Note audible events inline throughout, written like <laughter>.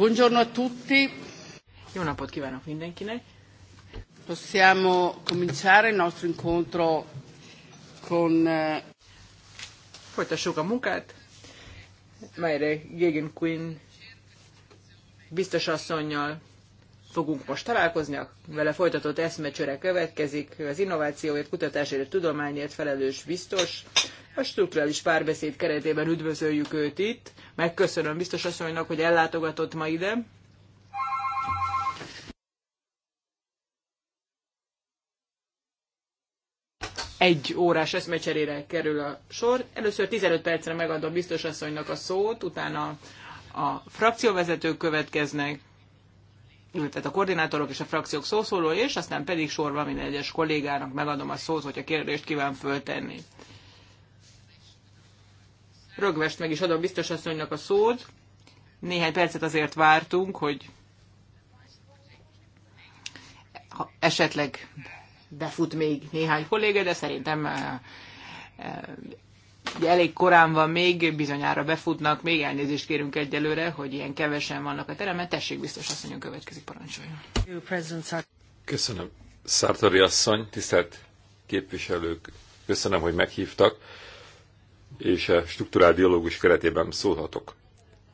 Buongiorno a tutti. Jó napot kívánok mindenkinek. Possiamo cominciare il nostro incontro con... Eh, Folytassuk a munkát, melyre Gégen Quinn biztosasszonynal fogunk most találkozni. A vele folytatott eszmecsöre következik az innovációért, kutatásért, tudományért felelős biztos. A strukturális párbeszéd keretében üdvözöljük őt itt. Megköszönöm biztos asszonynak, hogy ellátogatott ma ide. Egy órás eszmecserére kerül a sor. Először 15 percre megadom biztos asszonynak a szót, utána a frakcióvezetők következnek, tehát a koordinátorok és a frakciók szószólói, és aztán pedig sorban minden egyes kollégának megadom a szót, hogyha kérdést kíván föltenni. Rögvest meg is adom biztos asszonynak a szót. Néhány percet azért vártunk, hogy ha esetleg befut még néhány kolléga, de szerintem de eh, eh, elég korán van még, bizonyára befutnak, még elnézést kérünk egyelőre, hogy ilyen kevesen vannak a teremben. Tessék, biztos asszonyon következik, parancsoljon. Köszönöm. Szártori asszony, tisztelt képviselők, köszönöm, hogy meghívtak és a struktúrál dialógus keretében szólhatok.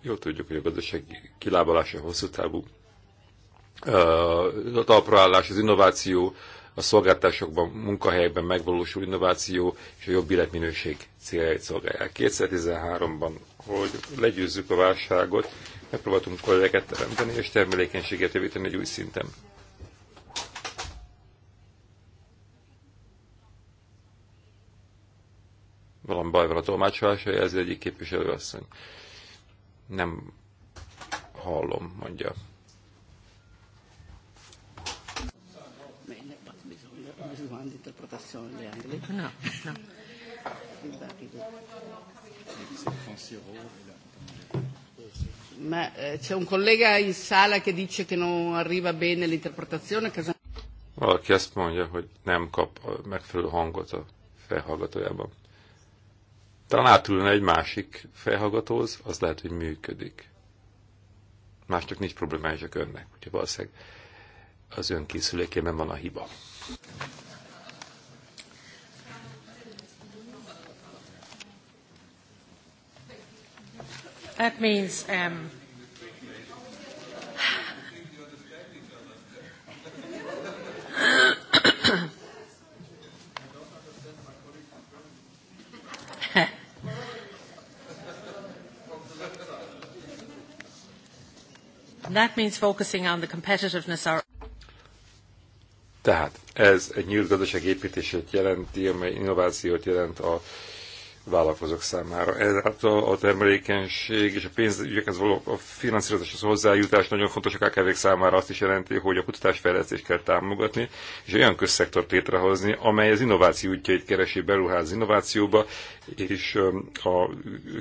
Jól tudjuk, hogy a gazdaság kilábalása hosszú távú a talpraállás, az innováció, a szolgáltásokban, munkahelyekben megvalósul innováció és a jobb életminőség céljait szolgálják. 2013-ban, hogy legyőzzük a válságot, megpróbáltunk kollégeket teremteni és termelékenységet javítani egy új szinten. valami baj van a tolmácsolása, ez egyik asszony. Nem hallom, mondja. Ma eh, c'è un collega in sala che dice che non arriva bene l'interpretazione. Valaki azt mondja, hogy nem kap megfelelő hangot a felhallgatójában. Talán átülne egy másik felhallgatóhoz, az lehet, hogy működik. Másnak nincs problémája, csak önnek. hogyha valószínűleg az ön készülékében van a hiba. That means um, That means focusing on the competitiveness our Tehát ez egy nyílt gazdaság építését jelenti, amely innovációt jelent a vállalkozók számára. Ez a termelékenység és a pénzügyekhez való a finanszírozáshoz hozzájutás nagyon fontos a kkv számára azt is jelenti, hogy a kutatásfejlesztést kell támogatni, és olyan közszektort létrehozni, amely az innováció útjait keresi, beruház innovációba, és a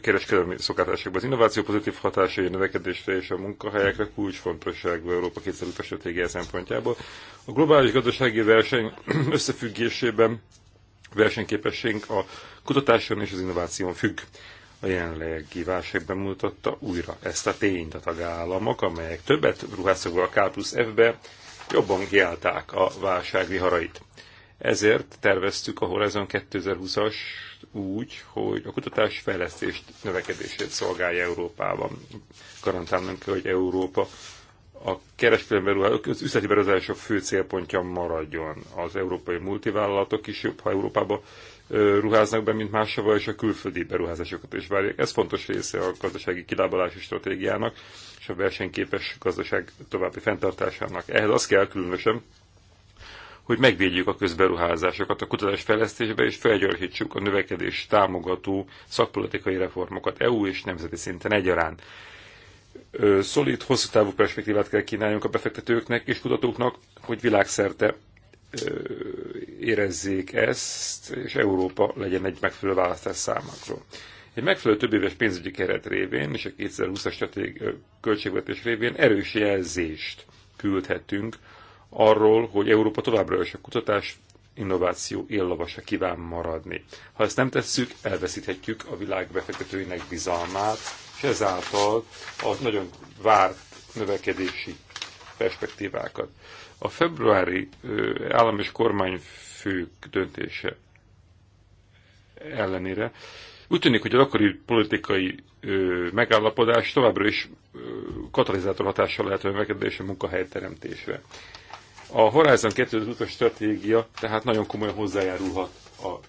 kereskedelmi szokásokban az innováció pozitív hatásai a növekedésre és a munkahelyekre kulcsfontosságú Európa 2020 stratégia szempontjából. A globális gazdasági verseny <clears throat> összefüggésében versenyképességünk a kutatáson és az innováción függ. A jelenlegi válság bemutatta újra ezt a tényt a tagállamok, amelyek többet ruháztak a K plusz F-be, jobban kiállták a válság viharait. Ezért terveztük a Horizon 2020-as úgy, hogy a kutatás fejlesztést, növekedését szolgálja Európában. Garantálnunk kell, hogy Európa a kereskedelmi beruházások, az üzleti beruházások fő célpontja maradjon. Az európai multivállalatok is jobb, ha Európába ruháznak be, mint máshova, és a külföldi beruházásokat is várják. Ez fontos része a gazdasági kilábalási stratégiának és a versenyképes gazdaság további fenntartásának. Ehhez az kell különösen, hogy megvédjük a közberuházásokat a kutatásfejlesztésbe, és felgyorsítsuk a növekedés támogató szakpolitikai reformokat EU és nemzeti szinten egyaránt. Szolid, hosszú távú perspektívát kell kínáljunk a befektetőknek és kutatóknak, hogy világszerte érezzék ezt, és Európa legyen egy megfelelő választás számukra. Egy megfelelő több éves pénzügyi keret révén és a 2020-as költségvetés révén erős jelzést küldhetünk arról, hogy Európa továbbra is a kutatás, innováció éllavasa kíván maradni. Ha ezt nem tesszük, elveszíthetjük a világ befektetőinek bizalmát, és ezáltal a nagyon várt növekedési perspektívákat. A februári állam és kormányfők döntése ellenére úgy tűnik, hogy az akkori politikai megállapodás továbbra is katalizátor hatással lehet a növekedés a munkahelyteremtésre. A Horizon 2020-as stratégia tehát nagyon komolyan hozzájárulhat a, a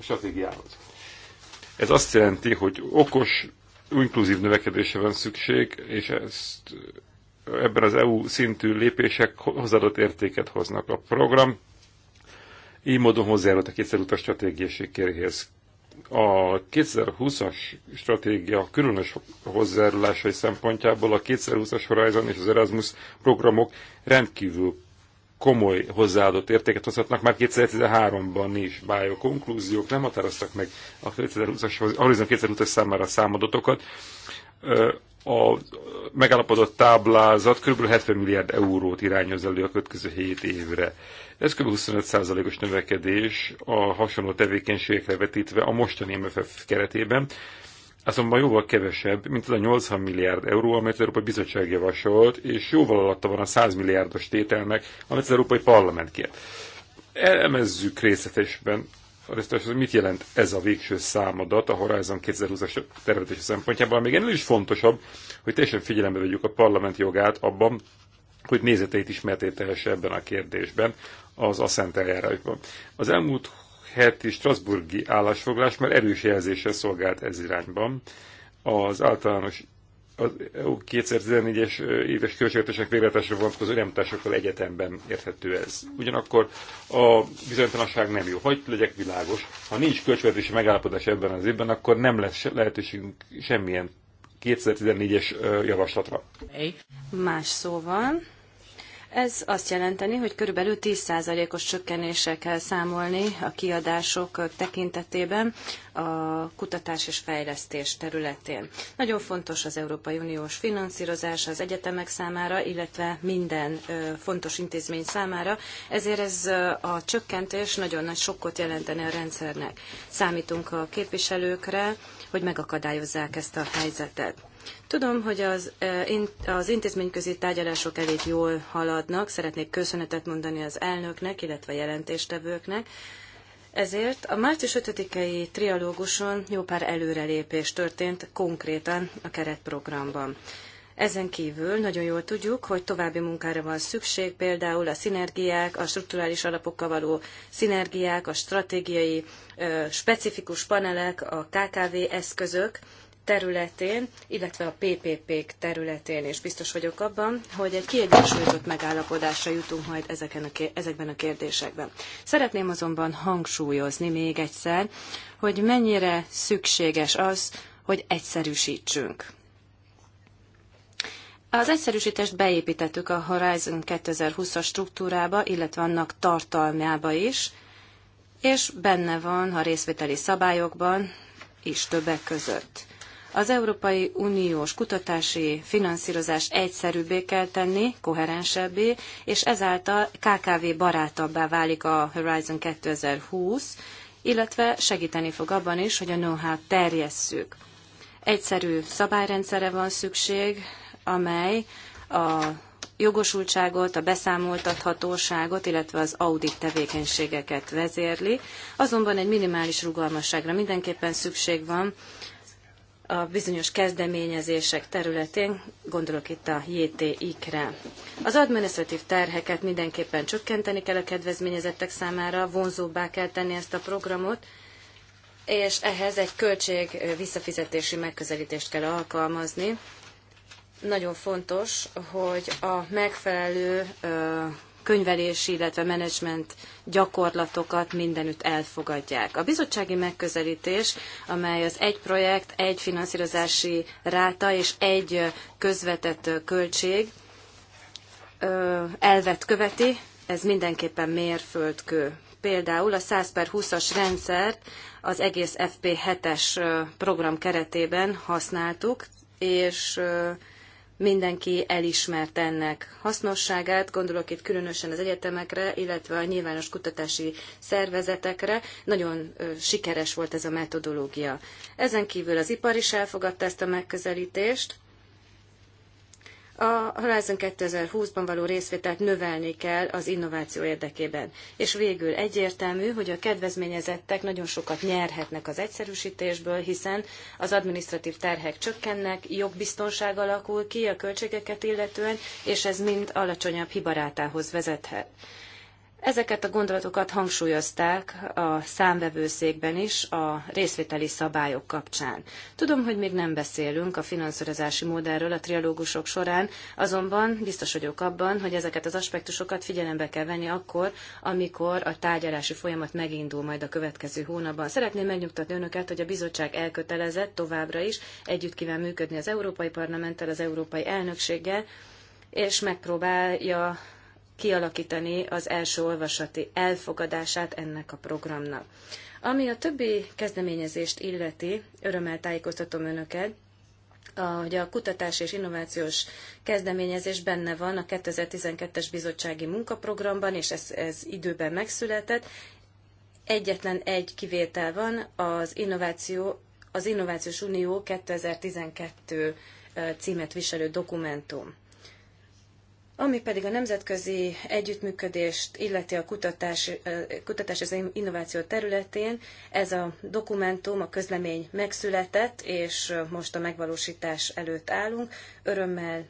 stratégiához. Ez azt jelenti, hogy okos, inkluzív növekedésre van szükség, és ezt ebben az EU szintű lépések hozzáadott értéket hoznak a program. Így módon hozzájárult a kétszerúta stratégia sikeréhez. A 2020-as stratégia különös hozzájárulásai szempontjából a 2020-as Horizon és az Erasmus programok rendkívül komoly hozzáadott értéket hozhatnak már 2013-ban is, bár a konklúziók nem határoztak meg a 2020-as, Horizon 2020-as számára számadatokat a megállapodott táblázat kb. 70 milliárd eurót irányoz elő a következő 7 évre. Ez kb. 25%-os növekedés a hasonló tevékenységekre vetítve a mostani MFF keretében, azonban jóval kevesebb, mint az a 80 milliárd euró, amelyet az Európai Bizottság javasolt, és jóval alatta van a 100 milliárdos tételnek, amit az Európai Parlament kért. Elemezzük részletesben hogy mit jelent ez a végső számadat a Horizon 2020-as tervezési szempontjából, még ennél is fontosabb, hogy teljesen figyelembe vegyük a parlament jogát abban, hogy nézeteit is metételhesse ebben a kérdésben az asszent eljárásban. Az elmúlt heti Strasburgi állásfoglás már erős jelzéssel szolgált ez irányban. Az általános az EU 2014-es éves költségvetések végletesre vonatkozó irányításokkal egyetemben érthető ez. Ugyanakkor a bizonytalanság nem jó. Hogy legyek világos, ha nincs költségvetési megállapodás ebben az évben, akkor nem lesz lehetőségünk semmilyen 2014-es javaslatra. Más szóval, ez azt jelenteni, hogy körülbelül 10%-os csökkenéssel kell számolni a kiadások tekintetében a kutatás és fejlesztés területén. Nagyon fontos az Európai Uniós finanszírozás az egyetemek számára, illetve minden fontos intézmény számára, ezért ez a csökkentés nagyon nagy sokkot jelenteni a rendszernek. Számítunk a képviselőkre, hogy megakadályozzák ezt a helyzetet. Tudom, hogy az, e, az intézményközi tárgyalások elég jól haladnak, szeretnék köszönetet mondani az elnöknek, illetve a jelentéstevőknek. Ezért a március 5-i trialóguson jó pár előrelépés történt konkrétan a keretprogramban. Ezen kívül nagyon jól tudjuk, hogy további munkára van szükség, például a szinergiák, a strukturális alapokkal való szinergiák, a stratégiai specifikus panelek, a KKV eszközök, területén, illetve a PPP-k területén és biztos vagyok abban, hogy egy kiegyensúlyozott megállapodásra jutunk majd ezeken a, ezekben a kérdésekben. Szeretném azonban hangsúlyozni még egyszer, hogy mennyire szükséges az, hogy egyszerűsítsünk. Az egyszerűsítést beépítettük a Horizon 2020-as struktúrába, illetve annak tartalmába is, és benne van a részvételi szabályokban is többek között. Az Európai Uniós kutatási finanszírozást egyszerűbbé kell tenni, koherensebbé, és ezáltal KKV barátabbá válik a Horizon 2020, illetve segíteni fog abban is, hogy a know-how terjesszük. Egyszerű szabályrendszere van szükség, amely a jogosultságot, a beszámoltathatóságot, illetve az audit tevékenységeket vezérli. Azonban egy minimális rugalmasságra mindenképpen szükség van, a bizonyos kezdeményezések területén, gondolok itt a JTI-kre. Az adminisztratív terheket mindenképpen csökkenteni kell a kedvezményezettek számára, vonzóbbá kell tenni ezt a programot, és ehhez egy költség visszafizetési megközelítést kell alkalmazni. Nagyon fontos, hogy a megfelelő könyvelési, illetve menedzsment gyakorlatokat mindenütt elfogadják. A bizottsági megközelítés, amely az egy projekt, egy finanszírozási ráta és egy közvetett költség elvet követi, ez mindenképpen mérföldkő. Például a 100 per 20-as rendszert az egész FP7-es program keretében használtuk, és mindenki elismert ennek hasznosságát, gondolok itt különösen az egyetemekre, illetve a nyilvános kutatási szervezetekre. Nagyon sikeres volt ez a metodológia. Ezen kívül az ipar is elfogadta ezt a megközelítést, a Horizon 2020-ban való részvételt növelni kell az innováció érdekében. És végül egyértelmű, hogy a kedvezményezettek nagyon sokat nyerhetnek az egyszerűsítésből, hiszen az administratív terhek csökkennek, jogbiztonság alakul ki a költségeket illetően, és ez mind alacsonyabb hibarátához vezethet. Ezeket a gondolatokat hangsúlyozták a számvevőszékben is a részvételi szabályok kapcsán. Tudom, hogy még nem beszélünk a finanszírozási modellről a trialógusok során, azonban biztos vagyok abban, hogy ezeket az aspektusokat figyelembe kell venni akkor, amikor a tárgyalási folyamat megindul majd a következő hónapban. Szeretném megnyugtatni önöket, hogy a bizottság elkötelezett továbbra is, együtt kíván működni az Európai Parlamenttel, az Európai Elnökséggel, és megpróbálja kialakítani az első olvasati elfogadását ennek a programnak. Ami a többi kezdeményezést illeti, örömmel tájékoztatom önöket, hogy a kutatás és innovációs kezdeményezés benne van a 2012-es bizottsági munkaprogramban, és ez, ez időben megszületett. Egyetlen egy kivétel van, az innováció, az Innovációs Unió 2012 címet viselő dokumentum. Ami pedig a nemzetközi együttműködést illeti a kutatás, kutatás az innováció területén, ez a dokumentum, a közlemény megszületett, és most a megvalósítás előtt állunk. Örömmel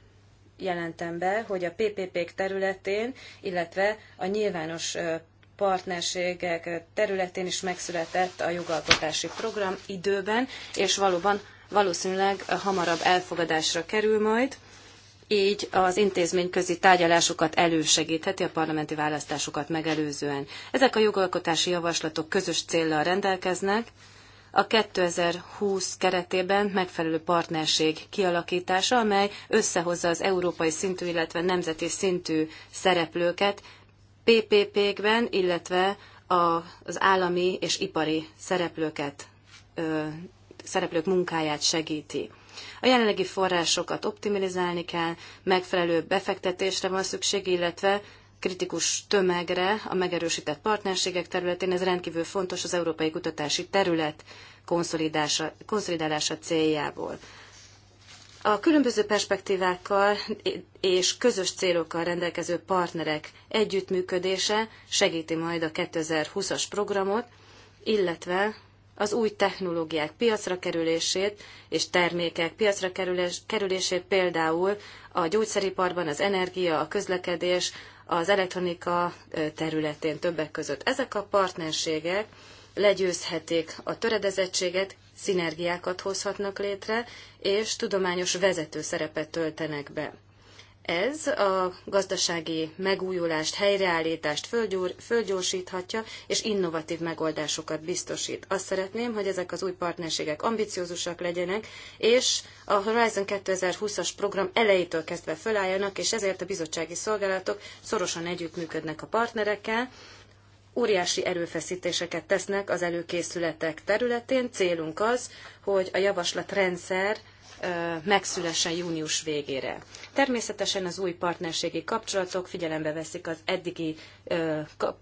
jelentem be, hogy a PPP-k területén, illetve a nyilvános partnerségek területén is megszületett a jogalkotási program időben, és valóban valószínűleg hamarabb elfogadásra kerül majd így az intézményközi tárgyalásokat elősegítheti a parlamenti választásokat megelőzően. Ezek a jogalkotási javaslatok közös céllal rendelkeznek, a 2020 keretében megfelelő partnerség kialakítása, amely összehozza az európai szintű, illetve nemzeti szintű szereplőket PPP-kben, illetve az állami és ipari szereplőket, szereplők munkáját segíti. A jelenlegi forrásokat optimalizálni kell, megfelelő befektetésre van szükség, illetve kritikus tömegre a megerősített partnerségek területén. Ez rendkívül fontos az európai kutatási terület konszolidálása, céljából. A különböző perspektívákkal és közös célokkal rendelkező partnerek együttműködése segíti majd a 2020-as programot, illetve az új technológiák piacra kerülését és termékek piacra kerülés, kerülését például a gyógyszeriparban, az energia, a közlekedés, az elektronika területén többek között. Ezek a partnerségek legyőzhetik a töredezettséget, szinergiákat hozhatnak létre, és tudományos vezető szerepet töltenek be. Ez a gazdasági megújulást, helyreállítást fölgyorsíthatja, és innovatív megoldásokat biztosít. Azt szeretném, hogy ezek az új partnerségek ambiciózusak legyenek, és a Horizon 2020-as program elejétől kezdve fölálljanak, és ezért a bizottsági szolgálatok szorosan együttműködnek a partnerekkel, óriási erőfeszítéseket tesznek az előkészületek területén. Célunk az, hogy a javaslatrendszer megszülessen június végére. Természetesen az új partnerségi kapcsolatok figyelembe veszik az eddigi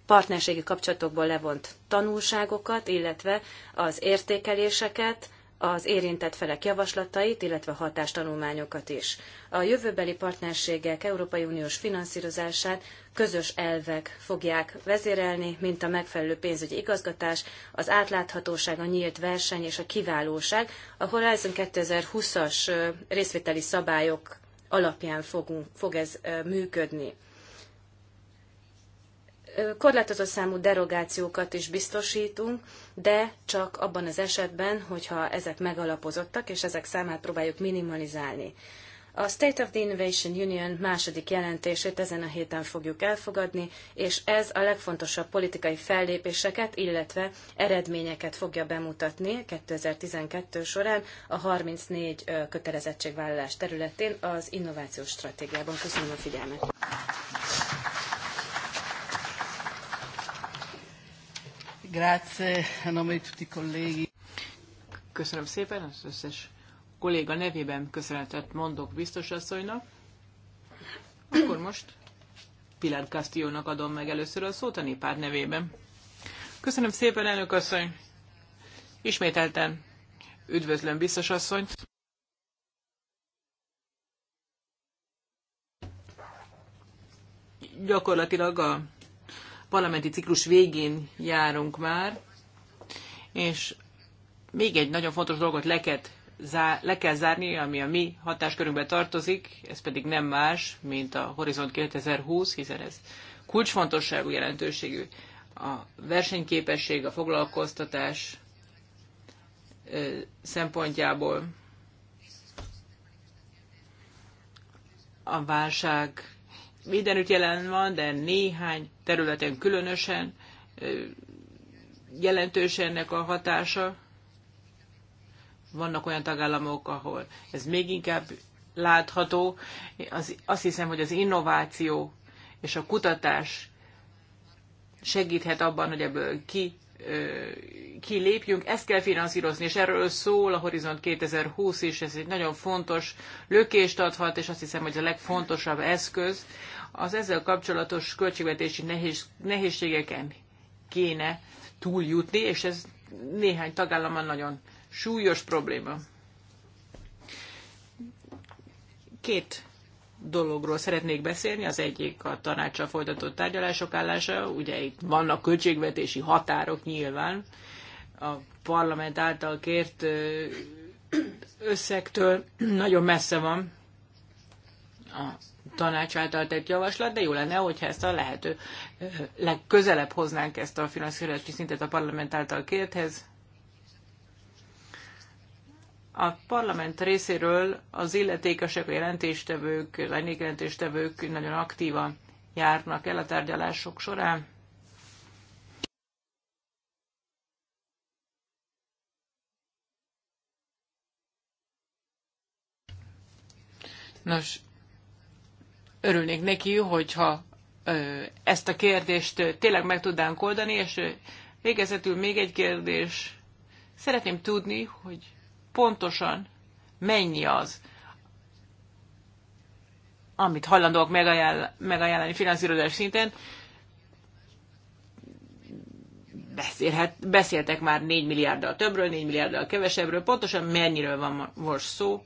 partnerségi kapcsolatokból levont tanulságokat, illetve az értékeléseket, az érintett felek javaslatait, illetve hatástanulmányokat is. A jövőbeli partnerségek Európai Uniós finanszírozását közös elvek fogják vezérelni, mint a megfelelő pénzügyi igazgatás, az átláthatóság, a nyílt verseny és a kiválóság, a Horizon 2020-as részvételi szabályok alapján fogunk, fog ez működni korlátozott számú derogációkat is biztosítunk, de csak abban az esetben, hogyha ezek megalapozottak, és ezek számát próbáljuk minimalizálni. A State of the Innovation Union második jelentését ezen a héten fogjuk elfogadni, és ez a legfontosabb politikai fellépéseket, illetve eredményeket fogja bemutatni 2012 során a 34 kötelezettségvállalás területén az innovációs stratégiában. Köszönöm a figyelmet! Grazie, a nome di tutti i colleghi. Köszönöm szépen, az összes kolléga nevében köszönetet mondok biztos asszonynak. Akkor most Pilar Castillo-nak adom meg először a szót a néppár nevében. Köszönöm szépen, elnök asszony! Ismételten üdvözlöm biztos asszonyt! Gyakorlatilag a parlamenti ciklus végén járunk már, és még egy nagyon fontos dolgot le kell, zár, le kell zárni, ami a mi hatáskörünkbe tartozik, ez pedig nem más, mint a Horizont 2020, hiszen ez kulcsfontosságú jelentőségű. A versenyképesség, a foglalkoztatás szempontjából a válság mindenütt jelen van, de néhány területen különösen jelentős ennek a hatása. Vannak olyan tagállamok, ahol ez még inkább látható. Az, azt hiszem, hogy az innováció és a kutatás segíthet abban, hogy ebből ki, kilépjünk, lépjünk. Ezt kell finanszírozni, és erről szól a Horizont 2020 is, ez egy nagyon fontos lökést adhat, és azt hiszem, hogy a legfontosabb eszköz, az ezzel kapcsolatos költségvetési nehéz, nehézségeken kéne túljutni, és ez néhány tagállamban nagyon súlyos probléma. Két dologról szeretnék beszélni. Az egyik a tanácsa folytatott tárgyalások állása. Ugye itt vannak költségvetési határok nyilván. A parlament által kért összegtől nagyon messze van a tanács által tett javaslat, de jó lenne, hogyha ezt a lehető legközelebb hoznánk ezt a finanszírozási szintet a parlament által kérthez. A parlament részéről az illetékesek, a jelentéstevők, a jelentéstevők nagyon aktívan járnak el a tárgyalások során. Nos, örülnék neki, hogyha ezt a kérdést tényleg meg tudnánk oldani, és végezetül még egy kérdés. Szeretném tudni, hogy pontosan mennyi az, amit hajlandóak megajánl- megajánlani finanszírozás szinten. Beszélhet, beszéltek már 4 milliárddal többről, 4 milliárddal kevesebbről, pontosan mennyiről van most szó.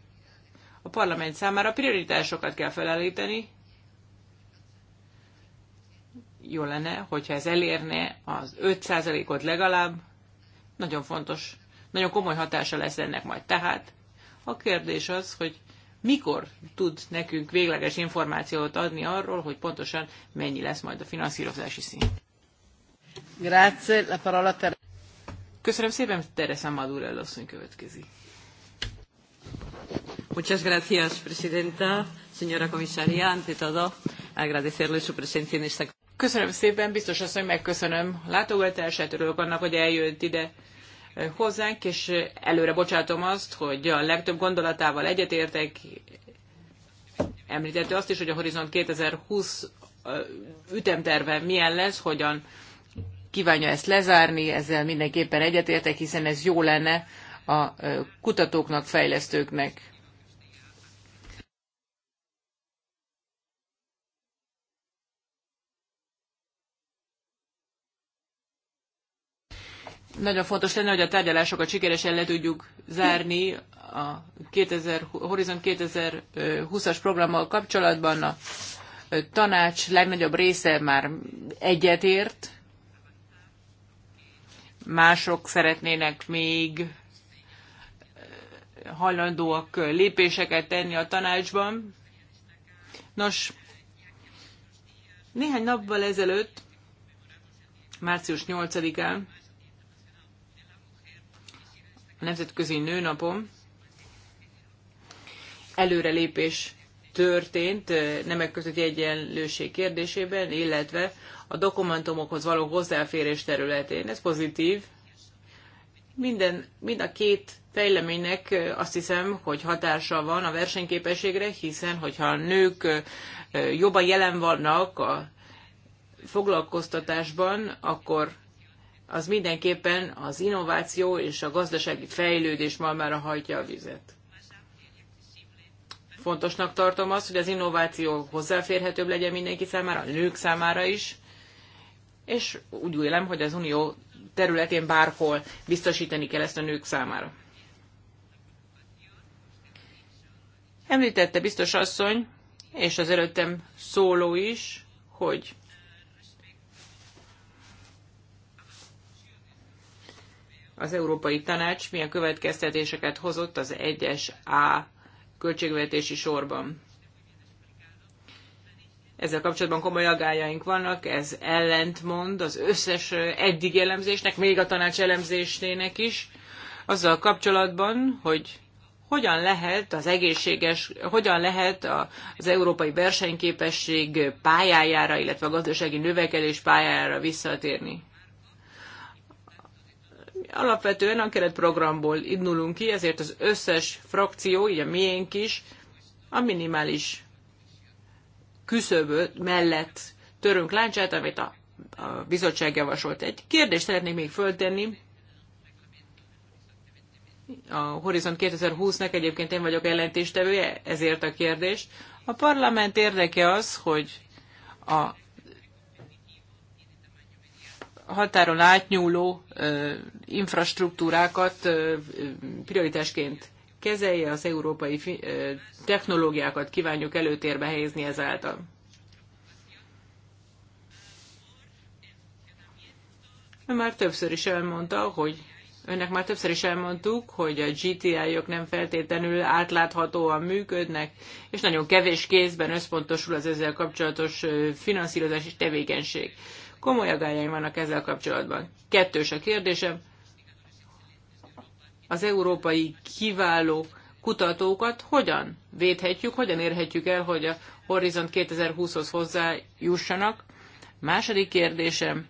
A parlament számára prioritásokat kell felállítani, jó lenne, hogyha ez elérne az 5%-ot legalább, nagyon fontos, nagyon komoly hatása lesz ennek majd. Tehát a kérdés az, hogy mikor tud nekünk végleges információt adni arról, hogy pontosan mennyi lesz majd a finanszírozási szint. Grazie, la parola ter- Köszönöm szépen, Teresa Maduro asszony következik. Muchas gracias, presidenta, señora comisaria, ante todo agradecerle su presencia en esta Köszönöm szépen, biztos azt, hogy megköszönöm a látogatását, örülök annak, hogy eljött ide eh, hozzánk, és eh, előre bocsátom azt, hogy a legtöbb gondolatával egyetértek. Említette azt is, hogy a Horizont 2020 eh, ütemterve milyen lesz, hogyan kívánja ezt lezárni, ezzel mindenképpen egyetértek, hiszen ez jó lenne a kutatóknak, fejlesztőknek. nagyon fontos lenne, hogy a tárgyalásokat sikeresen le tudjuk zárni a 2000, Horizon 2020-as programmal kapcsolatban. A tanács legnagyobb része már egyetért, mások szeretnének még hajlandóak lépéseket tenni a tanácsban. Nos, néhány nappal ezelőtt, március 8-án Nemzetközi nőnapom előrelépés történt nemek közötti egyenlőség kérdésében, illetve a dokumentumokhoz való hozzáférés területén. Ez pozitív. Minden, mind a két fejleménynek azt hiszem, hogy hatása van a versenyképességre, hiszen hogyha a nők jobban jelen vannak a foglalkoztatásban, akkor az mindenképpen az innováció és a gazdasági fejlődés ma már hajtja a vizet. Fontosnak tartom azt, hogy az innováció hozzáférhetőbb legyen mindenki számára, a nők számára is, és úgy vélem, hogy az Unió területén bárhol biztosítani kell ezt a nők számára. Említette biztos asszony, és az előttem szóló is, hogy az Európai Tanács milyen következtetéseket hozott az 1-es A költségvetési sorban. Ezzel kapcsolatban komoly agályaink vannak, ez ellentmond az összes eddig elemzésnek, még a tanács elemzésének is, azzal kapcsolatban, hogy hogyan lehet az egészséges, hogyan lehet az európai versenyképesség pályájára, illetve a gazdasági növekedés pályájára visszatérni. Alapvetően a keretprogramból indulunk ki, ezért az összes frakció, így a miénk is, a minimális küszöböt mellett törünk láncsát, amit a, a bizottság javasolt. Egy kérdést szeretnék még föltenni. A Horizont 2020-nak egyébként én vagyok ellentéstevője, ezért a kérdés. A parlament érdeke az, hogy a határon átnyúló infrastruktúrákat prioritásként kezelje, az európai technológiákat kívánjuk előtérbe helyezni ezáltal. Ön már többször is elmondta, hogy önnek már többször is elmondtuk, hogy a GTI-ok nem feltétlenül átláthatóan működnek, és nagyon kevés kézben összpontosul az ezzel kapcsolatos finanszírozási tevékenység. Komoly agályaim vannak ezzel kapcsolatban. Kettős a kérdésem. Az európai kiváló kutatókat hogyan védhetjük, hogyan érhetjük el, hogy a Horizont 2020-hoz hozzájussanak. Második kérdésem,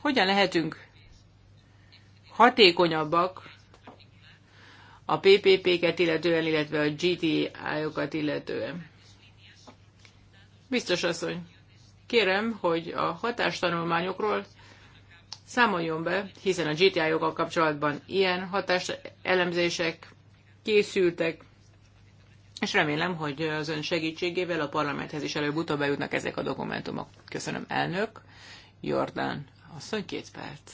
hogyan lehetünk hatékonyabbak a PPP-ket illetően, illetve a GTI-okat illetően? Biztos asszony, Kérem, hogy a hatástanulmányokról számoljon be, hiszen a GTI joggal kapcsolatban ilyen hatás elemzések készültek, és remélem, hogy az ön segítségével a parlamenthez is előbb-utóbb bejutnak ezek a dokumentumok. Köszönöm, elnök. Jordán, asszony két perc.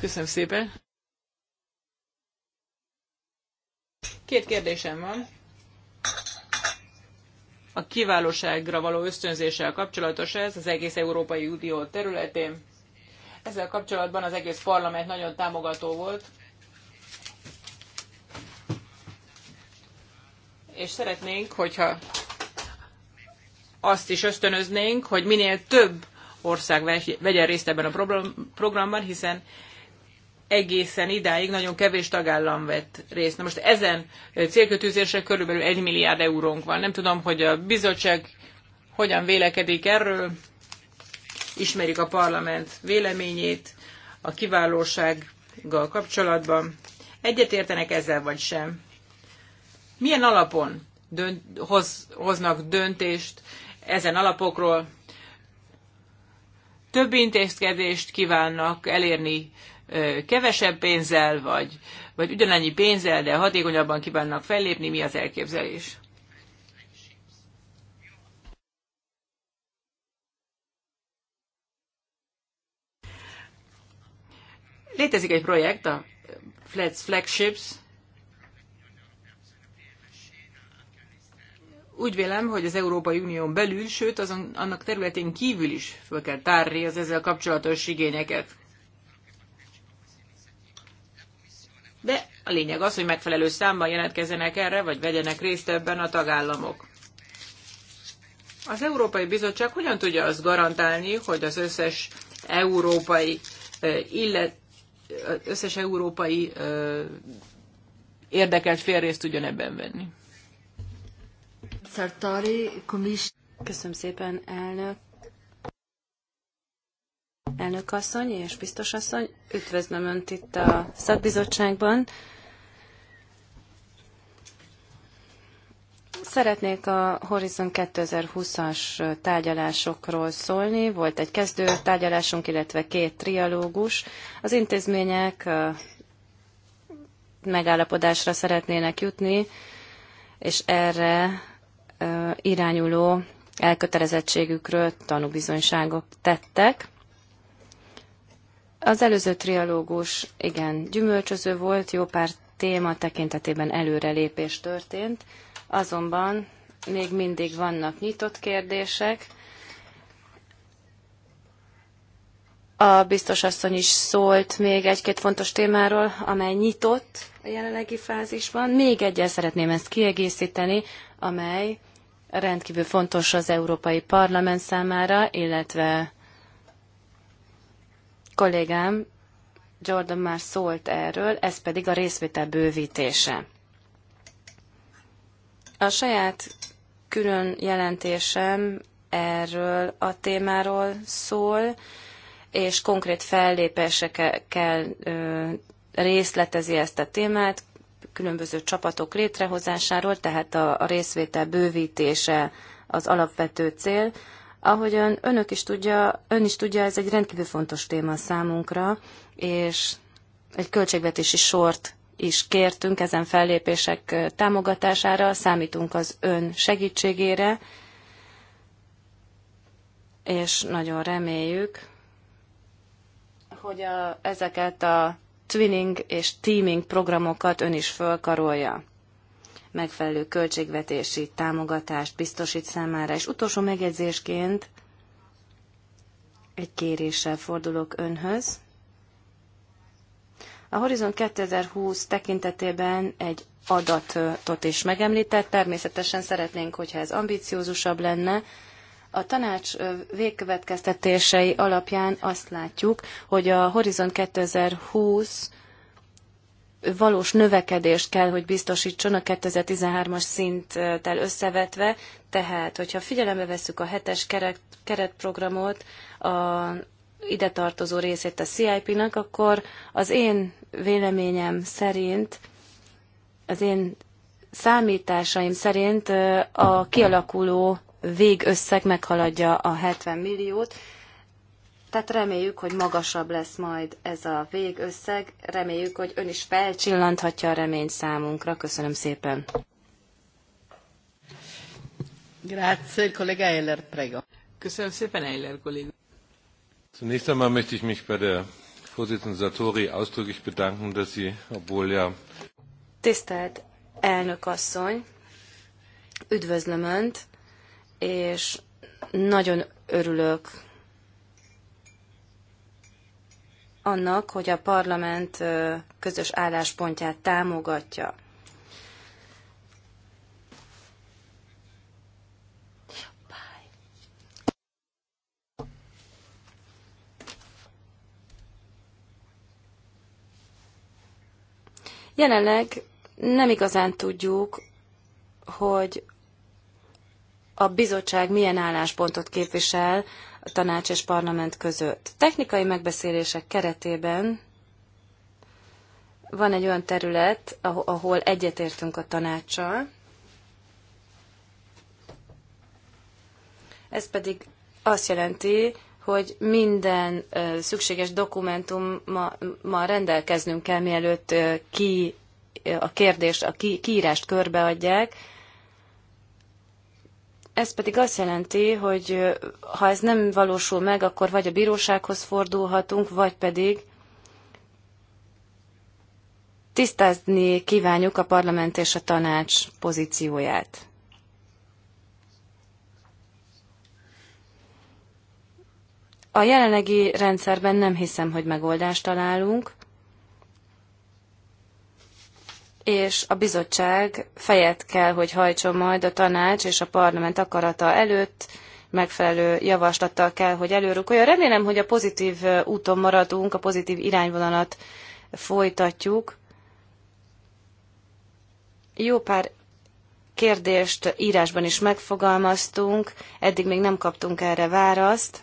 Köszönöm szépen. Két kérdésem van. A kiválóságra való ösztönzéssel kapcsolatos ez az egész Európai Unió területén. Ezzel kapcsolatban az egész parlament nagyon támogató volt, és szeretnénk, hogyha azt is ösztönöznénk, hogy minél több ország vegyen részt ebben a programban, hiszen egészen idáig nagyon kevés tagállam vett részt. Na most ezen célkötőzésre körülbelül 1 milliárd eurónk van. Nem tudom, hogy a bizottság hogyan vélekedik erről. ismerik a parlament véleményét a kiválósággal kapcsolatban. Egyetértenek ezzel vagy sem? Milyen alapon dönt, hoz, hoznak döntést ezen alapokról? Több intézkedést kívánnak elérni kevesebb pénzzel, vagy, vagy ugyanannyi pénzzel, de hatékonyabban kívánnak fellépni, mi az elképzelés? Létezik egy projekt, a Flats Flagships. Úgy vélem, hogy az Európai Unión belül, sőt azon, annak területén kívül is fel kell tárni az ezzel kapcsolatos igényeket. de a lényeg az, hogy megfelelő számban jelentkezzenek erre, vagy vegyenek részt ebben a tagállamok. Az Európai Bizottság hogyan tudja azt garantálni, hogy az összes európai illet, összes európai érdekelt fél részt tudjon ebben venni? Köszönöm szépen, elnök Elnök asszony és biztos asszony, üdvözlöm Önt itt a szakbizottságban. Szeretnék a Horizon 2020-as tárgyalásokról szólni. Volt egy kezdő tárgyalásunk, illetve két trialógus. Az intézmények megállapodásra szeretnének jutni, és erre irányuló elkötelezettségükről tanúbizonyságok tettek. Az előző trialógus igen gyümölcsöző volt, jó pár téma tekintetében előrelépés történt, azonban még mindig vannak nyitott kérdések. A biztos asszony is szólt még egy-két fontos témáról, amely nyitott a jelenlegi fázisban. Még egyel szeretném ezt kiegészíteni, amely rendkívül fontos az Európai Parlament számára, illetve kollégám Jordan már szólt erről, ez pedig a részvétel bővítése. A saját külön jelentésem erről a témáról szól, és konkrét fellépésekkel részletezi ezt a témát, különböző csapatok létrehozásáról, tehát a, a részvétel bővítése az alapvető cél. Ahogyan önök is tudja, ön is tudja, ez egy rendkívül fontos téma számunkra, és egy költségvetési sort is kértünk ezen fellépések támogatására, számítunk az ön segítségére, és nagyon reméljük, hogy a, ezeket a twinning és teaming programokat ön is fölkarolja megfelelő költségvetési támogatást biztosít számára. És utolsó megjegyzésként egy kéréssel fordulok önhöz. A Horizon 2020 tekintetében egy adatot is megemlített. Természetesen szeretnénk, hogyha ez ambiciózusabb lenne. A tanács végkövetkeztetései alapján azt látjuk, hogy a Horizon 2020 valós növekedést kell, hogy biztosítson a 2013-as szinttel összevetve, tehát, hogyha figyelembe vesszük a hetes keret, keretprogramot, a ide tartozó részét a CIP-nak, akkor az én véleményem szerint, az én számításaim szerint a kialakuló végösszeg meghaladja a 70 milliót, tehát reméljük, hogy magasabb lesz majd ez a végösszeg. Reméljük, hogy ön is felcsillanthatja a remény számunkra. Köszönöm szépen. Grazie, kollega Eller, prego. Köszönöm szépen, Eiler, kollega. Zunächst einmal möchte ich mich bei der Vorsitzenden Satori ausdrücklich bedanken, dass sie, obwohl ja... Tisztelt elnök asszony, üdvözlöm Önt, és nagyon örülök annak, hogy a parlament közös álláspontját támogatja. Jelenleg nem igazán tudjuk, hogy a bizottság milyen álláspontot képvisel a tanács és parlament között. Technikai megbeszélések keretében van egy olyan terület, ahol egyetértünk a tanácssal, ez pedig azt jelenti, hogy minden szükséges dokumentummal rendelkeznünk kell, mielőtt ki a kérdést, a kiírást körbeadják, ez pedig azt jelenti, hogy ha ez nem valósul meg, akkor vagy a bírósághoz fordulhatunk, vagy pedig tisztázni kívánjuk a parlament és a tanács pozícióját. A jelenlegi rendszerben nem hiszem, hogy megoldást találunk és a bizottság fejet kell, hogy hajtson majd a tanács és a parlament akarata előtt, megfelelő javaslattal kell, hogy előrukoljon. Remélem, hogy a pozitív úton maradunk, a pozitív irányvonalat folytatjuk. Jó pár kérdést írásban is megfogalmaztunk, eddig még nem kaptunk erre választ.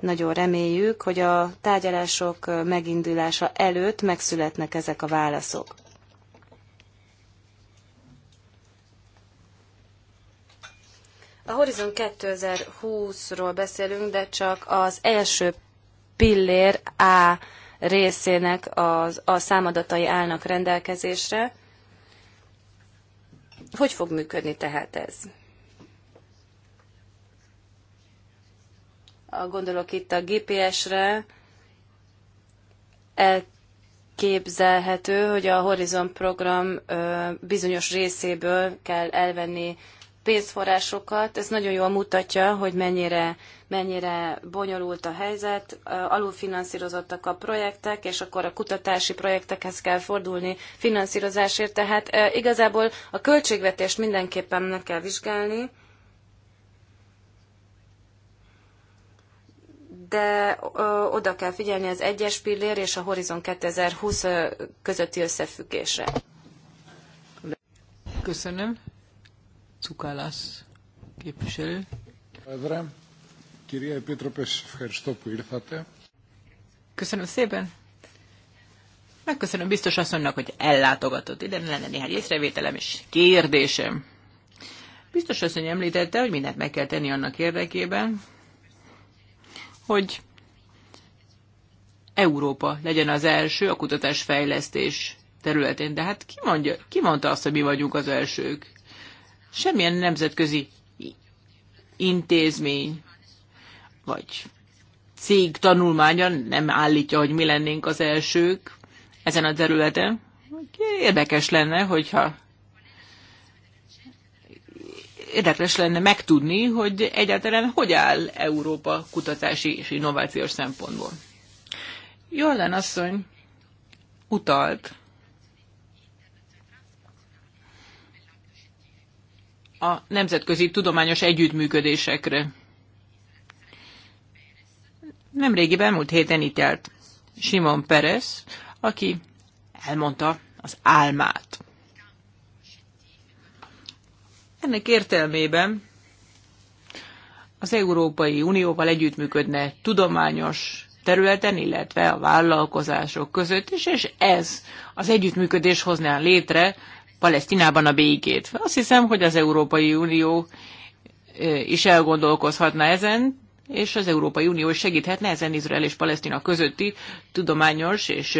Nagyon reméljük, hogy a tárgyalások megindulása előtt megszületnek ezek a válaszok. A Horizon 2020-ról beszélünk, de csak az első pillér A részének az, a számadatai állnak rendelkezésre. Hogy fog működni tehát ez? Gondolok itt a GPS-re. Elképzelhető, hogy a Horizon program bizonyos részéből kell elvenni pénzforrásokat, ez nagyon jól mutatja, hogy mennyire, mennyire bonyolult a helyzet, alulfinanszírozottak a projektek, és akkor a kutatási projektekhez kell fordulni finanszírozásért, tehát igazából a költségvetést mindenképpen meg kell vizsgálni, de oda kell figyelni az egyes pillér és a Horizon 2020 közötti összefüggésre. Köszönöm. Cukálász képviselő. Ádra, Kiria Epitropes, ευχαριστώ που ήρθατε. Köszönöm szépen. Megköszönöm biztos asszonynak, hogy ellátogatott ide. Lenne néhány észrevételem és kérdésem. Biztos asszony említette, hogy mindent meg kell tenni annak érdekében, hogy Európa legyen az első a kutatásfejlesztés területén. De hát ki, mondja, ki mondta azt, hogy mi vagyunk az elsők? semmilyen nemzetközi intézmény vagy cég tanulmánya nem állítja, hogy mi lennénk az elsők ezen a területen. Érdekes lenne, hogyha érdekes lenne megtudni, hogy egyáltalán hogy áll Európa kutatási és innovációs szempontból. Jordan asszony utalt a nemzetközi tudományos együttműködésekre. Nemrégiben, múlt héten itt járt Simon Perez, aki elmondta az álmát. Ennek értelmében az Európai Unióval együttműködne tudományos területen, illetve a vállalkozások között is, és ez az együttműködés hozná létre Palesztinában a békét. Azt hiszem, hogy az Európai Unió is elgondolkozhatna ezen, és az Európai Unió is segíthetne ezen Izrael és Palesztina közötti tudományos és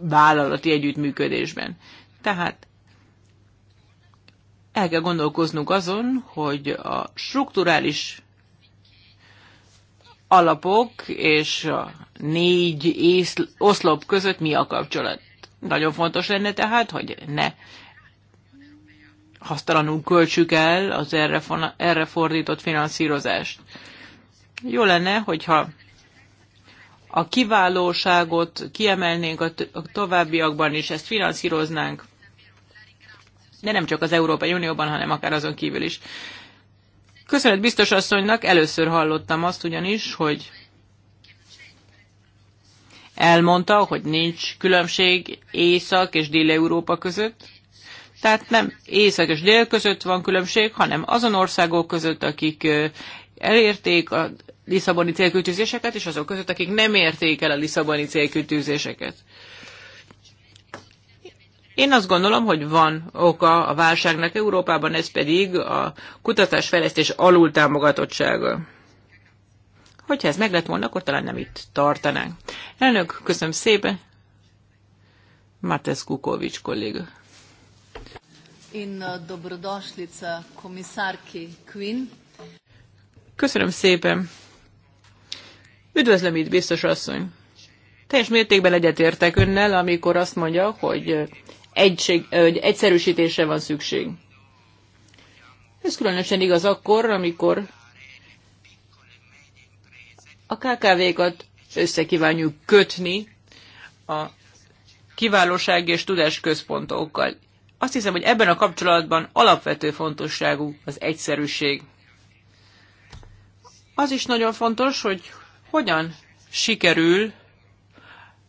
vállalati együttműködésben. Tehát el kell gondolkoznunk azon, hogy a strukturális alapok és a négy oszlop között mi a kapcsolat. Nagyon fontos lenne tehát, hogy ne hasztalanul költsük el az erre, erre fordított finanszírozást. Jó lenne, hogyha a kiválóságot kiemelnénk a, a továbbiakban is, ezt finanszíroznánk, de nem csak az Európai Unióban, hanem akár azon kívül is. Köszönet biztos asszonynak, először hallottam azt ugyanis, hogy elmondta, hogy nincs különbség Észak és Dél-Európa között. Tehát nem Észak és Dél között van különbség, hanem azon országok között, akik elérték a Lisszaboni célkütőzéseket, és azok között, akik nem érték el a Lisszaboni célkütőzéseket. Én azt gondolom, hogy van oka a válságnak Európában, ez pedig a kutatásfejlesztés alultámogatottsága. Hogyha ez meg lett volna, akkor talán nem itt tartanánk. Elnök, köszönöm szépen. Matesz Kukovics kolléga. In uh, dobrodošlica komisárki Quinn. Köszönöm szépen. Üdvözlöm itt, biztos asszony. Teljes mértékben egyetértek önnel, amikor azt mondja, hogy, uh, egység, uh, hogy egyszerűsítésre van szükség. Ez különösen igaz akkor, amikor a KKV-kat összekívánjuk kötni a kiválóság és tudás központokkal. Azt hiszem, hogy ebben a kapcsolatban alapvető fontosságú az egyszerűség. Az is nagyon fontos, hogy hogyan sikerül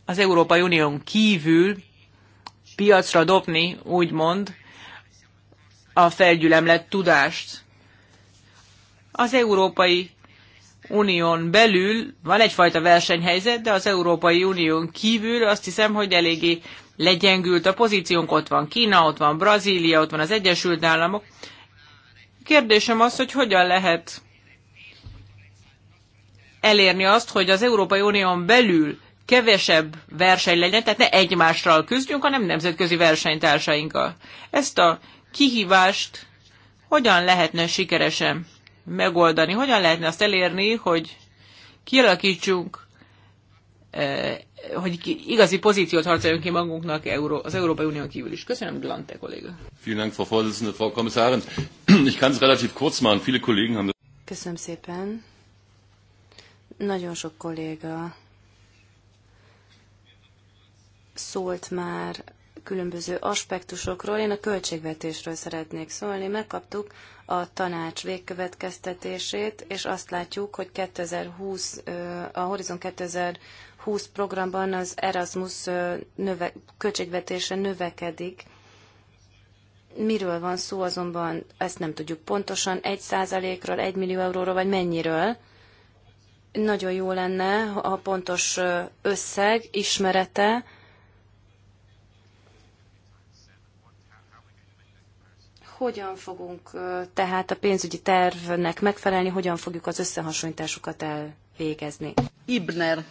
az Európai Unión kívül piacra dobni, úgymond, a felgyülemlett tudást. Az európai Unión belül van egyfajta versenyhelyzet, de az Európai Unión kívül azt hiszem, hogy eléggé legyengült a pozíciónk. Ott van Kína, ott van Brazília, ott van az Egyesült Államok. Kérdésem az, hogy hogyan lehet elérni azt, hogy az Európai Unión belül kevesebb verseny legyen, tehát ne egymással küzdjünk, hanem nemzetközi versenytársainkkal. Ezt a kihívást hogyan lehetne sikeresen megoldani? Hogyan lehetne azt elérni, hogy kialakítsunk, e, hogy igazi pozíciót harcoljunk ki magunknak az Európai Unión kívül is. Köszönöm, Glante kolléga. Köszönöm szépen. Nagyon sok kolléga szólt már különböző aspektusokról. Én a költségvetésről szeretnék szólni. Megkaptuk a tanács végkövetkeztetését, és azt látjuk, hogy 2020, a Horizon 2020 programban az Erasmus növe, költségvetése növekedik. Miről van szó azonban, ezt nem tudjuk pontosan, egy százalékról, 1 millió euróról, vagy mennyiről nagyon jó lenne, ha a pontos összeg, ismerete, Hogyan fogunk tehát a pénzügyi tervnek megfelelni, hogyan fogjuk az összehasonlításokat elvégezni? Ibner.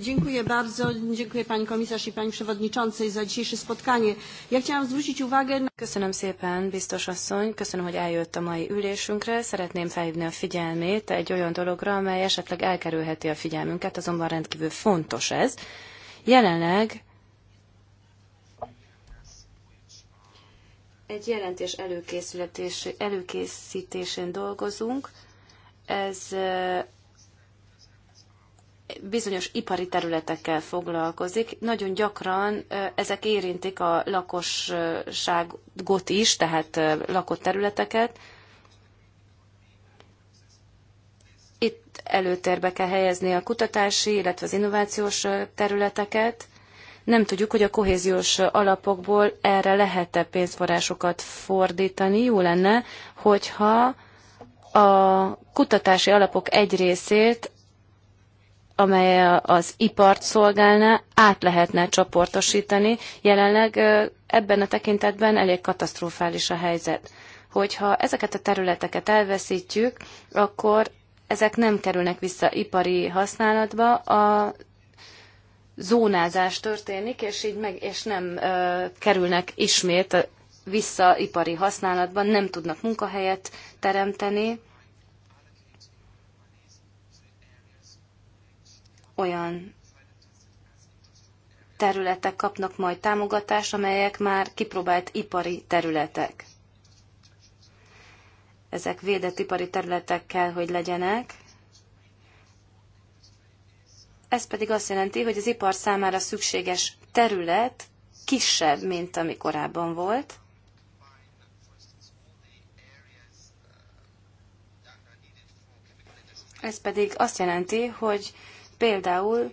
Dziękuję bardzo. Dziękuję pani komisarz i pani przewodniczącej za dzisiejsze spotkanie. Ja chciałam zwrócić uwagę na... Köszönöm szépen, biztos asszony. Köszönöm, hogy eljött a mai ülésünkre. Szeretném felhívni a figyelmét egy olyan dologra, amely esetleg elkerülheti a figyelmünket, azonban rendkívül fontos ez. Jelenleg egy jelentés előkészítésén dolgozunk. Ez bizonyos ipari területekkel foglalkozik. Nagyon gyakran ezek érintik a lakosságot is, tehát lakott területeket. Itt előtérbe kell helyezni a kutatási, illetve az innovációs területeket nem tudjuk, hogy a kohéziós alapokból erre lehet-e pénzforrásokat fordítani. Jó lenne, hogyha a kutatási alapok egy részét, amely az ipart szolgálná, át lehetne csoportosítani. Jelenleg ebben a tekintetben elég katasztrofális a helyzet. Hogyha ezeket a területeket elveszítjük, akkor ezek nem kerülnek vissza ipari használatba, a zónázás történik, és így meg, és nem ö, kerülnek ismét vissza ipari használatban, nem tudnak munkahelyet teremteni. Olyan területek kapnak majd támogatást, amelyek már kipróbált ipari területek. Ezek védett ipari területek kell, hogy legyenek. Ez pedig azt jelenti, hogy az ipar számára szükséges terület kisebb, mint ami korábban volt. Ez pedig azt jelenti, hogy például,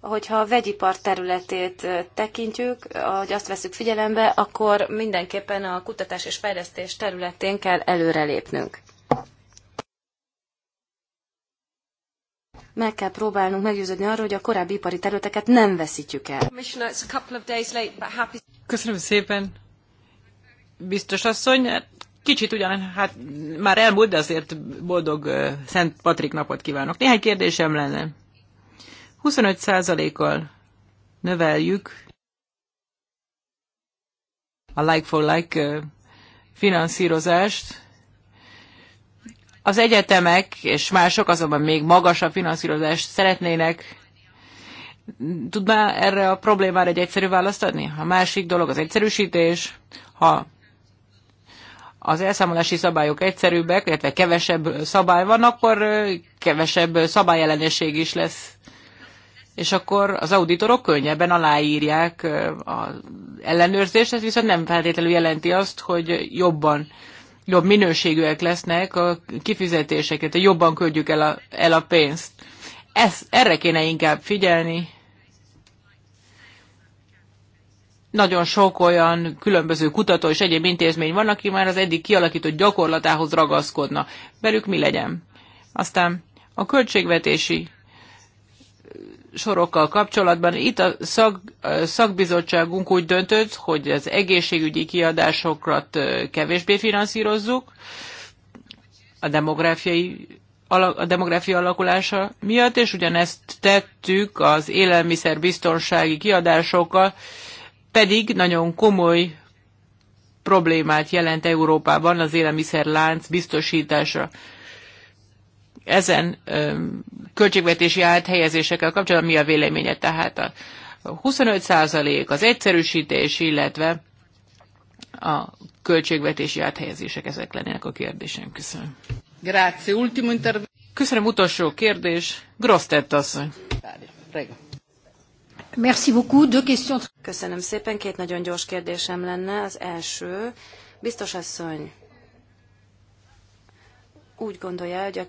hogyha a vegyipar területét tekintjük, hogy azt veszük figyelembe, akkor mindenképpen a kutatás és fejlesztés területén kell előrelépnünk. Meg kell próbálnunk meggyőződni arról, hogy a korábbi ipari területeket nem veszítjük el. Köszönöm szépen, biztos asszony. Hát kicsit ugyan, hát már elmúlt, de azért boldog Szent Patrik napot kívánok. Néhány kérdésem lenne. 25%-kal növeljük a like for like finanszírozást az egyetemek és mások azonban még magasabb finanszírozást szeretnének. Tudná erre a problémára egy egyszerű választ adni? A másik dolog az egyszerűsítés. Ha az elszámolási szabályok egyszerűbbek, illetve kevesebb szabály van, akkor kevesebb szabályellenesség is lesz. És akkor az auditorok könnyebben aláírják az ellenőrzést, ez viszont nem feltétlenül jelenti azt, hogy jobban jobb minőségűek lesznek a kifizetéseket, jobban küldjük el a, el a pénzt. Ez, erre kéne inkább figyelni. Nagyon sok olyan különböző kutató és egyéb intézmény van, aki már az eddig kialakított gyakorlatához ragaszkodna. Velük mi legyen? Aztán a költségvetési sorokkal kapcsolatban. Itt a szak, szakbizottságunk úgy döntött, hogy az egészségügyi kiadásokat kevésbé finanszírozzuk a demográfiai a demográfia alakulása miatt, és ugyanezt tettük az élelmiszerbiztonsági kiadásokkal, pedig nagyon komoly problémát jelent Európában az élelmiszerlánc biztosítása ezen költségvetési áthelyezésekkel kapcsolatban mi a véleménye? Tehát a 25% az egyszerűsítés, illetve a költségvetési áthelyezések, ezek lennének a kérdésem. Köszönöm. Grazie. Ultimo interv- Köszönöm, utolsó kérdés. Grosztett asszony. Prego. Merci beaucoup. Deux questions. Köszönöm szépen. Két nagyon gyors kérdésem lenne. Az első, biztos asszony, úgy gondolja, hogy a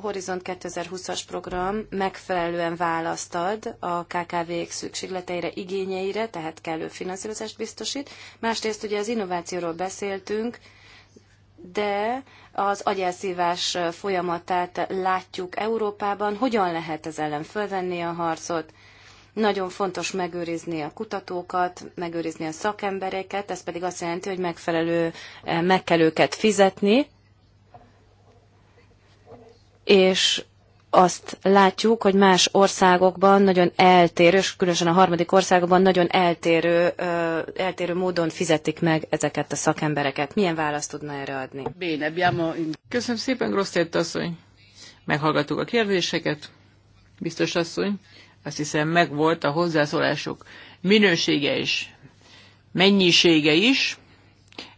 Horizont 2020-as program megfelelően választ ad a KKV-k szükségleteire, igényeire, tehát kellő finanszírozást biztosít. Másrészt ugye az innovációról beszéltünk, de az agyelszívás folyamatát látjuk Európában, hogyan lehet ez ellen fölvenni a harcot. Nagyon fontos megőrizni a kutatókat, megőrizni a szakembereket, ez pedig azt jelenti, hogy megfelelő, eh, meg kell őket fizetni, és azt látjuk, hogy más országokban nagyon eltérő, és különösen a harmadik országokban nagyon eltérő, eltérő módon fizetik meg ezeket a szakembereket. Milyen választ tudna erre adni? Köszönöm szépen, Grosztett asszony. Meghallgattuk a kérdéseket. Biztos asszony, azt hiszem megvolt a hozzászólások minősége is, mennyisége is,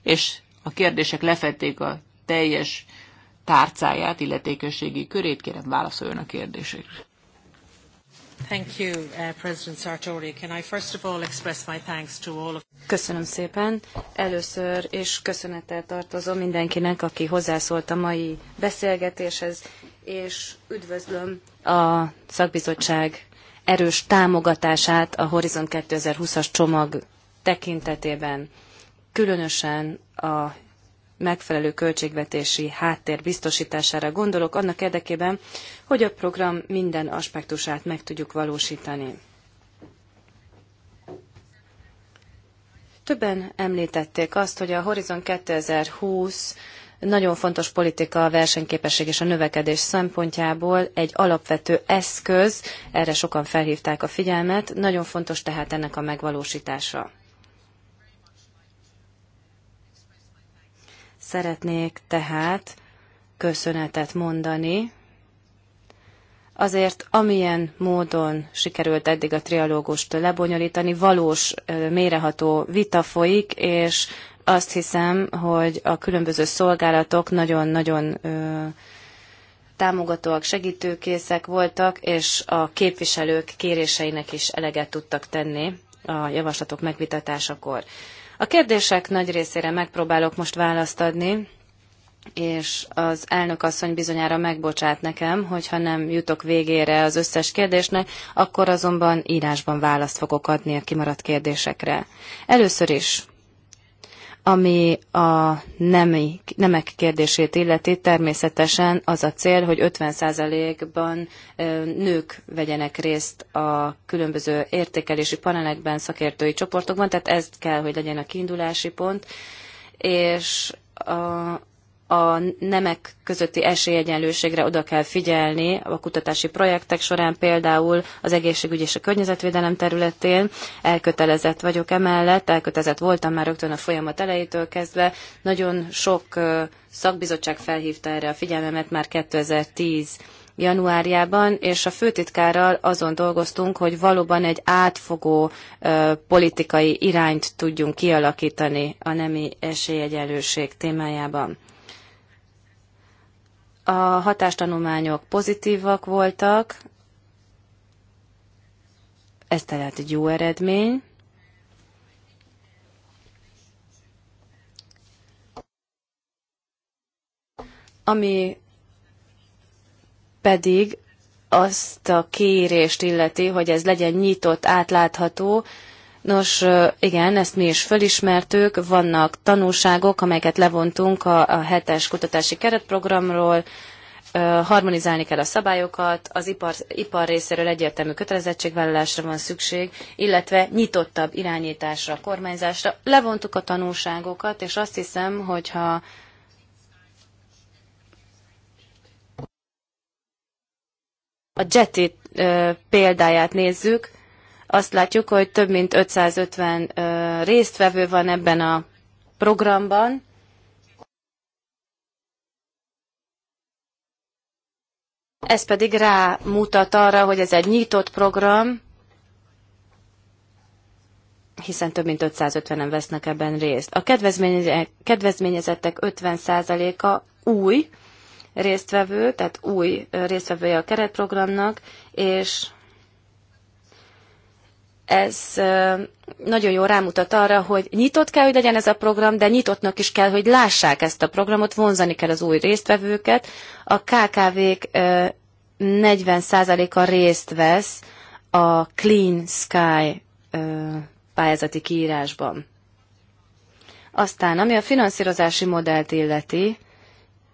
és a kérdések lefették a teljes tárcáját, illetékességi körét. Kérem, válaszoljon a kérdésekre. Uh, Köszönöm szépen. Először és köszönettel tartozom mindenkinek, aki hozzászólt a mai beszélgetéshez, és üdvözlöm a szakbizottság erős támogatását a Horizon 2020-as csomag tekintetében, különösen a megfelelő költségvetési háttér biztosítására gondolok, annak érdekében, hogy a program minden aspektusát meg tudjuk valósítani. Többen említették azt, hogy a Horizon 2020 nagyon fontos politika a versenyképesség és a növekedés szempontjából egy alapvető eszköz, erre sokan felhívták a figyelmet, nagyon fontos tehát ennek a megvalósítása. Szeretnék tehát köszönetet mondani azért, amilyen módon sikerült eddig a trialógust lebonyolítani, valós méreható vita folyik, és azt hiszem, hogy a különböző szolgálatok nagyon-nagyon támogatóak, segítőkészek voltak, és a képviselők kéréseinek is eleget tudtak tenni a javaslatok megvitatásakor. A kérdések nagy részére megpróbálok most választ adni, és az elnök asszony bizonyára megbocsát nekem, hogyha nem jutok végére az összes kérdésnek, akkor azonban írásban választ fogok adni a kimaradt kérdésekre. Először is ami a nemi, nemek kérdését illeti, természetesen az a cél, hogy 50%-ban nők vegyenek részt a különböző értékelési panelekben, szakértői csoportokban, tehát ez kell, hogy legyen a kiindulási pont, és a, a nemek közötti esélyegyenlőségre oda kell figyelni a kutatási projektek során, például az egészségügy és a környezetvédelem területén. Elkötelezett vagyok emellett, elkötelezett voltam már rögtön a folyamat elejétől kezdve. Nagyon sok szakbizottság felhívta erre a figyelmemet már 2010 januárjában, és a főtitkárral azon dolgoztunk, hogy valóban egy átfogó ö, politikai irányt tudjunk kialakítani a nemi esélyegyenlőség témájában. A hatástanulmányok pozitívak voltak, ez tehát egy jó eredmény. Ami pedig azt a kérést illeti, hogy ez legyen nyitott, átlátható, Nos, igen, ezt mi is fölismertük, vannak tanulságok, amelyeket levontunk a, a hetes kutatási keretprogramról, harmonizálni kell a szabályokat, az ipar, ipar részéről egyértelmű kötelezettségvállalásra van szükség, illetve nyitottabb irányításra, kormányzásra. Levontuk a tanulságokat, és azt hiszem, hogyha a Jetty példáját nézzük, azt látjuk, hogy több mint 550 résztvevő van ebben a programban, Ez pedig rámutat arra, hogy ez egy nyitott program, hiszen több mint 550-en vesznek ebben részt. A kedvezményezettek 50%-a új résztvevő, tehát új résztvevője a keretprogramnak, és ez nagyon jól rámutat arra, hogy nyitott kell, hogy legyen ez a program, de nyitottnak is kell, hogy lássák ezt a programot, vonzani kell az új résztvevőket. A KKV-k 40%-a részt vesz a Clean Sky pályázati kiírásban. Aztán, ami a finanszírozási modellt illeti,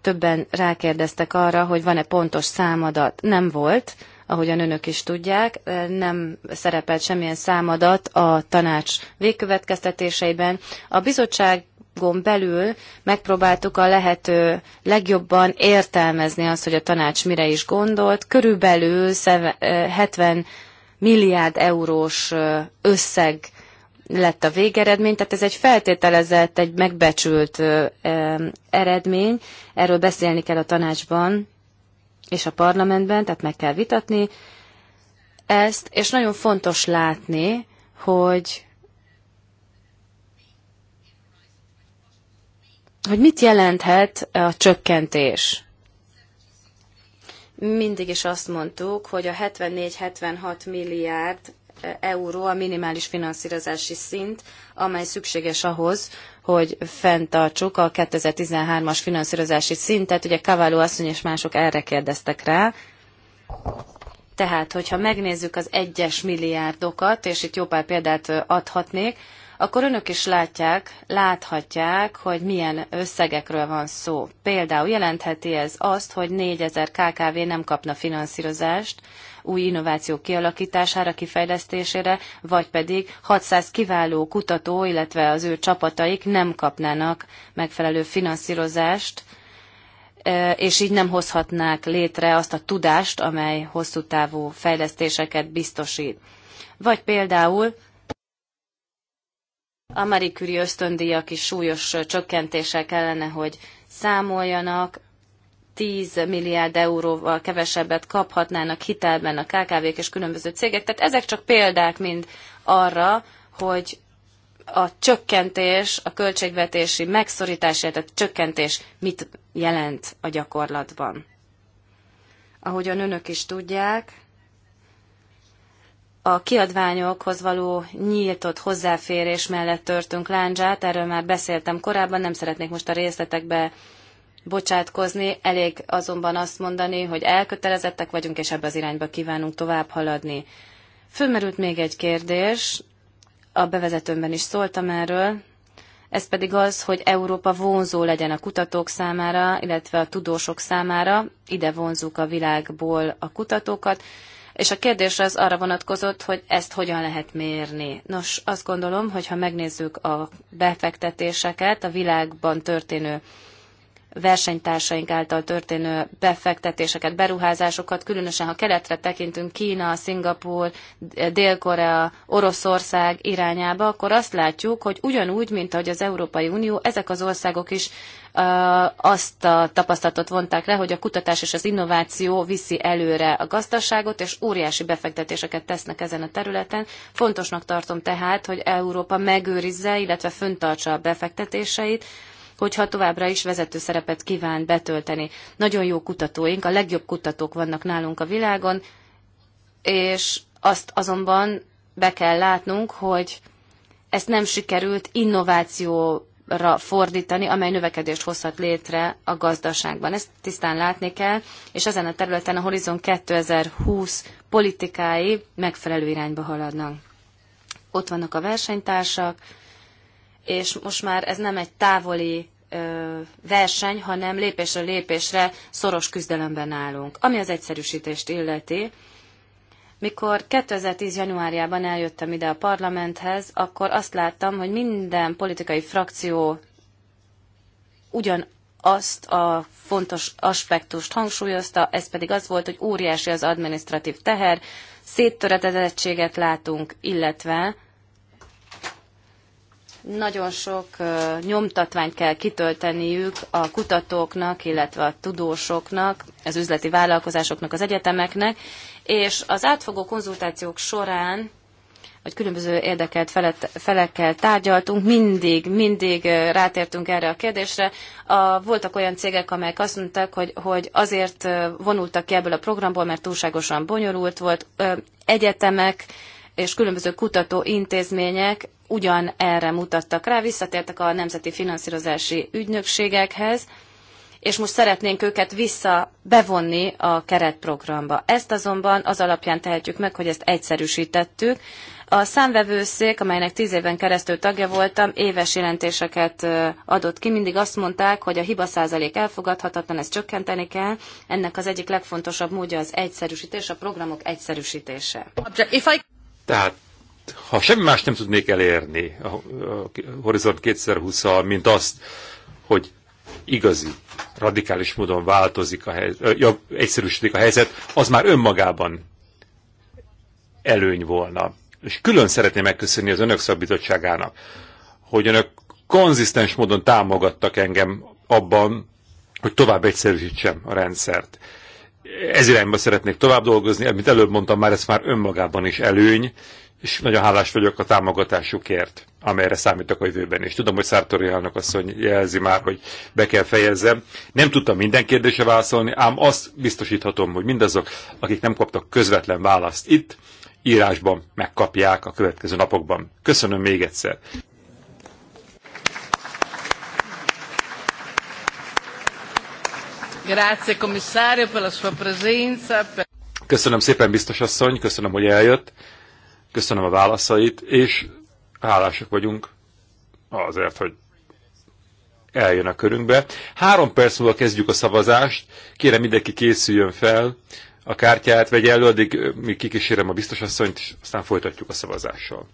többen rákérdeztek arra, hogy van-e pontos számadat. Nem volt ahogyan önök is tudják, nem szerepelt semmilyen számadat a tanács végkövetkeztetéseiben. A bizottság belül megpróbáltuk a lehető legjobban értelmezni azt, hogy a tanács mire is gondolt. Körülbelül 70 milliárd eurós összeg lett a végeredmény, tehát ez egy feltételezett, egy megbecsült eredmény, erről beszélni kell a tanácsban, és a parlamentben, tehát meg kell vitatni ezt, és nagyon fontos látni, hogy hogy mit jelenthet a csökkentés. Mindig is azt mondtuk, hogy a 74-76 milliárd euró a minimális finanszírozási szint, amely szükséges ahhoz, hogy fenntartsuk a 2013-as finanszírozási szintet. Ugye Kaváló asszony és mások erre kérdeztek rá. Tehát, hogyha megnézzük az egyes milliárdokat, és itt jó pár példát adhatnék, akkor önök is látják, láthatják, hogy milyen összegekről van szó. Például jelentheti ez azt, hogy 4000 KKV nem kapna finanszírozást, új innovációk kialakítására, kifejlesztésére, vagy pedig 600 kiváló kutató, illetve az ő csapataik nem kapnának megfelelő finanszírozást, e, és így nem hozhatnák létre azt a tudást, amely hosszú távú fejlesztéseket biztosít. Vagy például a Marie Curie ösztöndíjak is súlyos csökkentéssel kellene, hogy számoljanak, 10 milliárd euróval kevesebbet kaphatnának hitelben a KKV-k és különböző cégek. Tehát ezek csak példák mind arra, hogy a csökkentés, a költségvetési megszorítás, tehát csökkentés mit jelent a gyakorlatban. Ahogyan önök is tudják, a kiadványokhoz való nyíltott hozzáférés mellett törtünk láncsát, erről már beszéltem korábban, nem szeretnék most a részletekbe bocsátkozni, elég azonban azt mondani, hogy elkötelezettek vagyunk, és ebbe az irányba kívánunk tovább haladni. Fölmerült még egy kérdés, a bevezetőmben is szóltam erről, ez pedig az, hogy Európa vonzó legyen a kutatók számára, illetve a tudósok számára, ide vonzuk a világból a kutatókat, és a kérdés az arra vonatkozott, hogy ezt hogyan lehet mérni. Nos, azt gondolom, hogy ha megnézzük a befektetéseket, a világban történő versenytársaink által történő befektetéseket, beruházásokat, különösen ha keletre tekintünk, Kína, Szingapur, Dél-Korea, Oroszország irányába, akkor azt látjuk, hogy ugyanúgy, mint ahogy az Európai Unió, ezek az országok is azt a tapasztalatot vonták le, hogy a kutatás és az innováció viszi előre a gazdaságot, és óriási befektetéseket tesznek ezen a területen. Fontosnak tartom tehát, hogy Európa megőrizze, illetve föntartsa a befektetéseit, hogyha továbbra is vezető szerepet kíván betölteni. Nagyon jó kutatóink, a legjobb kutatók vannak nálunk a világon, és azt azonban be kell látnunk, hogy ezt nem sikerült innovációra fordítani, amely növekedést hozhat létre a gazdaságban. Ezt tisztán látni kell, és ezen a területen a Horizon 2020 politikái megfelelő irányba haladnak. Ott vannak a versenytársak, és most már ez nem egy távoli verseny, hanem lépésre lépésre szoros küzdelemben állunk. Ami az egyszerűsítést illeti, mikor 2010. januárjában eljöttem ide a parlamenthez, akkor azt láttam, hogy minden politikai frakció ugyan azt a fontos aspektust hangsúlyozta, ez pedig az volt, hogy óriási az administratív teher, széttöretezettséget látunk, illetve nagyon sok nyomtatványt kell kitölteniük a kutatóknak, illetve a tudósoknak, az üzleti vállalkozásoknak, az egyetemeknek, és az átfogó konzultációk során vagy különböző érdekelt felet, felekkel tárgyaltunk, mindig, mindig rátértünk erre a kérdésre. A, voltak olyan cégek, amelyek azt mondták, hogy, hogy azért vonultak ki ebből a programból, mert túlságosan bonyolult volt. Egyetemek és különböző kutatóintézmények ugyan erre mutattak rá, visszatértek a nemzeti finanszírozási ügynökségekhez, és most szeretnénk őket vissza bevonni a keretprogramba. Ezt azonban az alapján tehetjük meg, hogy ezt egyszerűsítettük. A számvevőszék, amelynek tíz éven keresztül tagja voltam, éves jelentéseket adott ki. Mindig azt mondták, hogy a hiba százalék elfogadhatatlan, ezt csökkenteni kell. Ennek az egyik legfontosabb módja az egyszerűsítés, a programok egyszerűsítése. Tehát, ha semmi más nem tudnék elérni a, Horizont 2020-al, mint azt, hogy igazi, radikális módon változik a helyzet, ja, egyszerűsödik a helyzet, az már önmagában előny volna. És külön szeretném megköszönni az önök szabítottságának, hogy önök konzisztens módon támogattak engem abban, hogy tovább egyszerűsítsem a rendszert ez irányba szeretnék tovább dolgozni, amit előbb mondtam már, ez már önmagában is előny, és nagyon hálás vagyok a támogatásukért, amelyre számítok a jövőben is. Tudom, hogy Szártori elnök asszony jelzi már, hogy be kell fejezzem. Nem tudtam minden kérdésre válaszolni, ám azt biztosíthatom, hogy mindazok, akik nem kaptak közvetlen választ itt, írásban megkapják a következő napokban. Köszönöm még egyszer Köszönöm szépen, biztos asszony, köszönöm, hogy eljött, köszönöm a válaszait, és hálásak vagyunk azért, hogy eljön a körünkbe. Három perc múlva kezdjük a szavazást, kérem mindenki készüljön fel, a kártyát vegye elő, addig mi kikísérem a biztosasszonyt, és aztán folytatjuk a szavazással.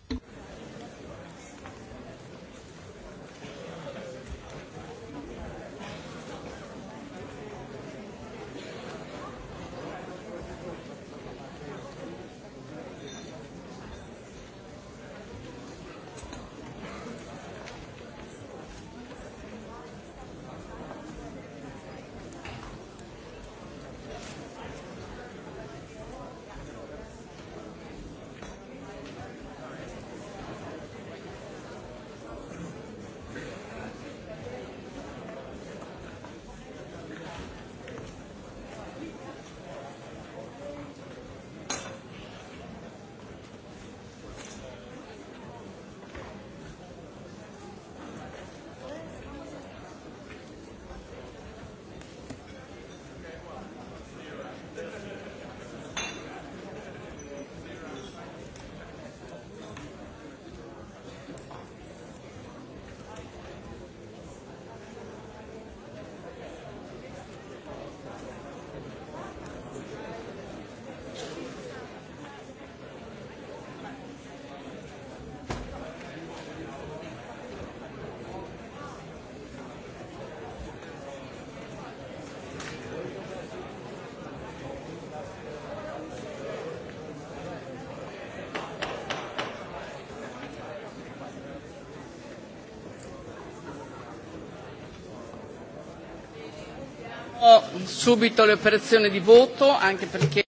subito le operazioni di voto, anche perché...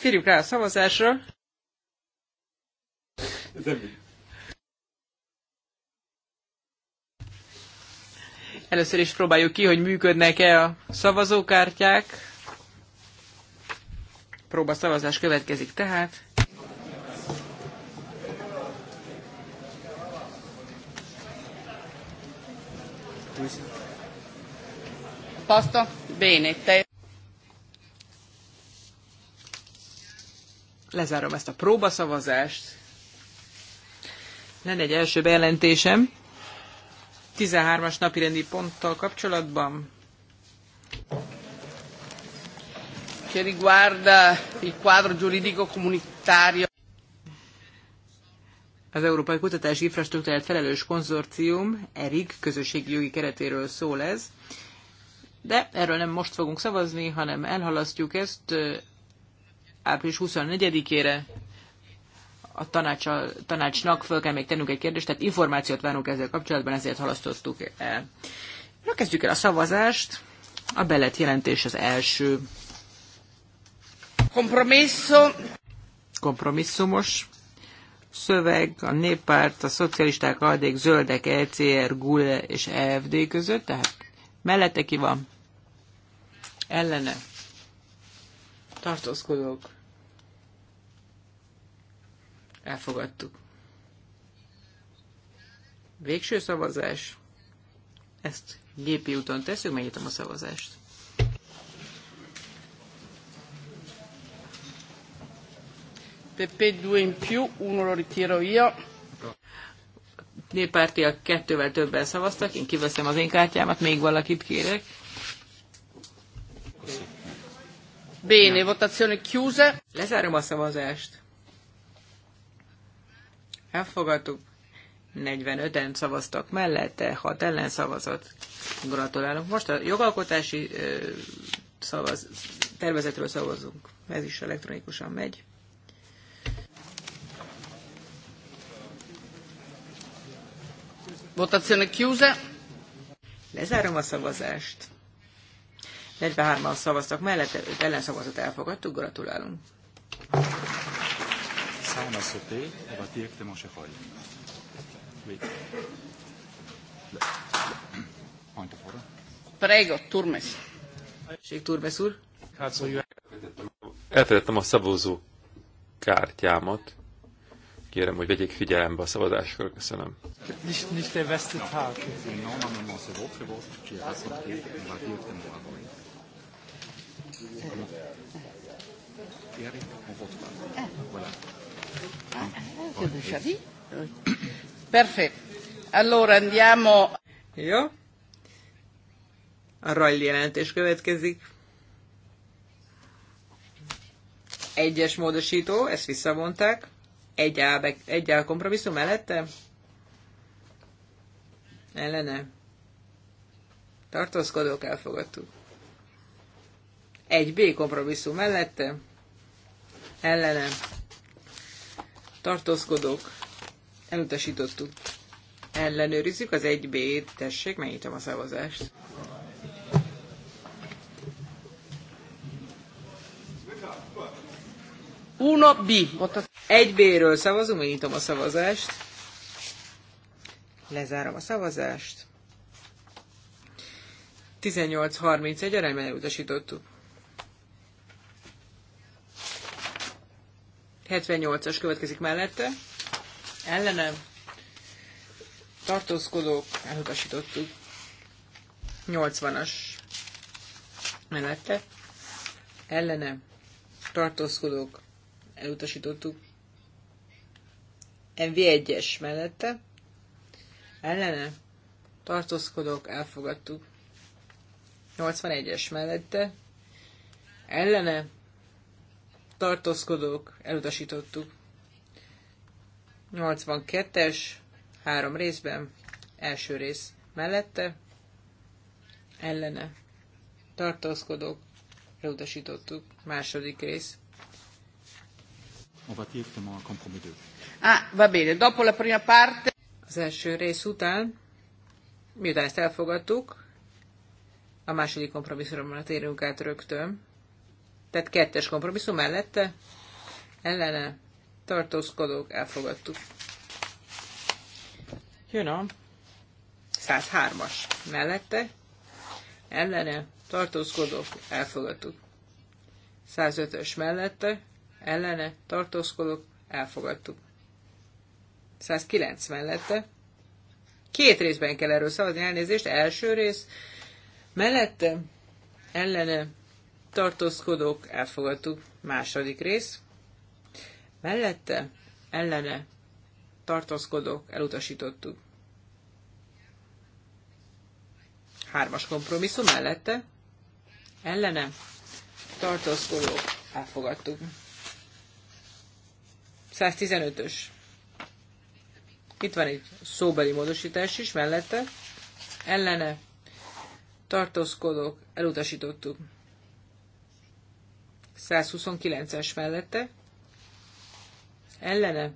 Térjük rá a szavazásra. Először is próbáljuk ki, hogy működnek-e a szavazókártyák. Próba szavazás következik tehát. Pasta. Bene, te... Lezárom ezt a próbaszavazást. Lenne egy első bejelentésem. 13-as napirendi ponttal kapcsolatban. Che riguarda il quadro giuridico comunitario. Az Európai Kutatási Infrastruktúrát Felelős Konzorcium, ERIG, közösségi jogi keretéről szól ez de erről nem most fogunk szavazni, hanem elhalasztjuk ezt április 24-ére a tanács, a tanácsnak föl kell még tennünk egy kérdést, tehát információt várunk ezzel kapcsolatban, ezért halasztottuk el. Na, kezdjük el a szavazást. A belet jelentés az első. Kompromisszum. Kompromisszumos szöveg a néppárt, a szocialisták, a zöldek, ECR, GULE és EFD között, tehát mellette ki van, ellene tartózkodók elfogadtuk. Végső szavazás. Ezt gépi úton teszünk, megnyitom a szavazást. Pepe 2 in più, uno lo ritiro io. Néppártiak kettővel többen szavaztak, én kiveszem az én kártyámat, még valakit kérek. Bene, votazione chiusa. Lezárom a szavazást. Elfogadtuk. 45-en szavaztak mellette, 6 ellen szavazott. Gratulálunk. Most a jogalkotási ö, szavaz, tervezetről szavazunk. Ez is elektronikusan megy. Votazione chiusa. Lezárom a szavazást. 43-an szavaztak mellette, 5 ellenszavazat elfogadtuk, gratulálunk. Prego, Turmes. Ség Turmes úr. Elfelejtettem a szavazó kártyámat. Kérem, hogy vegyék figyelembe a szavazáskor. Köszönöm. Nicht, nicht Perfetto. Allora andiamo. Jó. A Rajl jelentés következik. Egyes módosító, ezt visszavonták. Egy áll, egy áll kompromisszum mellette? Ellene. Tartózkodók elfogadtuk egy b kompromisszum mellette, ellene tartózkodók, elutasítottuk. Ellenőrizzük az 1B-t, tessék, megnyitom a szavazást. Uno B. 1B-ről szavazunk, megnyitom a szavazást. Lezárom a szavazást. 18-31 arányban elutasítottuk. 78-as következik mellette. Ellenem tartózkodók, elutasítottuk. 80-as mellette. Ellenem tartózkodók, elutasítottuk. MV1-es mellette. Ellene tartózkodók, elfogadtuk. 81-es mellette. Ellene tartózkodók, elutasítottuk. 82-es, három részben, első rész mellette, ellene, tartózkodók, elutasítottuk, második rész. On va compromis 2. Ah, va bene, dopo la prima parte. Az első rész után, miután ezt elfogadtuk, a második kompromisszumra térünk át rögtön. Tehát kettes kompromisszum mellette ellene tartózkodók elfogadtuk. Jön a 103-as mellette ellene tartózkodók elfogadtuk. 105-ös mellette ellene tartózkodók elfogadtuk. 109 mellette. Két részben kell erről szavazni elnézést. Első rész mellette ellene tartózkodók, elfogadtuk. Második rész, mellette, ellene, tartózkodók, elutasítottuk. Hármas kompromisszum mellette, ellene, tartózkodók, elfogadtuk. 115-ös. Itt van egy szóbeli módosítás is mellette, ellene, tartózkodók, elutasítottuk. 129-es mellette ellene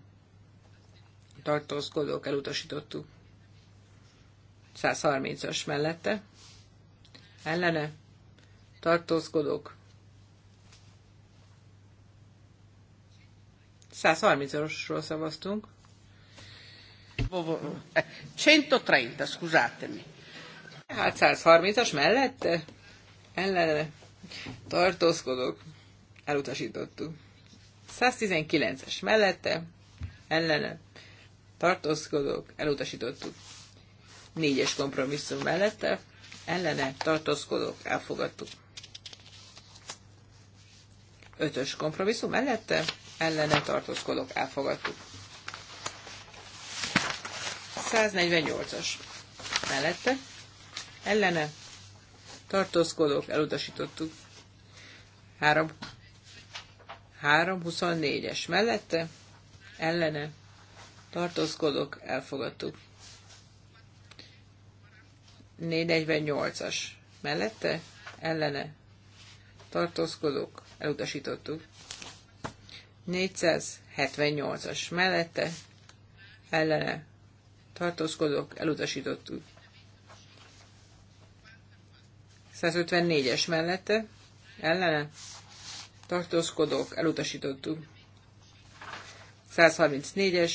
tartózkodók elutasítottuk. 130-as mellette ellene tartózkodók 130-osról szavaztunk. 130, scusatemi. Hát 130-as mellette ellene tartózkodók elutasítottuk. 119-es mellette, ellene, tartózkodók, elutasítottuk. 4-es kompromisszum mellette, ellene, tartózkodók, elfogadtuk. 5-ös kompromisszum mellette, ellene, tartózkodók, elfogadtuk. 148-as mellette, ellene, tartózkodók, elutasítottuk. Három 324-es mellette, ellene, tartózkodok, elfogadtuk. 448-as mellette, ellene, tartózkodok, elutasítottuk. 478-as mellette, ellene, tartózkodok, elutasítottuk. 154-es mellette, ellene, tartózkodók, elutasítottuk. 134-es,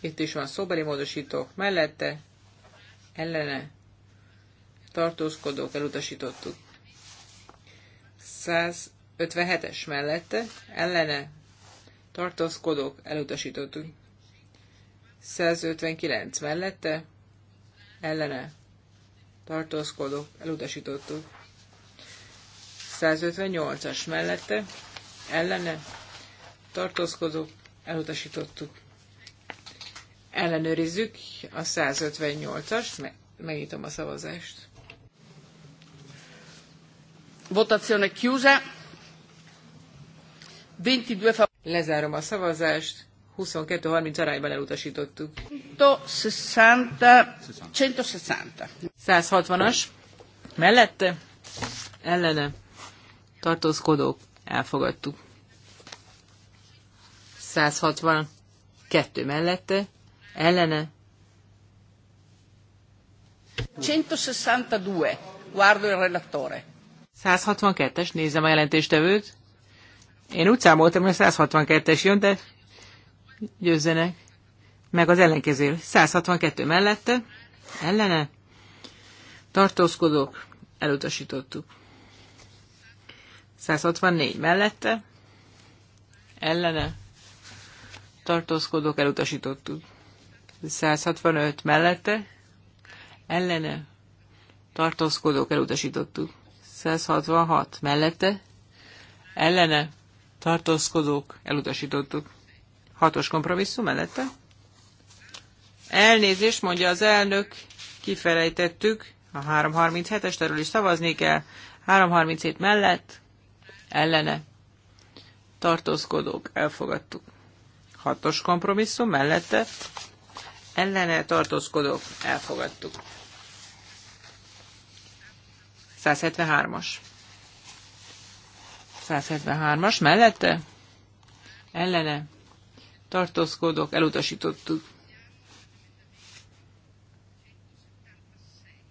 itt is van szóbeli módosítók mellette, ellene, tartózkodók, elutasítottuk. 157-es mellette, ellene, tartózkodók, elutasítottuk. 159 mellette, ellene, tartózkodók, elutasítottuk. 158-as mellette ellene tartózkodók elutasítottuk. Ellenőrizzük a 158-ast, megnyitom a szavazást. Votazione chiusa. 22 fa- Lezárom a szavazást. 22-30 arányban elutasítottuk. 160. 160. 160-as. Mellette? Ellene tartózkodók, elfogadtuk. 162 mellette, ellene. 162, guardo il relatore. 162-es, nézem a jelentéstevőt. Én úgy számoltam, hogy 162-es jön, de győzzenek. Meg az ellenkező. 162 mellette, ellene. Tartózkodók, elutasítottuk. 164 mellette, ellene, tartózkodók elutasítottuk. 165 mellette, ellene, tartózkodók elutasítottuk. 166 mellette, ellene, tartózkodók elutasítottuk. Hatos kompromisszum mellette. Elnézést, mondja az elnök, kifelejtettük, a 337-es terül is szavazni kell, 337 mellett, ellene tartózkodók elfogadtuk. Hatos kompromisszum mellette ellene tartózkodók elfogadtuk. 173-as. 173-as mellette ellene tartózkodók elutasítottuk.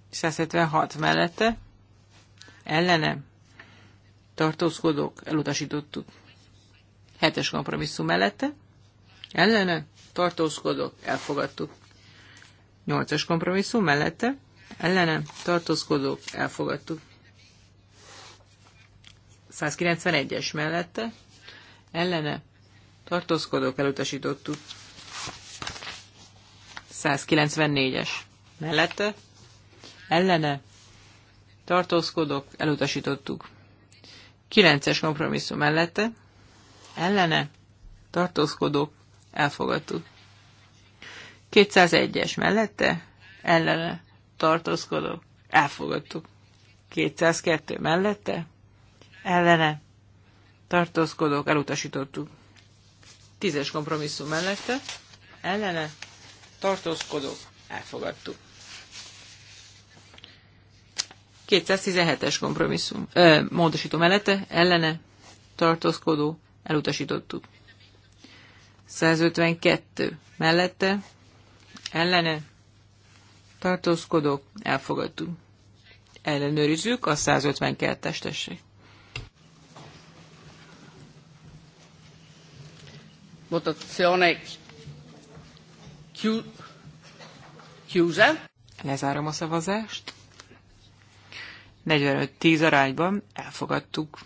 176 mellette ellene tartózkodók, elutasítottuk. Hetes kompromisszum mellette, ellene, tartózkodók, elfogadtuk. Nyolcas kompromisszum mellette, ellene, tartózkodók, elfogadtuk. 191-es mellette, ellene, tartózkodók, elutasítottuk. 194-es mellette, ellene, tartózkodók, elutasítottuk. 9-es kompromisszum mellette, ellene, tartózkodók, elfogadtuk. 201-es mellette, ellene, tartózkodók, elfogadtuk. 202 mellette, ellene, tartózkodók, elutasítottuk. 10-es kompromisszum mellette, ellene, tartózkodók, elfogadtuk. 217-es kompromisszum, ö, módosító mellette, ellene, tartózkodó, elutasítottuk. 152 mellette, ellene, tartózkodók, elfogadtuk. Ellenőrizzük a 152-es tessék. Votazione chiusa. Lezárom a szavazást. 45-10 arányban elfogadtuk.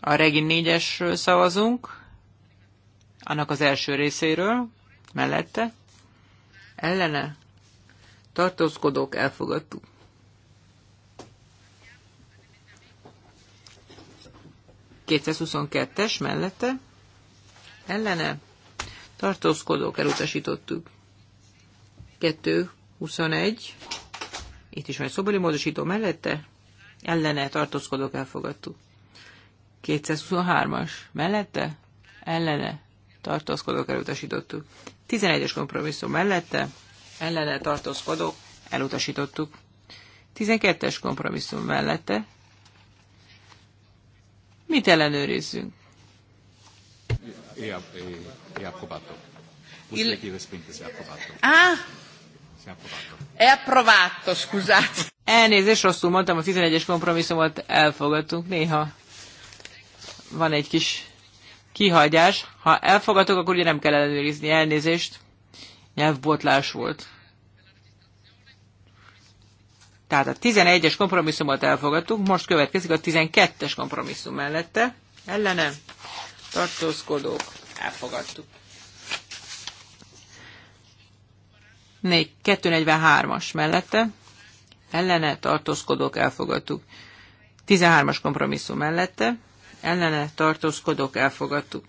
A Regi 4-esről szavazunk, annak az első részéről, mellette, ellene, tartózkodók elfogadtuk. es mellette, ellene, tartózkodók elutasítottuk. 2, 21, itt is van egy szobori módosító mellette, ellene tartózkodok elfogadtuk. 223-as mellette, ellene tartózkodok elutasítottuk. 11-es kompromisszum mellette, ellene tartózkodok elutasítottuk. 12-es kompromisszum mellette. Mit ellenőrizzünk? E, e, e approvato. Il... Ah, È approvato, scusate. Elnézést, rosszul mondtam, a 11-es kompromisszumot elfogadtunk. Néha van egy kis kihagyás. Ha elfogadtuk, akkor ugye nem kell ellenőrizni. Elnézést, nyelvbotlás volt. Tehát a 11-es kompromisszumot elfogadtuk, most következik a 12-es kompromisszum mellette. Ellene tartózkodók elfogadtuk. 243-as mellette, ellene tartózkodók elfogadtuk. 13-as kompromisszum mellette, ellene tartózkodók elfogadtuk.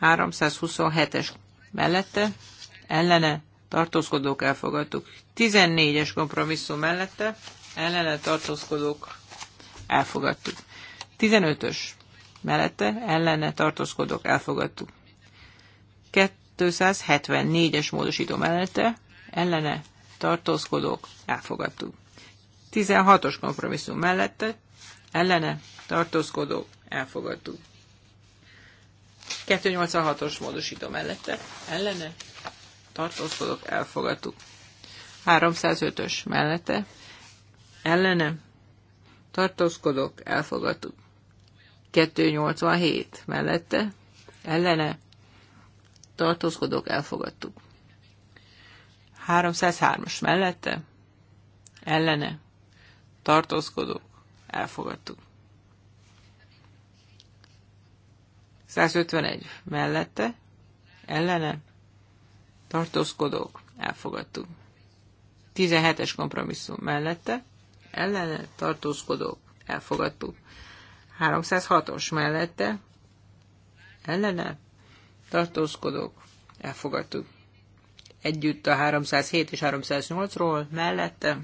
327-es mellette, ellene tartózkodók elfogadtuk. 14-es kompromisszum mellette, ellene tartózkodók elfogadtuk. 15-ös mellette, ellene tartózkodók elfogadtuk. 274-es módosító mellette ellene tartózkodók elfogadtuk. 16-os kompromisszum mellette ellene tartózkodók elfogadtuk. 286-os módosító mellette ellene tartózkodók elfogadtuk. 305-ös mellette ellene tartózkodók elfogadtuk. 287 mellette ellene tartózkodók elfogadtuk. 303-as mellette, ellene, tartózkodók elfogadtuk. 151 mellette, ellene, tartózkodók elfogadtuk. 17-es kompromisszum mellette, ellene, tartózkodók elfogadtuk. 306-os mellette, ellene, tartózkodók, elfogadtuk. Együtt a 307 és 308-ról, mellette,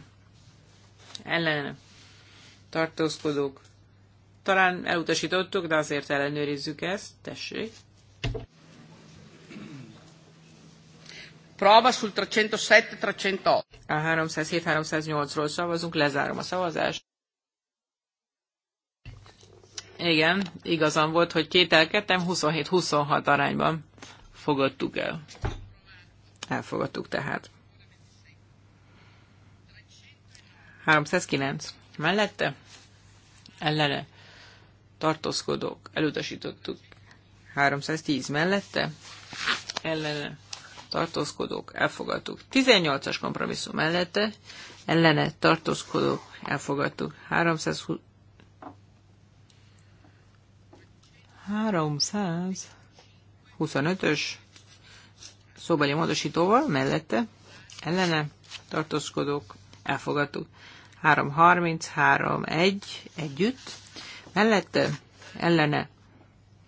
ellene, tartózkodók. Talán elutasítottuk, de azért ellenőrizzük ezt, tessék. Prova sul 307-308. A 307-308-ról szavazunk, lezárom a szavazást. Igen, igazam volt, hogy kételkedtem, 27-26 arányban fogadtuk el. Elfogadtuk tehát. 309. Mellette? Ellene. Tartózkodók. Elutasítottuk. 310. Mellette? Ellene. Tartózkodók. Elfogadtuk. 18-as kompromisszum mellette. Ellene. Tartózkodók. Elfogadtuk. 320 325-ös szóbeli módosítóval mellette ellene tartózkodók elfogadtuk. 333 1 együtt mellette ellene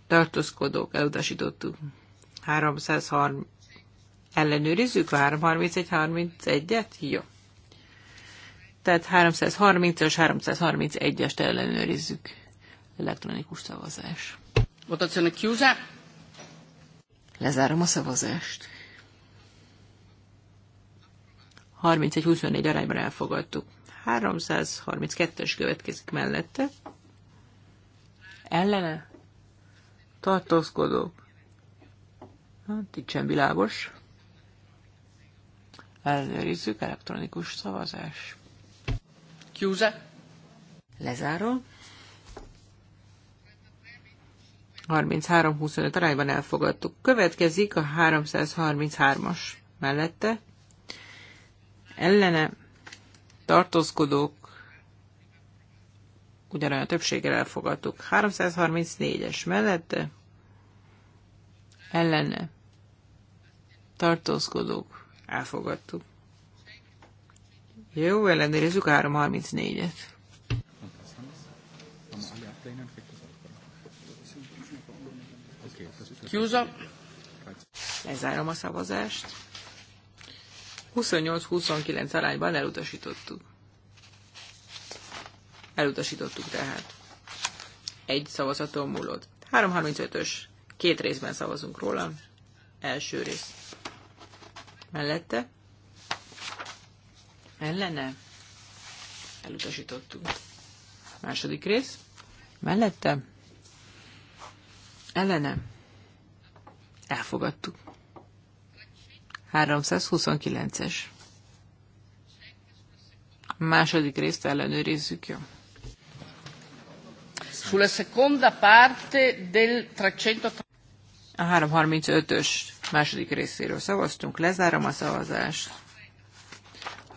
tartózkodók elutasítottuk. 330 ellenőrizzük a 331-31-et? Jó. Tehát 330-as, 331-est ellenőrizzük. Elektronikus szavazás. Votazione chiusa. Lezárom a szavazást. 31-24 arányban elfogadtuk. 332-es következik mellette. Ellene? Tartózkodó. Hát itt sem világos. Ellenőrizzük elektronikus szavazás. Kiúze? Lezárom. 33-25 arányban elfogadtuk. Következik a 333-as mellette. Ellene tartózkodók ugyanolyan többséggel elfogadtuk. 334-es mellette ellene tartózkodók elfogadtuk. Jó, ellenőrizzük 334-et. Chiuso. Lezárom a szavazást. 28-29 arányban elutasítottuk. Elutasítottuk tehát. Egy szavazaton múlott. 35 ös Két részben szavazunk róla. Első rész. Mellette. Ellene. Elutasítottuk. Második rész. Mellette. Ellene. Elfogadtuk. 329-es. Második részt ellenőrizzük, jó? Sulla seconda parte del 330... A 335-ös második részéről szavaztunk, lezárom a szavazást.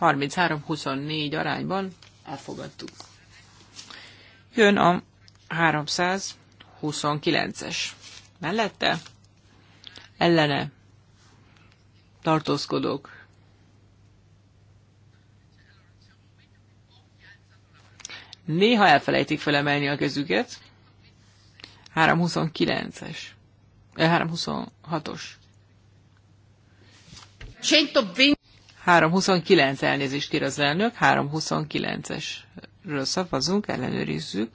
33-24 arányban elfogadtuk. Jön a 300 29-es. Mellette? Ellene? Tartózkodók. Néha elfelejtik felemelni a kezüket. 329-es. 326-os. 329 elnézést ír az elnök, 329-esről szavazunk, ellenőrizzük.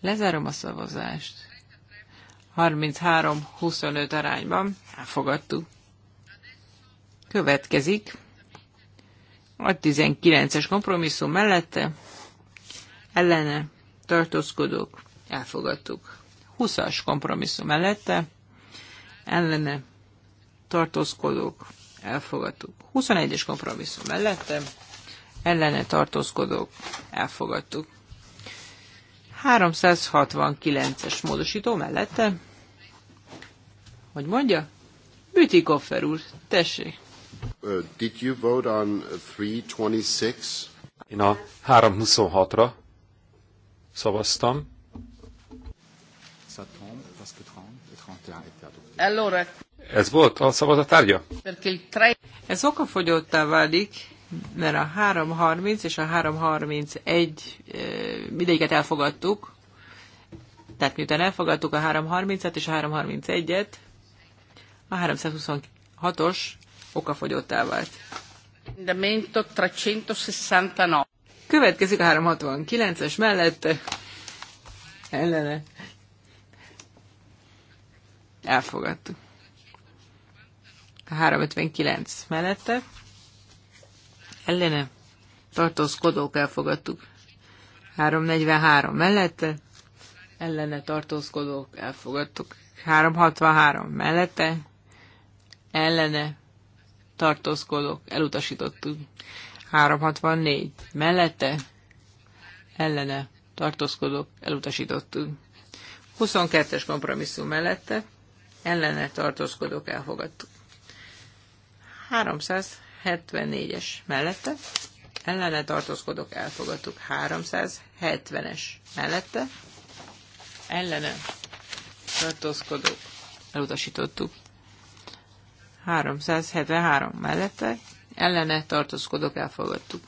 Lezárom a szavazást. 33-25 arányban elfogadtuk. Következik a 19-es kompromisszum mellette ellene tartózkodók elfogadtuk. 20-as kompromisszum mellette ellene tartózkodók elfogadtuk. 21-es kompromisszum mellette ellene tartózkodók elfogadtuk. 369-es módosító mellette. Hogy mondja? Bütikoffer úr, tessék. Uh, did you vote on 326? Én a 326-ra szavaztam. Allora. Ez volt a szavazatárgya? Ez okafogyottá válik, mert a 3.30 és a 3.31 mindegyiket elfogadtuk, tehát miután elfogadtuk a 3.30-et és a 3.31-et, a 326-os okafogyottá vált. Következik a 369-es mellette. Ellene. Elfogadtuk. A 359 mellette ellene tartózkodók elfogadtuk. 343 mellette ellene tartózkodók elfogadtuk. 363 mellette ellene tartózkodók elutasítottuk. 364 mellette ellene tartózkodók elutasítottuk. 22-es kompromisszum mellette ellene tartózkodók elfogadtuk. 300 374-es mellette, ellene tartózkodok, elfogadtuk. 370-es mellette, ellene tartózkodok, elutasítottuk. 373 mellette, ellene tartózkodok, elfogadtuk.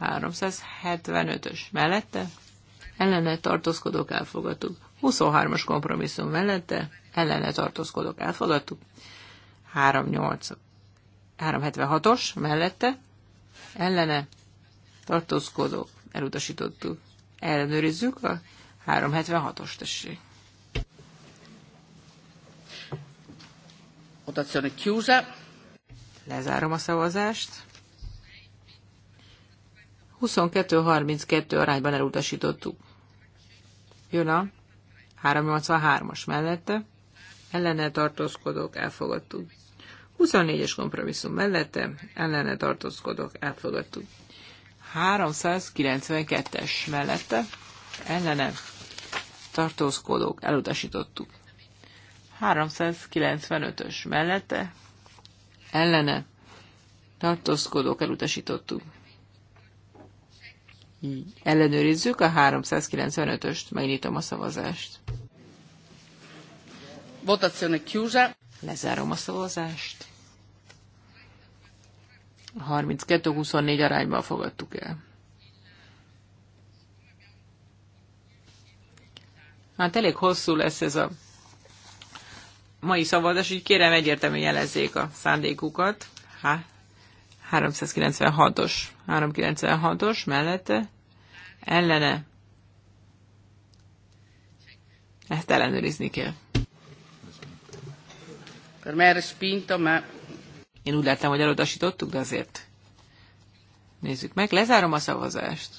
375-ös mellette, ellene tartózkodok, elfogadtuk. 23-as kompromisszum mellette, ellene tartózkodok, elfogadtuk. 380 376-os mellette ellene tartózkodók elutasítottuk. Ellenőrizzük a 376-os tessék. Votazione chiusa. Lezárom a szavazást. 22-32 arányban elutasítottuk. Jön a 383-as mellette. Ellene tartózkodók elfogadtuk. 24-es kompromisszum mellette ellene tartózkodok, elfogadtuk. 392-es mellette ellene tartózkodók, elutasítottuk. 395-ös mellette ellene tartózkodók, elutasítottuk. Ellenőrizzük a 395-öst, megnyitom a szavazást. Votazione chiusa. Lezárom a szavazást. 32-24 arányban fogadtuk el. Hát elég hosszú lesz ez a mai szavazás, így kérem egyértelmű jelezzék a szándékukat. Há, 396-os, 396-os mellette, ellene. Ezt ellenőrizni kell. Per me respinto, ma én úgy láttam, hogy elutasítottuk, de azért nézzük meg. Lezárom a szavazást.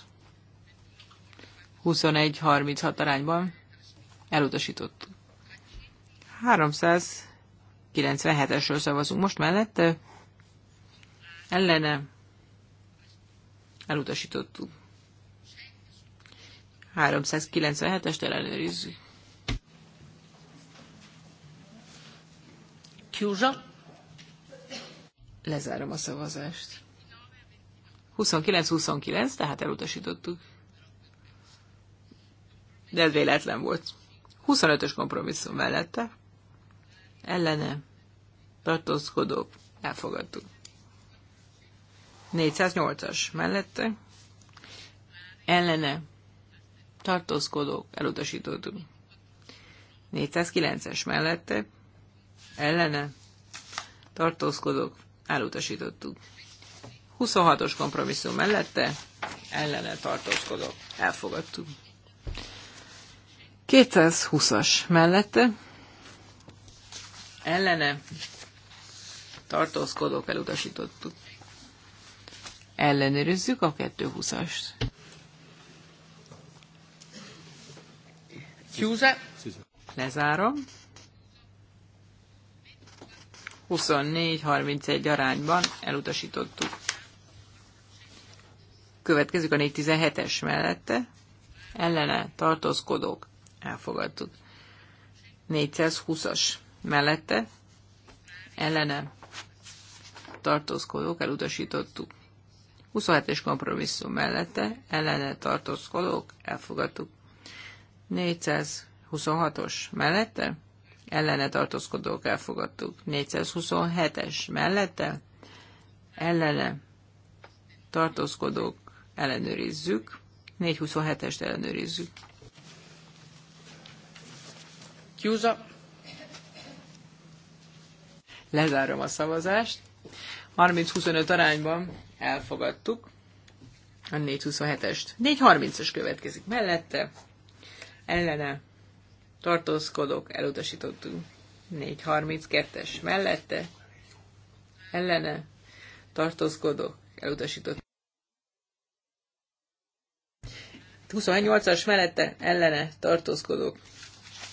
21-36 arányban elutasítottuk. 397-esről szavazunk most mellette. Ellene elutasítottuk. 397-est ellenőrizzük. Kiúzsa. Lezárom a szavazást. 29-29, tehát elutasítottuk. De ez véletlen volt. 25-ös kompromisszum mellette. Ellene. Tartózkodók. Elfogadtuk. 408-as mellette. Ellene. Tartózkodók. Elutasítottuk. 409-es mellette. Ellene. Tartózkodók elutasítottuk. 26-os kompromisszum mellette ellene tartózkodok. Elfogadtuk. 220-as mellette ellene tartózkodók elutasítottuk. Ellenőrizzük a 220-ast. Lezárom. 24-31 arányban elutasítottuk. Következik a 417-es mellette, ellene tartózkodók, elfogadtuk. 420-as mellette, ellene tartózkodók, elutasítottuk. 27-es kompromisszum mellette, ellene tartózkodók, elfogadtuk. 426-os mellette, ellene tartózkodók elfogadtuk. 427-es mellette ellene tartózkodók ellenőrizzük. 427-est ellenőrizzük. Kiúza. Lezárom a szavazást. 30-25 arányban elfogadtuk a 427-est. 430-es következik mellette, ellene tartózkodok, elutasítottunk 432-es mellette, ellene, tartózkodok, elutasítottuk. 28-as mellette, ellene, tartózkodok,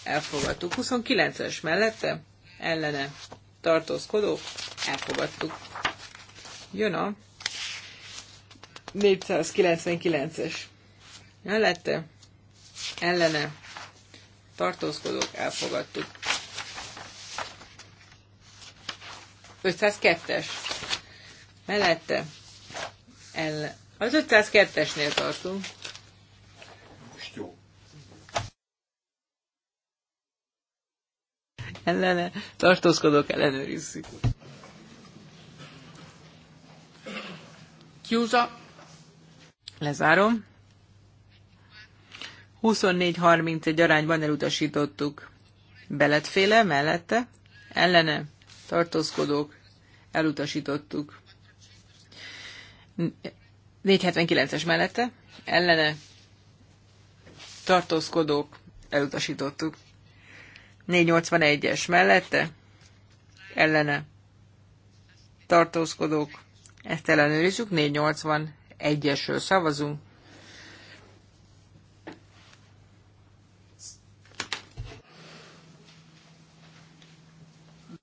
elfogadtuk. 29-es mellette, ellene, tartózkodok, elfogadtuk. Jön a 499-es. Mellette, ellene, tartózkodók elfogadtuk. 502-es mellette el, az 502-esnél tartunk. Most jó. Ellene tartózkodók ellenőrizzük. Kiúza. Lezárom. 24 egy arányban elutasítottuk. Beletféle mellette, ellene tartózkodók elutasítottuk. 479-es mellette, ellene tartózkodók elutasítottuk. 481-es mellette, ellene tartózkodók, ezt ellenőrizzük, 481-esről szavazunk.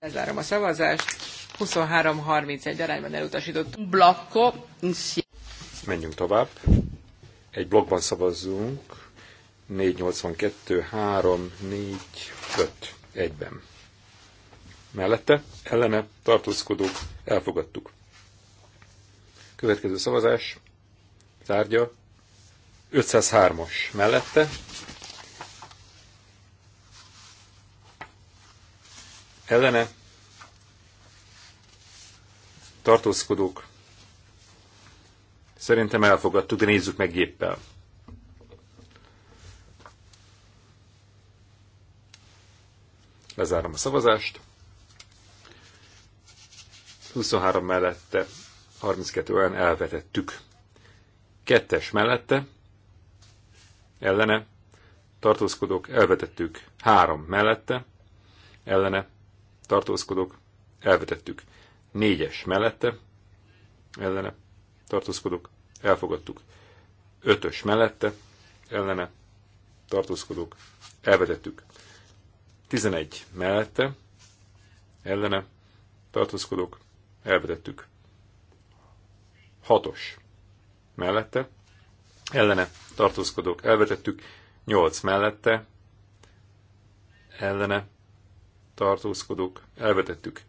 Lezárom a szavazást. 23-31 arányban elutasított. Blakko. Menjünk tovább. Egy blokkban szavazzunk. 482, 3, 4, 5, egyben. Mellette, ellene, tartózkodók, elfogadtuk. Következő szavazás, tárgya, 503-as mellette, ellene tartózkodók. Szerintem elfogadtuk, de nézzük meg géppel. Lezárom a szavazást. 23 mellette, 32 olyan elvetettük. Kettes mellette, ellene, tartózkodók, elvetettük. Három mellette, ellene, tartózkodok, elvetettük. Négyes mellette, ellene, tartózkodok, elfogadtuk. Ötös mellette, ellene, tartózkodok, elvetettük. Tizenegy mellette, ellene, tartózkodok, elvetettük. Hatos mellette, ellene, tartózkodok, elvetettük. Nyolc mellette, ellene, tartózkodók, elvetettük.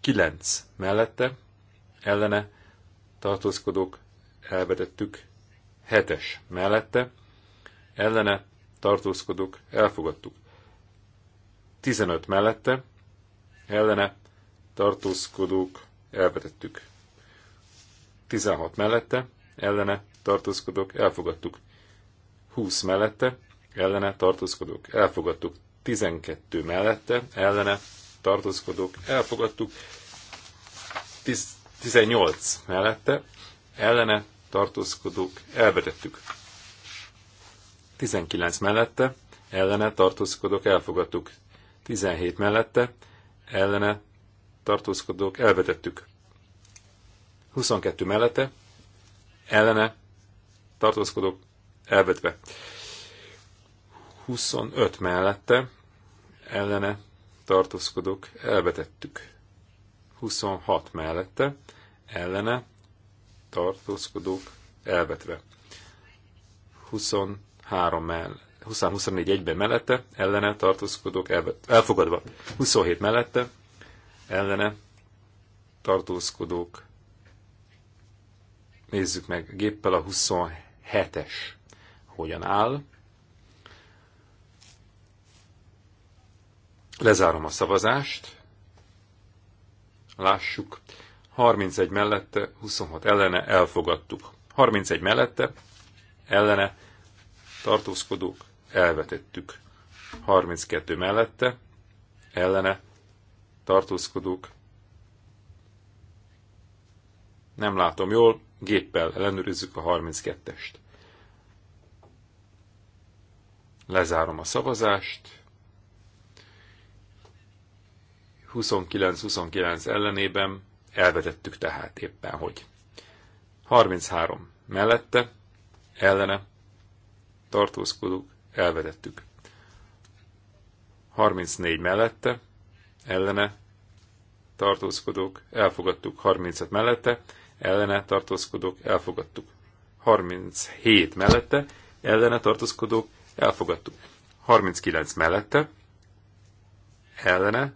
9 mellette, ellene, tartózkodók, elvetettük. 7-es mellette, ellene, tartózkodók, elfogadtuk. 15 mellette, ellene, tartózkodók, elvetettük. 16 mellette, ellene, tartózkodók, elfogadtuk. 20 mellette, ellene tartózkodók. Elfogadtuk 12 mellette, ellene tartózkodók elfogadtuk, 10, 18 mellette, ellene tartózkodók elvetettük. 19 mellette, ellene tartózkodók elfogadtuk. 17 mellette, ellene tartózkodók elvetettük. 22 mellette, ellene tartózkodók elvetve. 25 mellette ellene tartózkodók elvetettük. 26 mellette ellene tartózkodók elvetve. 23 mellette. 24 egyben mellette ellene tartózkodók elvet, elfogadva. 27 mellette ellene tartózkodók nézzük meg géppel a 27-es hogyan áll. Lezárom a szavazást. Lássuk. 31 mellette, 26 ellene, elfogadtuk. 31 mellette, ellene, tartózkodók, elvetettük. 32 mellette, ellene, tartózkodók. Nem látom jól, géppel ellenőrizzük a 32-est. Lezárom a szavazást. 29-29 ellenében elvetettük tehát éppen hogy. 33 mellette, ellene, tartózkodók, elvetettük. 34 mellette, ellene, tartózkodók, elfogadtuk. 35 mellette, ellene, tartózkodók, elfogadtuk. 37 mellette, ellene, tartózkodók, elfogadtuk. 39 mellette, ellene,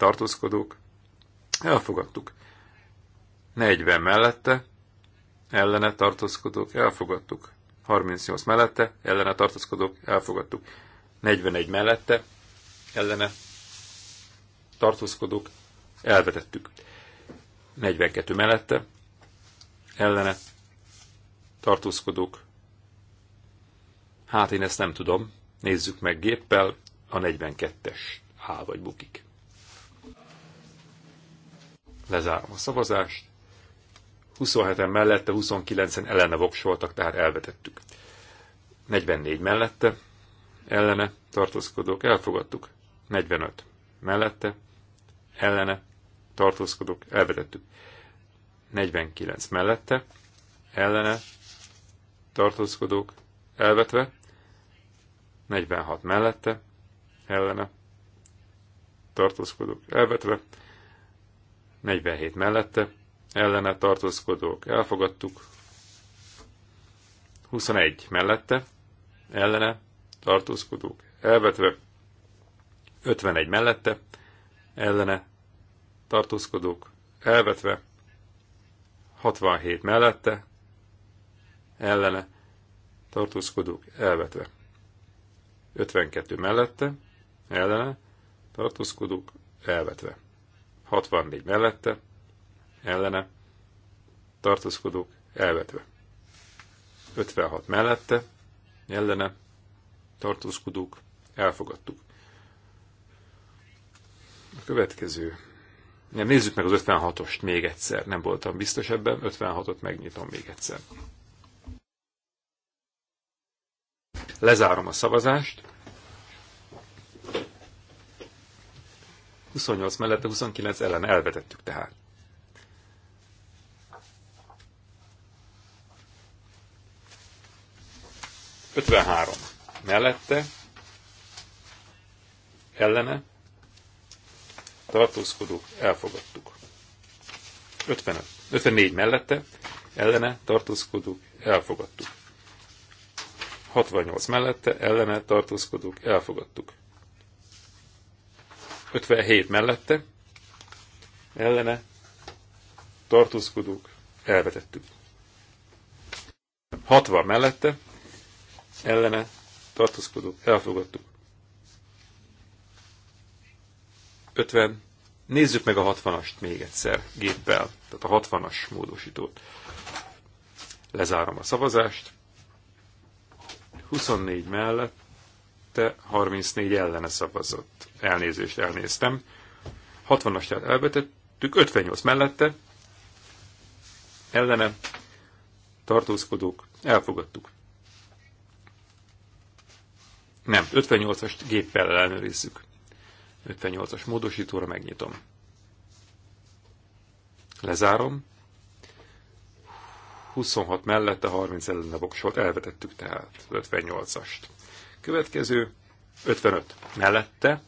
tartózkodók, elfogadtuk. 40 mellette, ellene tartózkodók, elfogadtuk. 38 mellette, ellene tartózkodók, elfogadtuk. 41 mellette, ellene tartózkodók, elvetettük. 42 mellette, ellene tartózkodók. Hát én ezt nem tudom. Nézzük meg géppel a 42-es. Há vagy bukik. Lezárom a szavazást. 27-en mellette, 29-en ellene voksoltak, tehát elvetettük. 44 mellette, ellene tartózkodók, elfogadtuk. 45 mellette, ellene tartózkodók, elvetettük. 49 mellette, ellene tartózkodók, elvetve. 46 mellette, ellene tartózkodók, elvetve. 47 mellette, ellene tartózkodók elfogadtuk, 21 mellette, ellene tartózkodók elvetve, 51 mellette, ellene tartózkodók elvetve, 67 mellette, ellene tartózkodók elvetve, 52 mellette, ellene tartózkodók elvetve. 64 mellette, ellene, tartózkodók elvetve. 56 mellette, ellene, tartózkodók elfogadtuk. A következő. Nem, nézzük meg az 56-ost még egyszer. Nem voltam biztos ebben, 56-ot megnyitom még egyszer. Lezárom a szavazást. 28 mellette, 29 ellen elvetettük tehát. Ötvenhárom mellette, ellene, tartózkodók, elfogadtuk. 55, 54 mellette, ellene, tartózkodók, elfogadtuk. 68 mellette, ellene, tartózkodók, elfogadtuk. 57 mellette, ellene tartózkodók, elvetettük. 60 mellette, ellene tartózkodók, elfogadtuk. 50. Nézzük meg a 60-ast még egyszer géppel, tehát a 60-as módosítót. Lezárom a szavazást. 24 mellett mellette, 34 ellene szavazott. Elnézést elnéztem. 60 asját elbetettük, 58 mellette, ellene, tartózkodók, elfogadtuk. Nem, 58-as géppel ellenőrizzük. 58-as módosítóra megnyitom. Lezárom. 26 mellette 30 ellene voksolt, elvetettük tehát 58-ast. Következő 55 mellette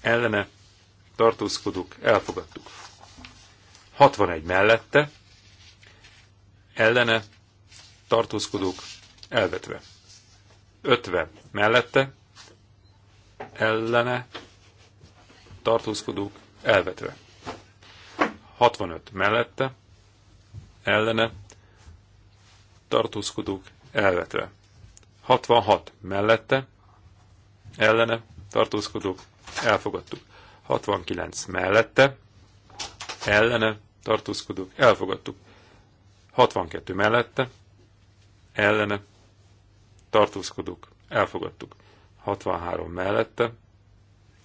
ellene tartózkodók elfogadtuk. 61 mellette ellene tartózkodók elvetve. 50 mellette ellene tartózkodók elvetve. 65 mellette ellene tartózkodók elvetve. 66 mellette, ellene tartózkodók elfogadtuk. 69 mellette, ellene tartózkodók elfogadtuk. 62 mellette, ellene tartózkodók elfogadtuk. 63 mellette,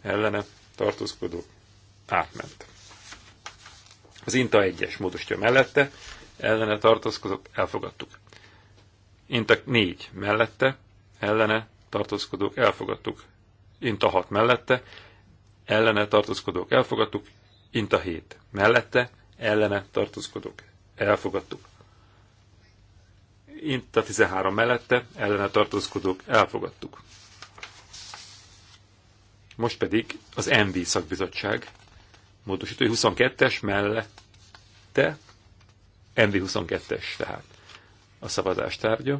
ellene tartózkodók átment. Az INTA 1-es módosítja mellette, ellene tartózkodók elfogadtuk. Inta négy mellette, ellene tartózkodók elfogadtuk. a hat mellette, ellene tartózkodók elfogadtuk. a hét mellette, ellene tartózkodók elfogadtuk. a 13 mellette, ellene tartózkodók elfogadtuk. Most pedig az MV szakbizottság módosítói 22-es mellette, MV 22-es tehát a szavazás tárgya.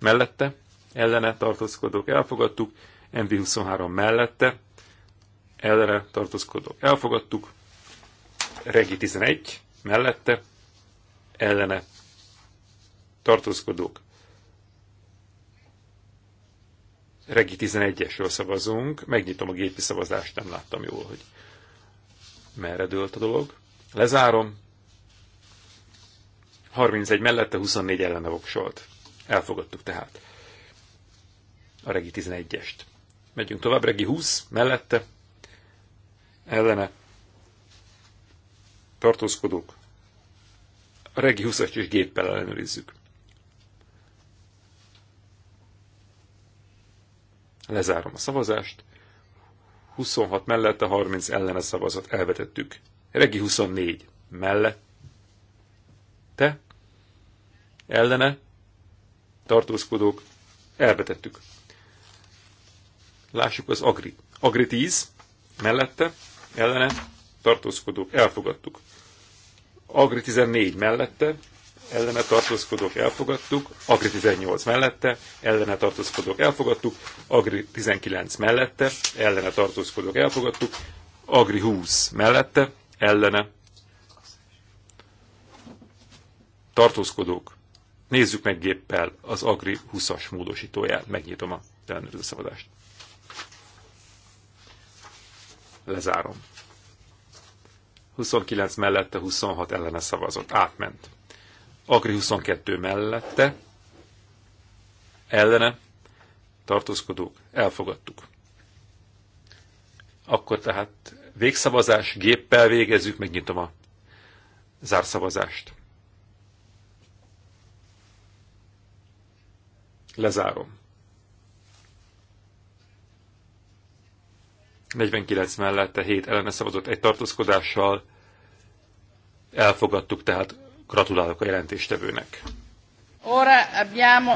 Mellette ellene tartózkodók elfogadtuk, MV23 mellette ellene tartózkodók elfogadtuk, Regi 11 mellette ellene tartózkodók. Regi 11-esről szavazunk, megnyitom a gépi szavazást, nem láttam jól, hogy merre dőlt a dolog. Lezárom, 31 mellette, 24 ellene voksolt. Elfogadtuk tehát a Regi 11-est. Megyünk tovább, Regi 20 mellette, ellene tartózkodók. A Regi 20-as is géppel ellenőrizzük. Lezárom a szavazást. 26 mellette, 30 ellene szavazat elvetettük. Regi 24 mellette, ellene tartózkodók elvetettük. Lássuk az Agri. Agri 10 mellette ellene tartózkodók elfogadtuk. Agri 14 mellette ellene tartózkodók elfogadtuk, Agri 18 mellette, ellene tartózkodók elfogadtuk, Agri 19 mellette, ellene tartózkodók elfogadtuk, Agri 20 mellette, ellene tartózkodók Nézzük meg géppel az Agri 20-as módosítóját. Megnyitom a ellenőrző szavazást. Lezárom. 29 mellette, 26 ellene szavazott. Átment. Agri 22 mellette, ellene, tartózkodók, elfogadtuk. Akkor tehát végszavazás, géppel végezzük, megnyitom a zárszavazást. Lezárom. 49 mellette 7 eleme szavazott egy tartózkodással. Elfogadtuk, tehát gratulálok a jelentéstevőnek. Ora abbiamo...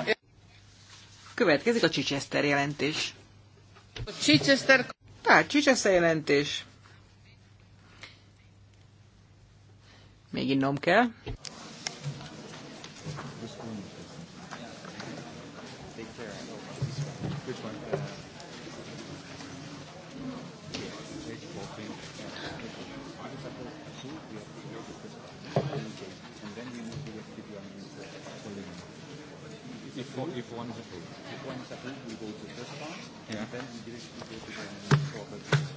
Következik a Chichester jelentés. A Chichester... Tehát Chichester jelentés. Még innom kell. If, if one is approved. If one is approved, we go to the first part, yeah. and then we directly go to the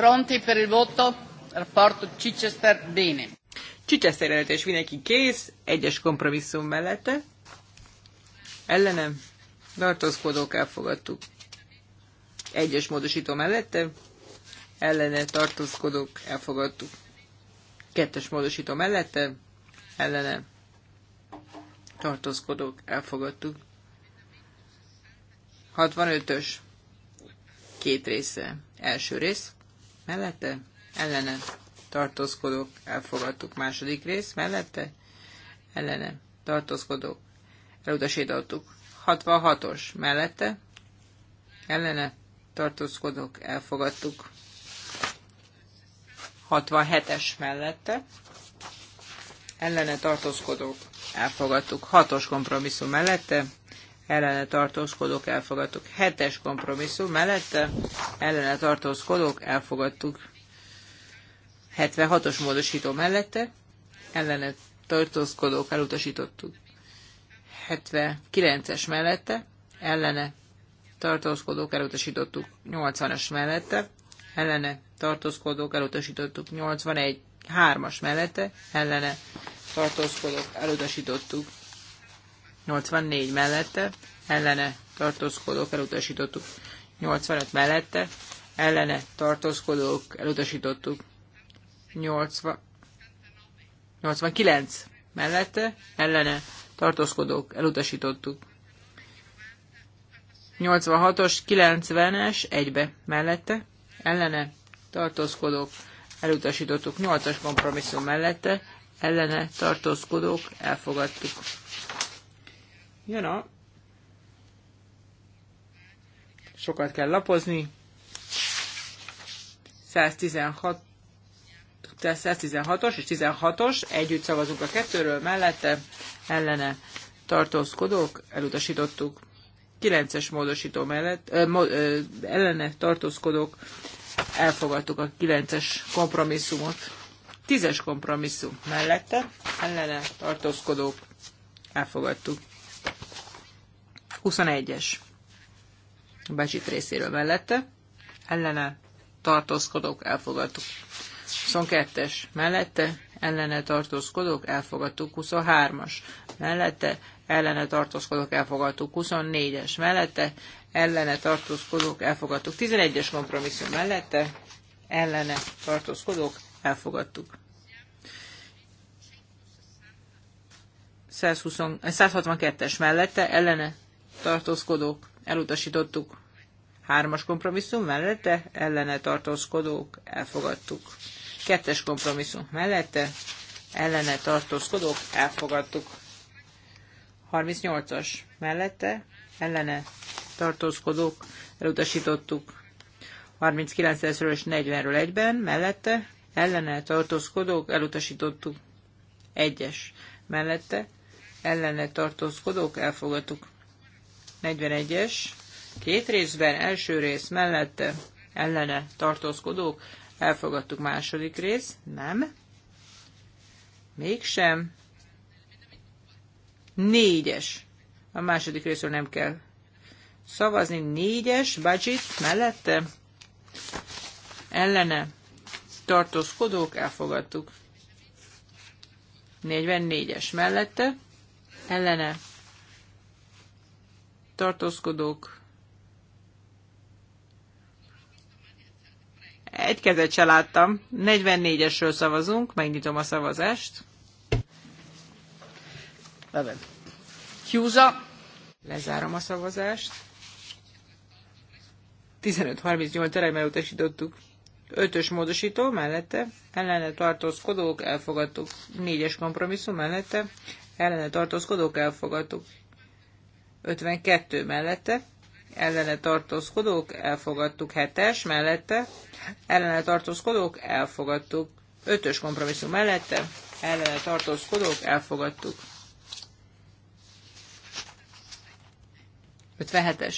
Pronti per il voto? Rapporto Chichester, bene. Chichester jelentés mindenki kész, egyes kompromisszum mellette. Ellenem tartózkodók elfogadtuk. Egyes módosító mellette, ellene tartózkodók elfogadtuk. Kettes módosító mellette, ellene tartózkodók elfogadtuk. 65-ös két része. Első rész mellette, ellene tartózkodók elfogadtuk. Második rész mellette, ellene tartózkodók elutasítottuk. 66-os mellette ellene tartózkodók elfogadtuk. 67-es mellette ellene tartózkodók elfogadtuk. 6-os kompromisszum mellette ellene tartózkodók elfogadtuk. 7-es kompromisszum mellette ellene tartózkodók elfogadtuk. 76-os módosító mellette ellene tartózkodók elutasítottuk. 79-es mellette, ellene tartózkodók elutasítottuk 80-as mellette, ellene tartózkodók elutasítottuk 81 3-as mellette, ellene tartózkodók elutasítottuk 84 mellette, ellene tartózkodók elutasítottuk 85 mellette, ellene tartózkodók elutasítottuk 80, 89 mellette, ellene tartózkodók, elutasítottuk. 86-os, 90-es, egybe, mellette, ellene, tartózkodók, elutasítottuk. 8-as kompromisszum mellette, ellene, tartózkodók, elfogadtuk. Jön a... Sokat kell lapozni. 116 116-os és 16-os, együtt szavazunk a kettőről, mellette ellene tartózkodók, elutasítottuk. 9-es módosító mellett, ö, mo, ö, ellene tartózkodók, elfogadtuk a 9-es kompromisszumot. 10-es kompromisszum mellette, ellene tartózkodók, elfogadtuk. 21-es Becsit részéről mellette, ellene tartózkodók, elfogadtuk. 22-es mellette ellene tartózkodók elfogadtuk 23-as mellette ellene tartózkodók elfogadtuk 24-es mellette ellene tartózkodók elfogadtuk 11-es kompromisszum mellette ellene tartózkodók elfogadtuk. 120, 162-es eh, mellette ellene tartózkodók elutasítottuk. Hármas kompromisszum mellette ellene tartózkodók elfogadtuk. Kettes kompromisszum mellette ellene tartózkodók elfogadtuk. 38-as mellette ellene tartózkodók elutasítottuk. 39-ről és 40-ről egyben mellette ellene tartózkodók elutasítottuk. Egyes mellette ellene tartózkodók elfogadtuk. 41-es két részben első rész mellette ellene tartózkodók Elfogadtuk második rész. Nem. Mégsem. Négyes. A második részről nem kell szavazni. Négyes budget mellette. Ellene. Tartózkodók. Elfogadtuk. 44-es mellette. Ellene. Tartózkodók Egy kezet se láttam. 44-esről szavazunk, megnyitom a szavazást. Beben. Hughes-a. Lezárom a szavazást. 15-38 erejmel utasítottuk. 5-ös módosító mellette, ellene tartózkodók elfogadtuk. 4-es kompromisszum mellette, ellene tartózkodók elfogadtuk. 52 mellette, ellene tartózkodók, elfogadtuk. hetes mellette, ellene tartózkodók, elfogadtuk. ötös kompromisszum mellette, ellene tartózkodók, elfogadtuk. 57-es.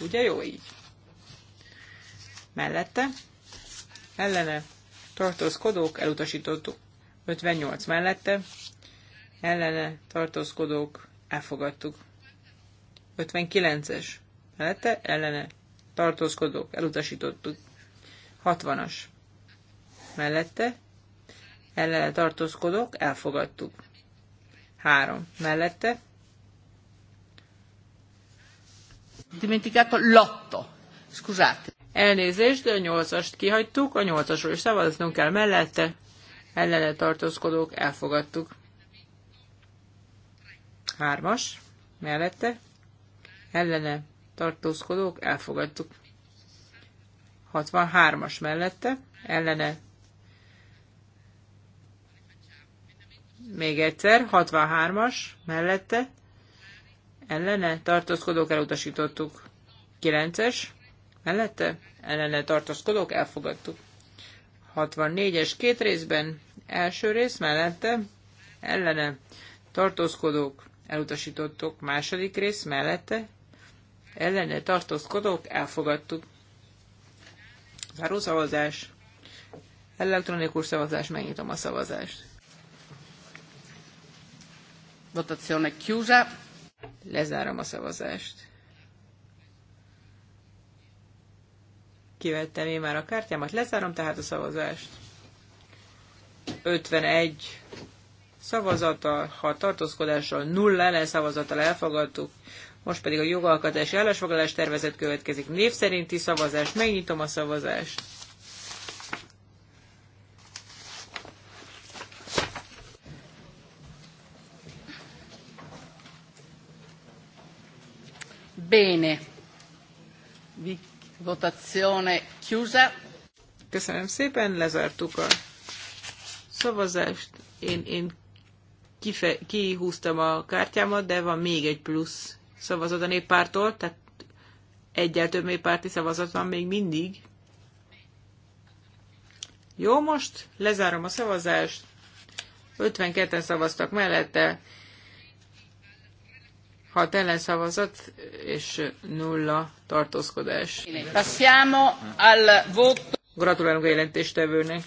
Ugye jó így? Mellette, ellene, tartózkodók, elutasítottuk. 58 mellette, ellene, tartózkodók, elfogadtuk. 59-es mellette ellene tartózkodók elutasítottuk. 60-as mellette ellene tartózkodók elfogadtuk. 3 mellette dimenticato l'otto. Scusate. Elnézést, de a 8-ast kihagytuk, a 8-asról is szavaznunk kell mellette, ellene tartózkodók elfogadtuk. Hármas, mellette, ellene tartózkodók, elfogadtuk. 63-as mellette, ellene. Még egyszer, 63-as mellette, ellene tartózkodók, elutasítottuk. 9-es mellette, ellene tartózkodók, elfogadtuk. 64-es két részben, első rész mellette, ellene tartózkodók, elutasítottuk. Második rész mellette ellene tartózkodók elfogadtuk. Záró szavazás. Elektronikus szavazás, megnyitom a szavazást. Votazione chiusa. Lezárom a szavazást. Kivettem én már a kártyámat, lezárom tehát a szavazást. 51 szavazattal, ha tartózkodással nulla ellen szavazattal elfogadtuk, most pedig a jogalkotási állásfoglalás tervezet következik. Név szerinti szavazás. Megnyitom a szavazást. Bene. Votazione chiusa. Köszönöm szépen, lezártuk a szavazást. Én, én kife- kihúztam a kártyámat, de van még egy plusz szavazat a néppártól, tehát egyel több néppárti szavazat van még mindig. Jó, most lezárom a szavazást. 52-en szavaztak mellette, 6 szavazat és nulla tartózkodás. Passiamo al voto. Gratulálunk a jelentéstevőnek.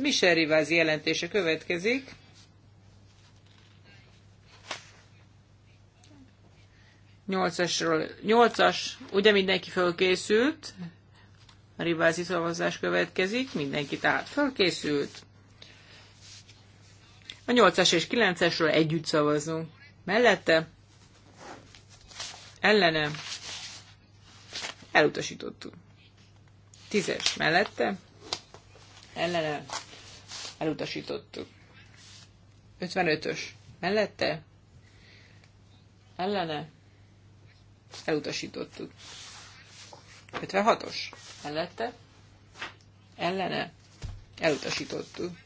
Michel Rivázi jelentése következik. Nyolcasról, nyolcas, ugye mindenki fölkészült, a Rivázi szavazás következik, mindenki tehát fölkészült. A nyolcas és kilencesről együtt szavazunk. Mellette? Ellene? Elutasítottuk. Tízes mellette? Ellene? elutasítottuk. 55-ös mellette, ellene, elutasítottuk. 56-os mellette, ellene, elutasítottuk.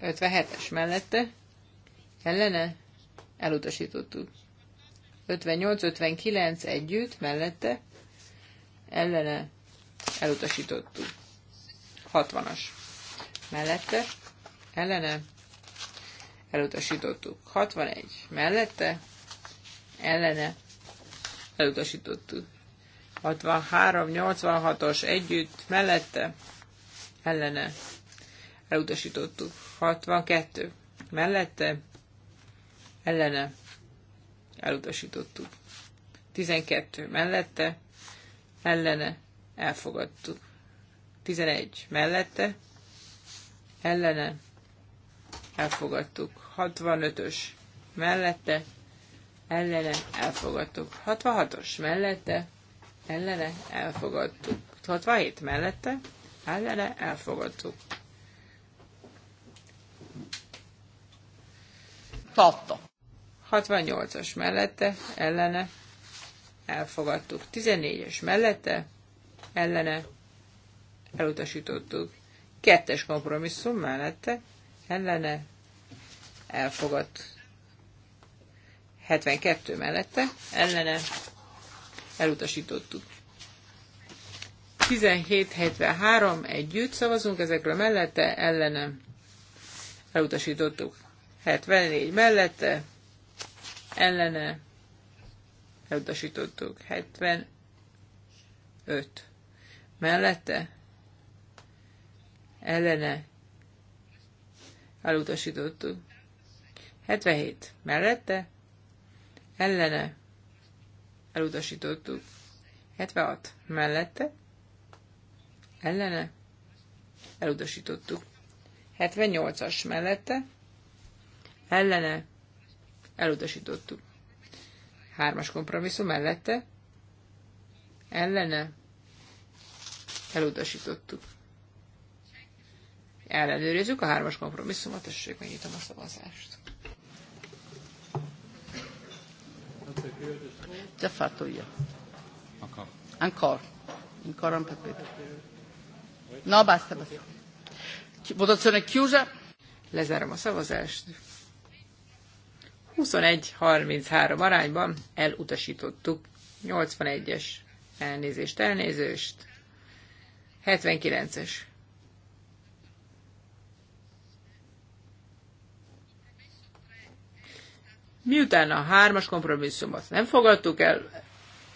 57-es mellette, ellene, elutasítottuk. 58-59 együtt, mellette, ellene, elutasítottuk. 60-as mellette, ellene, elutasítottuk. 61 mellette, ellene, elutasítottuk. 63-86-os együtt, mellette, ellene, elutasítottuk. 62 mellette, ellene, elutasítottuk. 12 mellette, ellene, elfogadtuk. 11 mellette, ellene elfogadtuk. 65-ös mellette ellene elfogadtuk. 66-os mellette ellene elfogadtuk. 67 mellette ellene elfogadtuk. 68. 68-as mellette, ellene, elfogadtuk. 14-es mellette, ellene, elutasítottuk. Kettes kompromisszum mellette ellene elfogadt. 72 mellette ellene elutasítottuk. 17-73 együtt szavazunk ezekről mellette, ellene elutasítottuk. 74 mellette, ellene elutasítottuk. 75 mellette, ellene elutasítottuk. 77 mellette ellene elutasítottuk. 76 mellette ellene elutasítottuk. 78-as mellette ellene elutasítottuk. Hármas kompromisszum mellette ellene elutasítottuk ellenőrizzük a hármas kompromisszumot, tessék, megnyitom a szavazást. De fatto io. Ancora. Na, No, basta, basta. Votazione chiusa. Lezárom a szavazást. 21-33 arányban elutasítottuk. 81-es elnézést, elnézést. 79-es Miután a hármas kompromisszumot nem fogadtuk el,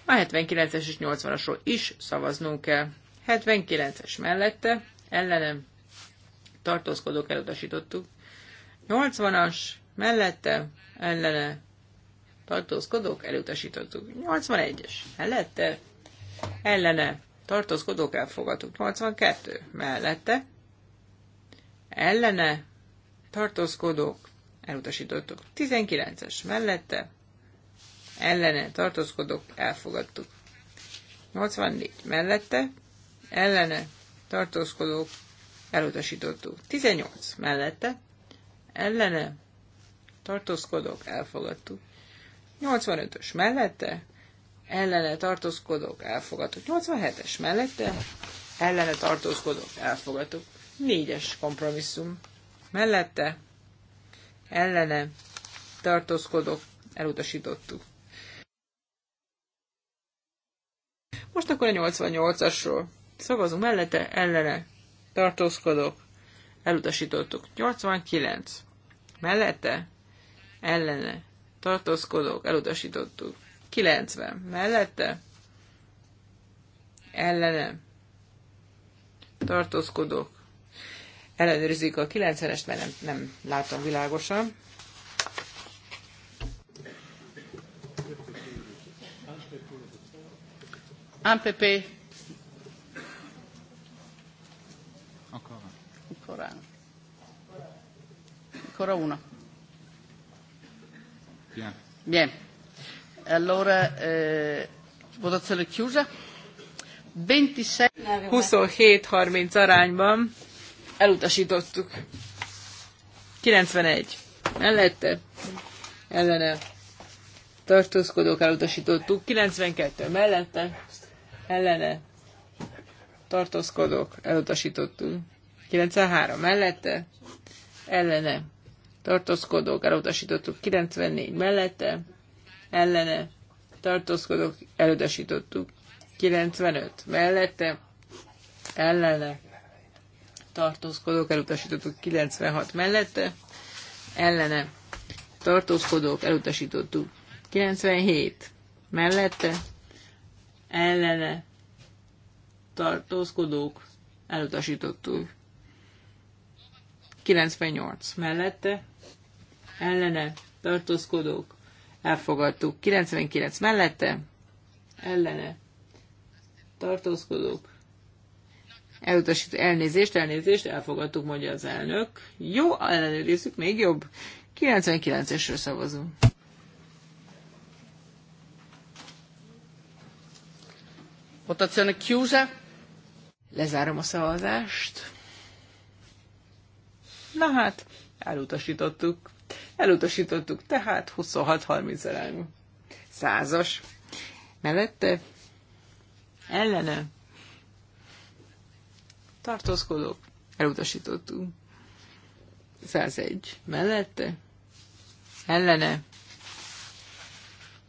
a 79-es és 80-asról is szavaznunk kell. 79-es mellette, ellenem tartózkodók elutasítottuk. 80-as mellette, ellene tartózkodók elutasítottuk. 81-es mellette, ellene tartózkodók elfogadtuk. 82 mellette, ellene tartózkodók elutasítottuk. 19-es mellette, ellene tartózkodok, elfogadtuk. 84 mellette, ellene tartózkodók, elutasítottuk. 18 mellette, ellene tartózkodók, elfogadtuk. 85-ös mellette, ellene tartózkodók, elfogadtuk. 87-es mellette, ellene tartózkodók, elfogadtuk. 4-es kompromisszum mellette, ellene tartózkodok, elutasítottuk. Most akkor a 88-asról. Szavazunk mellette, ellene tartózkodok, elutasítottuk. 89. Mellette, ellene tartózkodok, elutasítottuk. 90. Mellette, ellene tartózkodok, ellenőrizzük a 90-est, mert nem, nem látom világosan. MPP. PP. Ancora. Ancora. uno. Bien. Bien. Allora, eh, votazione chiusa. 27-30 arányban elutasítottuk. 91. Mellette ellene tartózkodók elutasítottuk. 92. Mellette ellene tartózkodók elutasítottuk. 93. Mellette ellene tartózkodók elutasítottuk. 94. Mellette ellene tartózkodók elutasítottuk. 95. Mellette ellene tartózkodók elutasítottuk 96 mellette, ellene tartózkodók elutasítottuk 97 mellette, ellene tartózkodók elutasítottuk 98 mellette, ellene tartózkodók elfogadtuk 99 mellette, ellene tartózkodók Elutasít, elnézést, elnézést, elfogadtuk, mondja az elnök. Jó, ellenőrizzük, még jobb. 99-esről szavazunk. Votazione chiusa. Lezárom a szavazást. Na hát, elutasítottuk. Elutasítottuk, tehát 26-30 arányú. Százas. Mellette? Ellene? tartózkodók, elutasítottuk. 101 mellette, ellene,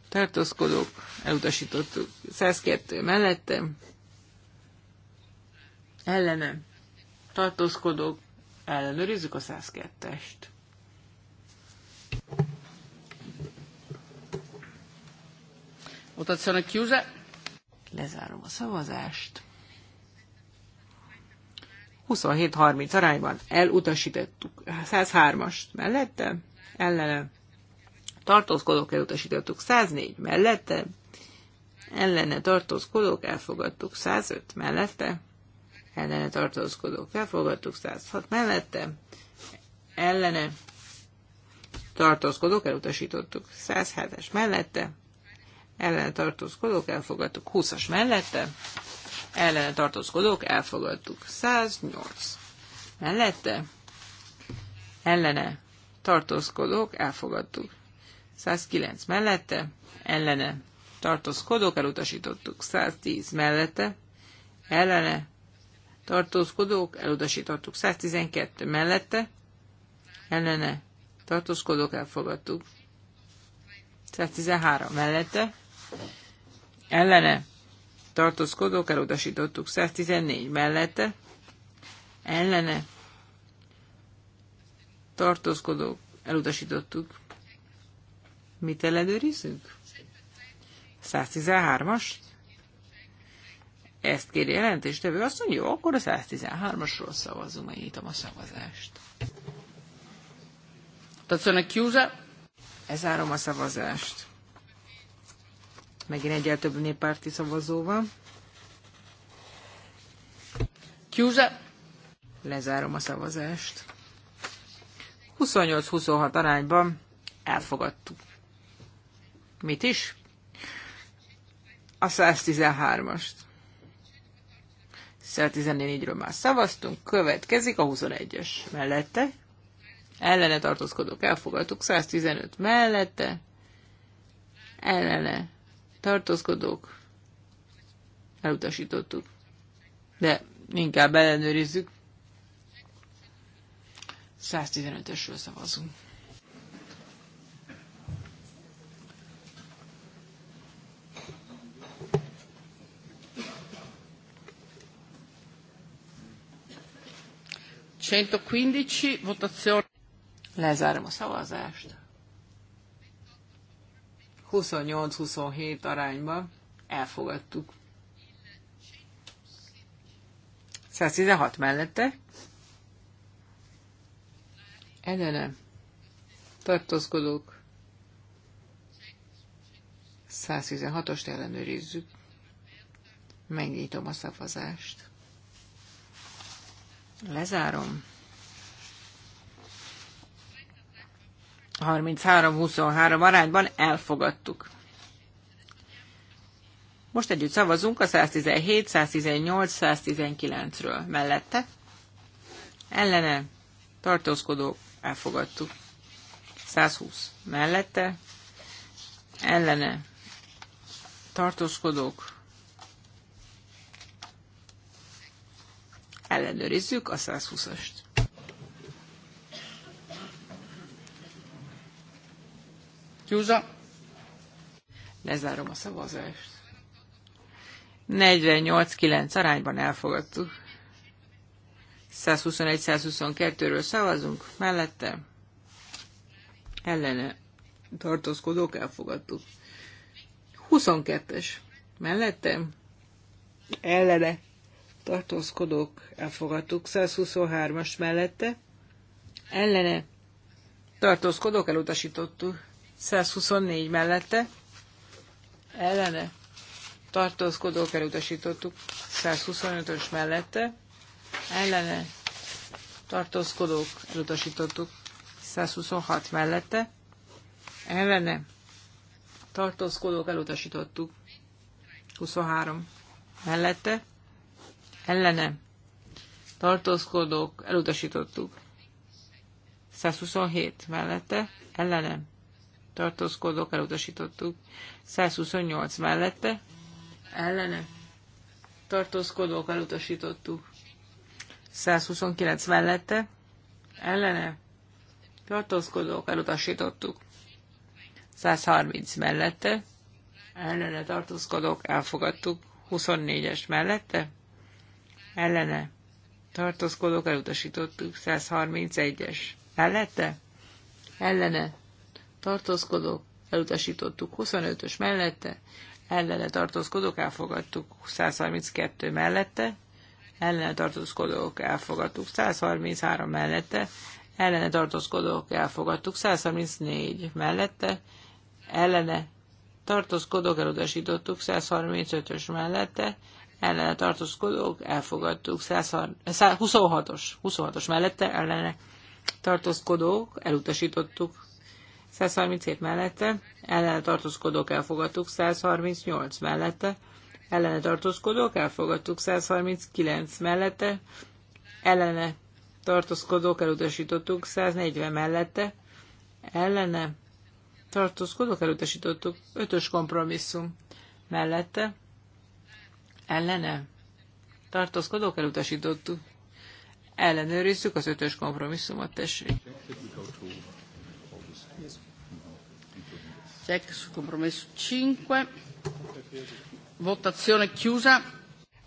tartózkodók, elutasítottuk. 102 mellette, ellene, tartózkodók, ellenőrizzük a 102-est. Votazione chiusa. Lezárom a szavazást. 27-30 arányban elutasítottuk. 103-as mellette, ellene tartózkodók elutasítottuk. 104 mellette, ellene tartózkodók elfogadtuk. 105 mellette, ellene tartózkodók elfogadtuk. 106 mellette, ellene tartózkodók elutasítottuk. 107-es mellette, ellene tartózkodók elfogadtuk. 20-as mellette, ellene tartózkodók, elfogadtuk. 108 mellette, ellene tartózkodók, elfogadtuk. 109 mellette, ellene tartózkodók, elutasítottuk. 110 mellette, ellene tartózkodók, elutasítottuk. 112 mellette, ellene tartózkodók, elfogadtuk. 113 mellette, ellene tartózkodók elutasítottuk. 114 mellette ellene tartózkodók elutasítottuk. Mit ellenőrizzünk? 113-as? Ezt kéri jelentéstevő, azt mondja, jó, akkor a 113-asról szavazunk, majd nyitom a szavazást. Tazzone chiusa. ez a szavazást megint egyel több néppárti szavazóval. Kiúza. Lezárom a szavazást. 28-26 arányban elfogadtuk. Mit is? A 113-ast. 114-ről már szavaztunk, következik a 21-es mellette. Ellene tartózkodók elfogadtuk, 115 mellette. Ellene tartózkodók, elutasítottuk. De inkább ellenőrizzük. 115-ösről szavazunk. Lezárom a szavazást. 28-27 arányba elfogadtuk. 116 mellette. Ellene. Tartózkodók. 116-ost ellenőrizzük. Megnyitom a szavazást. Lezárom. 33-23 arányban elfogadtuk. Most együtt szavazunk a 117, 118, 119-ről. Mellette ellene tartózkodók elfogadtuk. 120 mellette ellene tartózkodók ellenőrizzük a 120-ast. Chiusa. Lezárom a szavazást. 48-9 arányban elfogadtuk. 121-122-ről szavazunk, mellette ellene tartózkodók elfogadtuk. 22-es, mellette ellene tartózkodók elfogadtuk. 123-as mellette ellene tartózkodók elutasítottuk. 124 mellette, ellene, tartózkodók elutasítottuk, 125-ös mellette, ellene, tartózkodók elutasítottuk, 126 mellette, ellene, tartózkodók elutasítottuk, 23 mellette, ellene, tartózkodók elutasítottuk, 127 mellette, ellene, tartózkodók elutasítottuk. 128 mellette ellene tartózkodók elutasítottuk. 129 mellette ellene tartózkodók elutasítottuk. 130 mellette ellene tartózkodók elfogadtuk. 24-es mellette ellene tartózkodók elutasítottuk. 131-es mellette ellene tartózkodók, elutasítottuk 25-ös mellette, ellene tartózkodók, elfogadtuk 132 mellette, ellene tartózkodók, elfogadtuk 133 mellette, ellene tartózkodók, elfogadtuk 134 mellette, ellene tartózkodók, elutasítottuk 135-ös mellette, ellene tartózkodók, elfogadtuk 126-os, 26-os mellette, ellene tartózkodók, elutasítottuk 137 mellette, ellene tartózkodók elfogadtuk, 138 mellette, ellene tartózkodók elfogadtuk, 139 mellette, ellene tartózkodók elutasítottuk, 140 mellette, ellene tartózkodók elutasítottuk, 5-ös kompromisszum mellette, ellene tartózkodók elutasítottuk. Ellenőrizzük az 5-ös kompromisszumot, tessék. Check su compromesso 5. Votazione chiusa.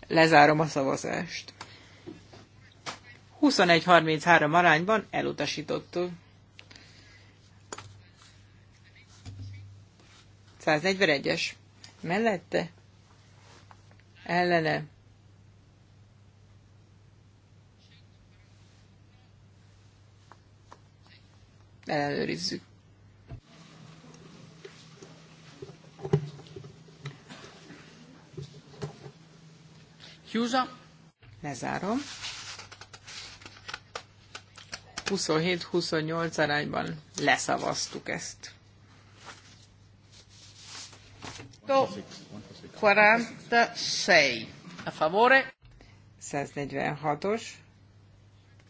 Lezárom a szavazást. 21-33 arányban elutasítottuk. 141-es. Mellette? Ellene? Ellenőrizzük. Chiusa. Lezárom. 27-28 arányban leszavaztuk ezt. 46. A favore. 146-os.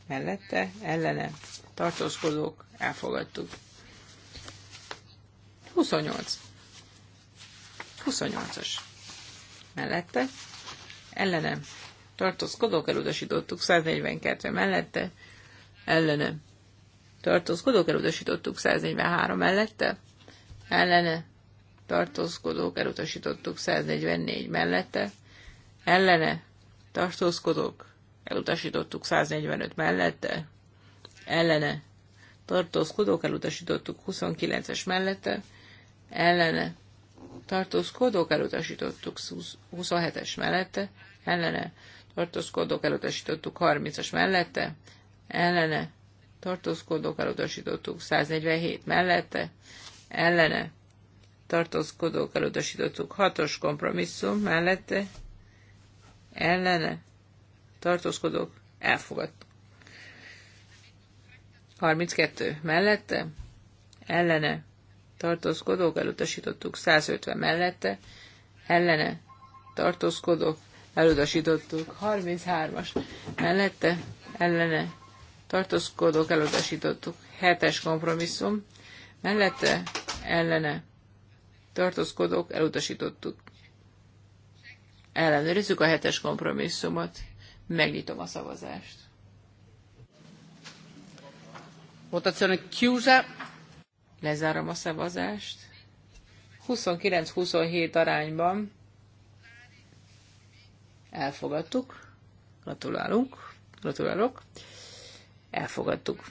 Mellette, ellene, tartózkodók, elfogadtuk. 28. 28-as. Mellette, ellene tartózkodok, elutasítottuk 142 mellette, ellene tartózkodok, elutasítottuk 143 mellette, ellene tartózkodók elutasítottuk 144 mellette, ellene tartózkodók elutasítottuk 145 mellette, ellene tartózkodók elutasítottuk 29-es mellette, ellene tartózkodók elutasítottuk 27-es mellette, ellene tartózkodók elutasítottuk 30-as mellette, ellene tartózkodók elutasítottuk 147 mellette, ellene tartózkodók elutasítottuk 6-os kompromisszum mellette, ellene tartózkodók elfogadtuk. 32 mellette, ellene tartózkodók, elutasítottuk 150 mellette, ellene tartózkodók, elutasítottuk 33-as mellette, ellene tartózkodók, elutasítottuk 7-es kompromisszum, mellette, ellene tartózkodók, elutasítottuk. Ellenőrizzük a 7-es kompromisszumot. Megnyitom a szavazást. Votazione chiusa. Lezárom a szavazást. 29-27 arányban elfogadtuk. Gratulálunk. Gratulálok. Elfogadtuk.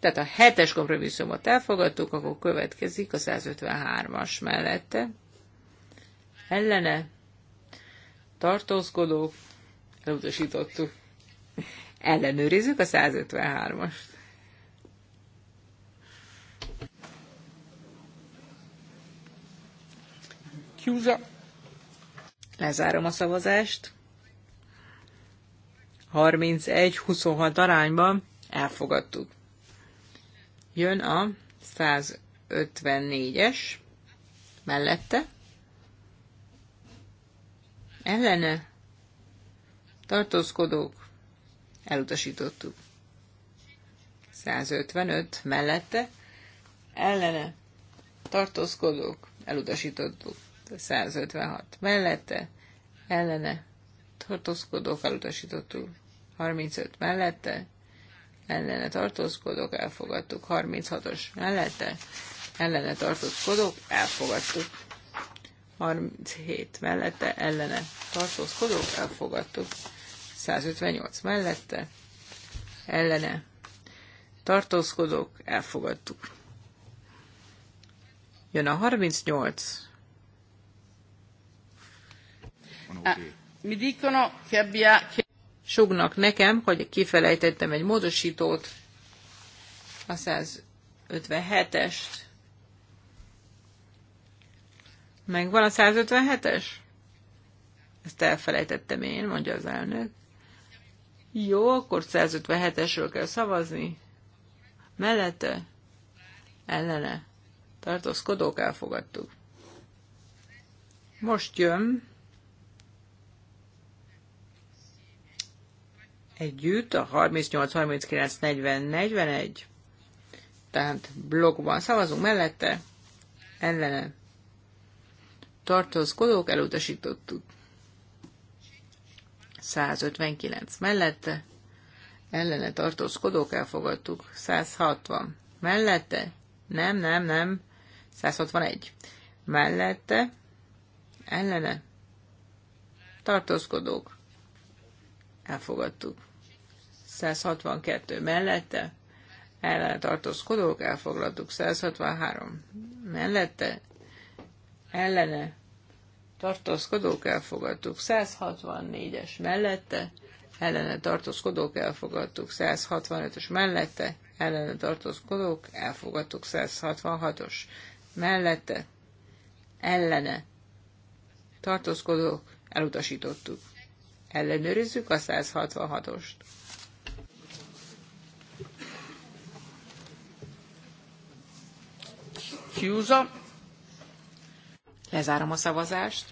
Tehát a hetes kompromisszumot elfogadtuk, akkor következik a 153-as mellette. Ellene tartózkodó, elutasítottuk. Ellenőrizzük a 153-ast. Lezárom a szavazást. 31-26 arányban elfogadtuk. Jön a 154-es mellette. Ellene tartózkodók elutasítottuk. 155 mellette ellene tartózkodók elutasítottuk. 156 mellette, ellene, tartózkodók elutasítottuk, 35 mellette, ellene tartózkodók elfogadtuk, 36-os mellette, ellene tartózkodók elfogadtuk, 37 mellette, ellene tartózkodók elfogadtuk, 158 mellette, ellene tartózkodók elfogadtuk. Jön a 38 mi dicono che abbia... Sugnak nekem, hogy kifelejtettem egy módosítót, a 157-est. Megvan a 157-es? Ezt elfelejtettem én, mondja az elnök. Jó, akkor 157-esről kell szavazni. Mellette? Ellene. Tartózkodók elfogadtuk. Most jön együtt, a 38, 39, 40, 41, tehát blogban szavazunk mellette, ellene tartózkodók elutasítottuk. 159 mellette, ellene tartózkodók elfogadtuk. 160 mellette, nem, nem, nem, 161 mellette, ellene tartózkodók elfogadtuk. 162 mellette, ellene tartózkodók, elfoglaltuk 163 mellette, ellene tartózkodók, elfogadtuk 164-es mellette, ellene tartózkodók, elfogadtuk 165-ös mellette, ellene tartózkodók, elfogadtuk 166-os mellette, ellene tartózkodók, elutasítottuk. Ellenőrizzük a 166-ost. Chiusa. Lezárom a szavazást.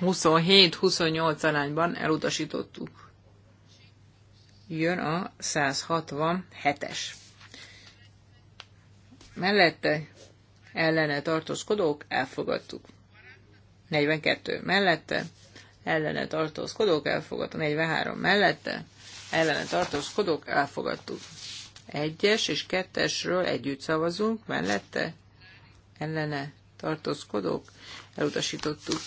27-28 arányban elutasítottuk. Jön a 167-es. Mellette ellene tartózkodók elfogadtuk. 42 mellette ellene tartózkodók elfogadtuk. 43 mellette ellene tartózkodók elfogadtuk. Egyes és kettesről együtt szavazunk, mellette ellene tartózkodók, elutasítottuk.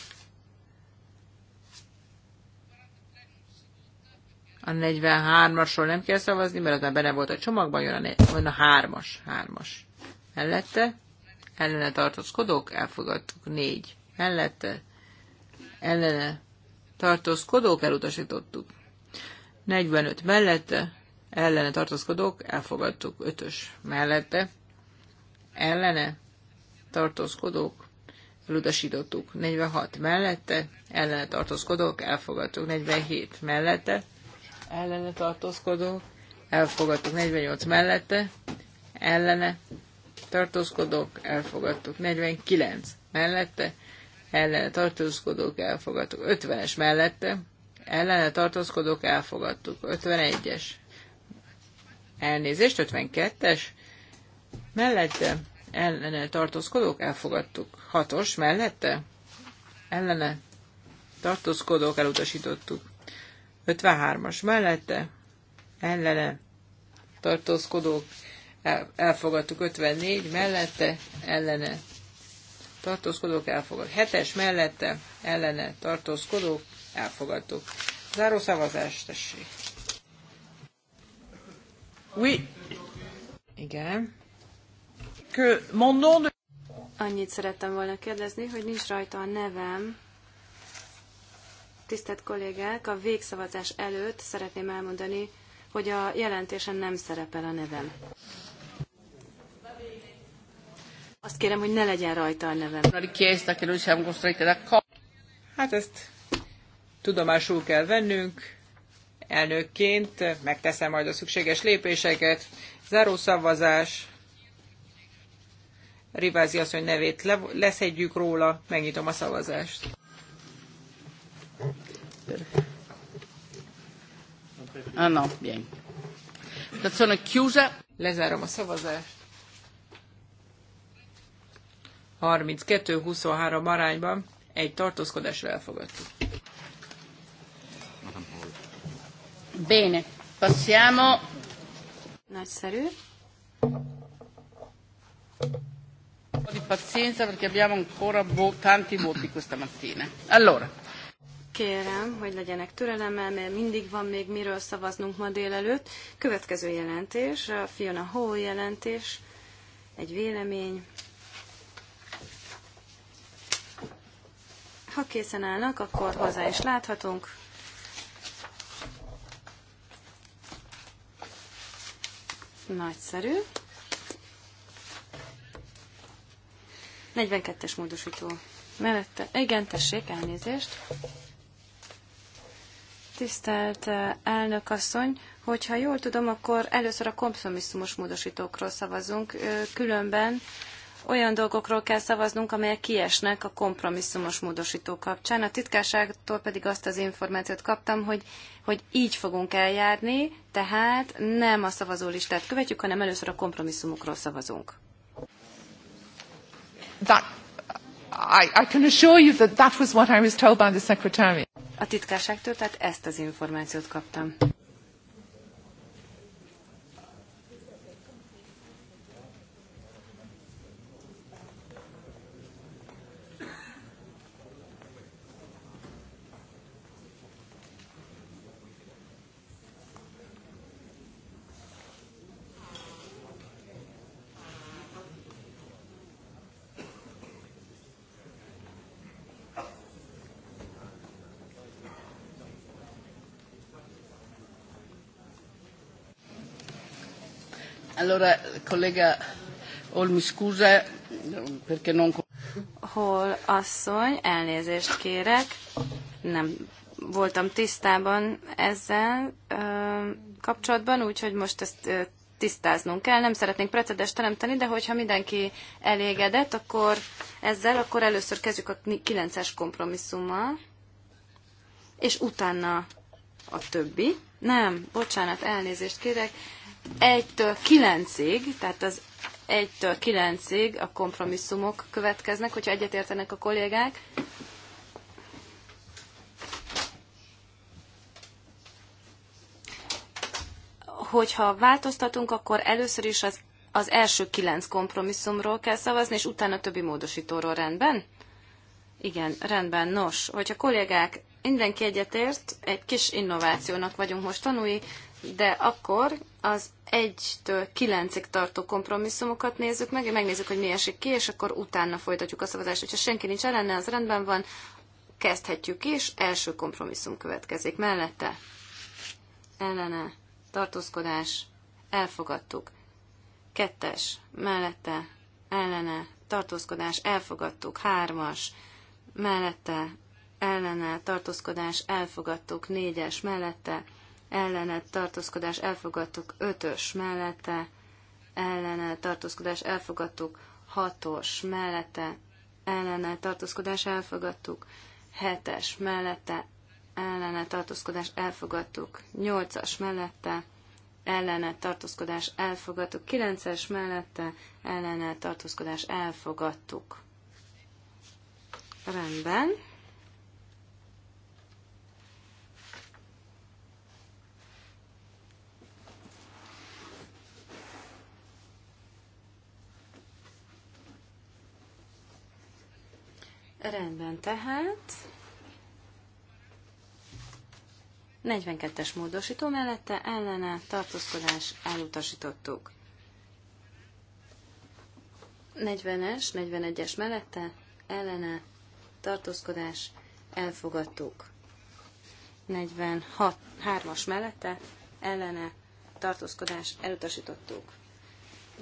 A 43-asról nem kell szavazni, mert az már benne volt a csomagban, jön a, jön a 3-as, 3-as. Mellette ellene tartózkodók, elfogadtuk. 4. Mellette ellene tartózkodók, elutasítottuk. 45 mellette ellene tartózkodók elfogadtuk. Ötös mellette ellene tartózkodók elutasítottuk. 46 mellette ellene tartózkodók elfogadtuk. 47 mellette ellene tartózkodók elfogadtuk. 48 mellette ellene tartózkodók elfogadtuk. 49 mellette ellene tartózkodók elfogadtuk. 50-es mellette ellene tartózkodók elfogadtuk. 51-es elnézést, 52-es, mellette ellene tartózkodók elfogadtuk. 6-os mellette ellene tartózkodók elutasítottuk. 53-as mellette ellene tartózkodók elfogadtuk. 54 mellette ellene tartózkodók elfogadtuk. 7-es mellette ellene tartózkodók elfogadtuk. Záró szavazás, tessék! Oui. Igen. Que mon nom de... Annyit szerettem volna kérdezni, hogy nincs rajta a nevem. Tisztelt kollégák, a végszavazás előtt szeretném elmondani, hogy a jelentésen nem szerepel a nevem. Azt kérem, hogy ne legyen rajta a nevem. Hát ezt tudomásul kell vennünk, elnökként megteszem majd a szükséges lépéseket. Záró szavazás. Rivázi asszony nevét le, leszedjük róla, megnyitom a szavazást. Ah, no, bien. Votazione chiusa. Lezárom a szavazást. 32-23 arányban egy tartózkodásra elfogadtuk. Bene, passiamo. Nagyszerű. Un po' di pazienza perché abbiamo ancora vo- tanti voti questa mattina. Allora. Kérem, hogy legyenek türelemmel, mert mindig van még miről szavaznunk ma délelőtt. Következő jelentés, a Fiona Hall jelentés, egy vélemény. Ha készen állnak, akkor hozzá is láthatunk. Nagyszerű. 42-es módosító mellette. Igen, tessék, elnézést. Tisztelt eh, elnök asszony, hogyha jól tudom, akkor először a kompromisszumos módosítókról szavazunk, eh, különben olyan dolgokról kell szavaznunk, amelyek kiesnek a kompromisszumos módosító kapcsán. A titkárságtól pedig azt az információt kaptam, hogy, hogy így fogunk eljárni, tehát nem a szavazólistát követjük, hanem először a kompromisszumokról szavazunk. That, I, I can assure you that that was what I was told by the secretary. A titkárságtól tehát ezt az információt kaptam. Allora, collega Hol, mi scusa, perché non... Hol asszony, elnézést kérek, nem voltam tisztában ezzel ö, kapcsolatban, úgyhogy most ezt ö, tisztáznunk kell. Nem szeretnénk precedest teremteni, de hogyha mindenki elégedett, akkor ezzel, akkor először kezdjük a 9-es kompromisszummal, és utána a többi. Nem, bocsánat, elnézést kérek. 1-től 9-ig, tehát az 1-től 9-ig a kompromisszumok következnek, hogyha egyetértenek a kollégák. Hogyha változtatunk, akkor először is az, az első kilenc kompromisszumról kell szavazni, és utána többi módosítóról rendben? Igen, rendben. Nos, hogyha kollégák mindenki egyetért, egy kis innovációnak vagyunk most tanúi, de akkor az 1-től 9-ig tartó kompromisszumokat nézzük meg, és megnézzük, hogy mi esik ki, és akkor utána folytatjuk a szavazást. Hogyha senki nincs ellene, az rendben van, kezdhetjük is, első kompromisszum következik. Mellette ellene tartózkodás, elfogadtuk. Kettes, mellette ellene tartózkodás, elfogadtuk. Hármas, mellette ellene tartózkodás, elfogadtuk. Négyes, mellette ellenet tartózkodás elfogadtuk, 5-ös mellette ellene tartózkodás elfogadtuk, 6-os mellette ellene tartózkodás elfogadtuk, 7-es mellette ellene tartózkodás elfogadtuk, 8-as mellette ellene tartózkodás elfogadtuk, 9-es mellette ellene tartózkodás elfogadtuk. Rendben. Rendben, tehát 42-es módosító mellette ellene tartózkodás elutasítottuk. 40-es, 41-es mellette ellene tartózkodás elfogadtuk. 43-as mellette ellene tartózkodás elutasítottuk.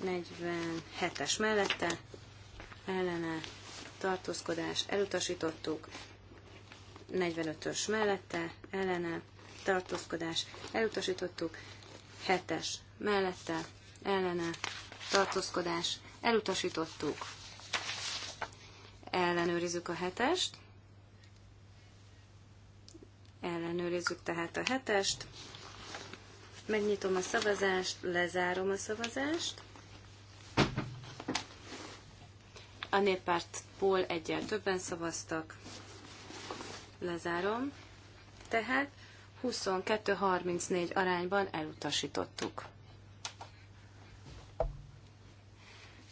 47-es mellette ellene tartózkodás, elutasítottuk. 45-ös mellette, ellene, tartózkodás, elutasítottuk. 7-es mellette, ellene, tartózkodás, elutasítottuk. Ellenőrizzük a hetest. Ellenőrizzük tehát a hetest. Megnyitom a szavazást, lezárom a szavazást. A néppártból egyel többen szavaztak. Lezárom. Tehát 22-34 arányban elutasítottuk.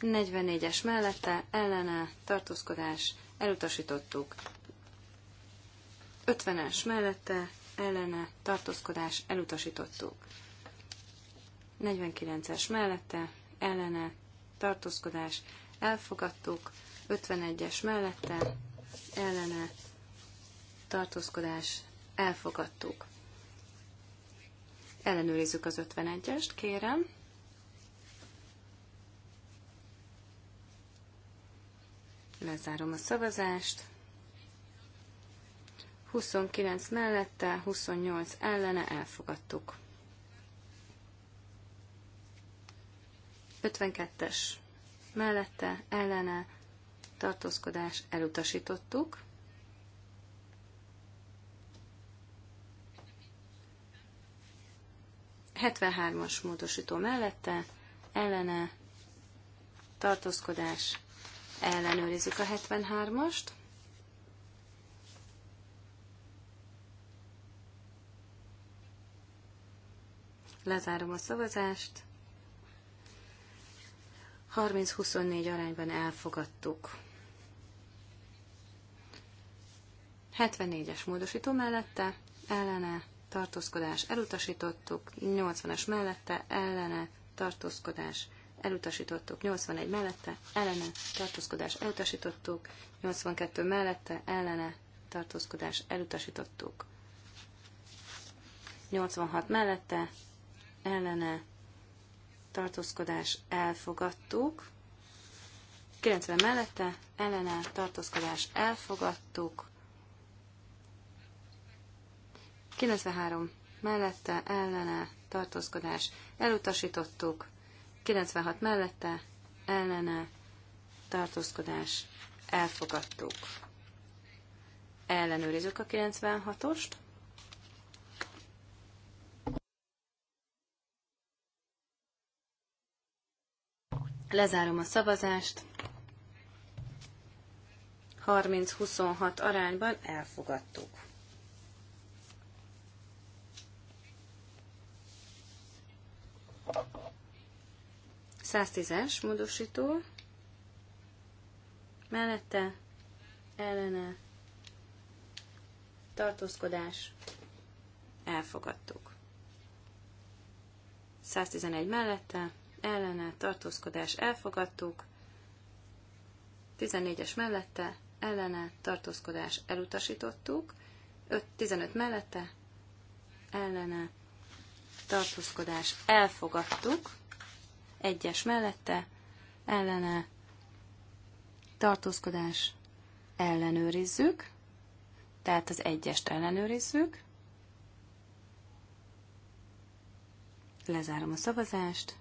44-es mellette ellene tartózkodás elutasítottuk. 50-es mellette ellene tartózkodás elutasítottuk. 49-es mellette ellene tartózkodás elfogadtuk, 51-es mellette, ellene, tartózkodás, elfogadtuk. Ellenőrizzük az 51-est, kérem. Lezárom a szavazást. 29 mellette, 28 ellene elfogadtuk. 52-es mellette ellene tartózkodás elutasítottuk. as módosító mellette ellene tartózkodás ellenőrizzük a 73-ast. Lezárom a szavazást. 30-24 arányban elfogadtuk. 74-es módosító mellette, ellene, tartózkodás elutasítottuk, 80-as mellette, ellene, tartózkodás elutasítottuk, 81 mellette, ellene, tartózkodás elutasítottuk, 82 mellette, ellene, tartózkodás elutasítottuk. 86 mellette, ellene, tartózkodás elfogadtuk. 90 mellette ellene tartózkodás elfogadtuk. 93 mellette ellene tartózkodás elutasítottuk. 96 mellette ellene tartózkodás elfogadtuk. Ellenőrizzük a 96-ost. Lezárom a szavazást. 30-26 arányban elfogadtuk. Száztízes módosító. Mellette ellene tartózkodás. Elfogadtuk. 111 mellette ellene tartózkodás elfogadtuk, 14-es mellette ellene tartózkodás elutasítottuk, 5, 15 mellette ellene tartózkodás elfogadtuk, 1-es mellette ellene tartózkodás ellenőrizzük, tehát az egyest ellenőrizzük, lezárom a szavazást,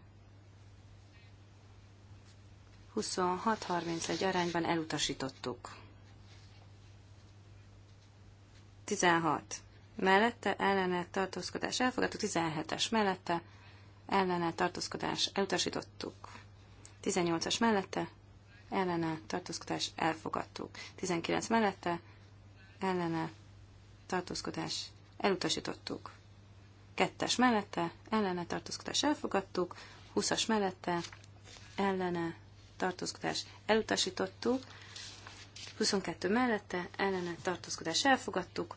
26-31 arányban elutasítottuk. 16. Mellette ellene tartózkodás elfogadó. 17-es mellette ellene tartózkodás elutasítottuk. 18-as mellette ellene tartózkodás elfogadtuk. 19 mellette ellene tartózkodás elutasítottuk. 2-es mellette ellene tartózkodás elfogadtuk. 20-as mellette ellene tartózkodás elutasítottuk, 22 mellette, ellene tartózkodás elfogadtuk,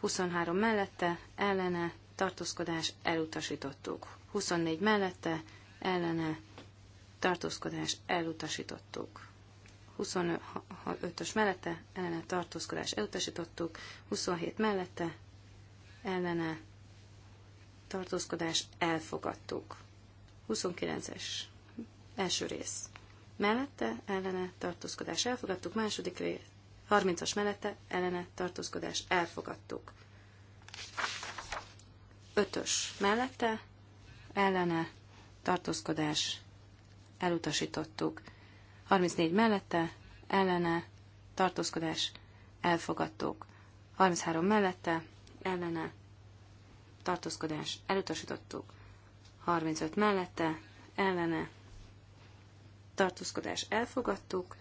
23 mellette, ellene tartózkodás elutasítottuk, 24 mellette, ellene tartózkodás elutasítottuk. 25-ös mellette ellene tartózkodás elutasítottuk, 27 mellette ellene tartózkodás elfogadtuk. 29-es Első rész. Mellette, ellene, tartózkodás elfogadtuk. Második rész. Harmincas mellette, ellene, tartózkodás elfogadtuk. Ötös. mellette, ellene, tartózkodás elutasítottuk. 34 mellette, ellene, tartózkodás elfogadtuk. 33 mellette, ellene, tartózkodás elutasítottuk. 35 mellette, ellene, tartózkodás elfogadtuk,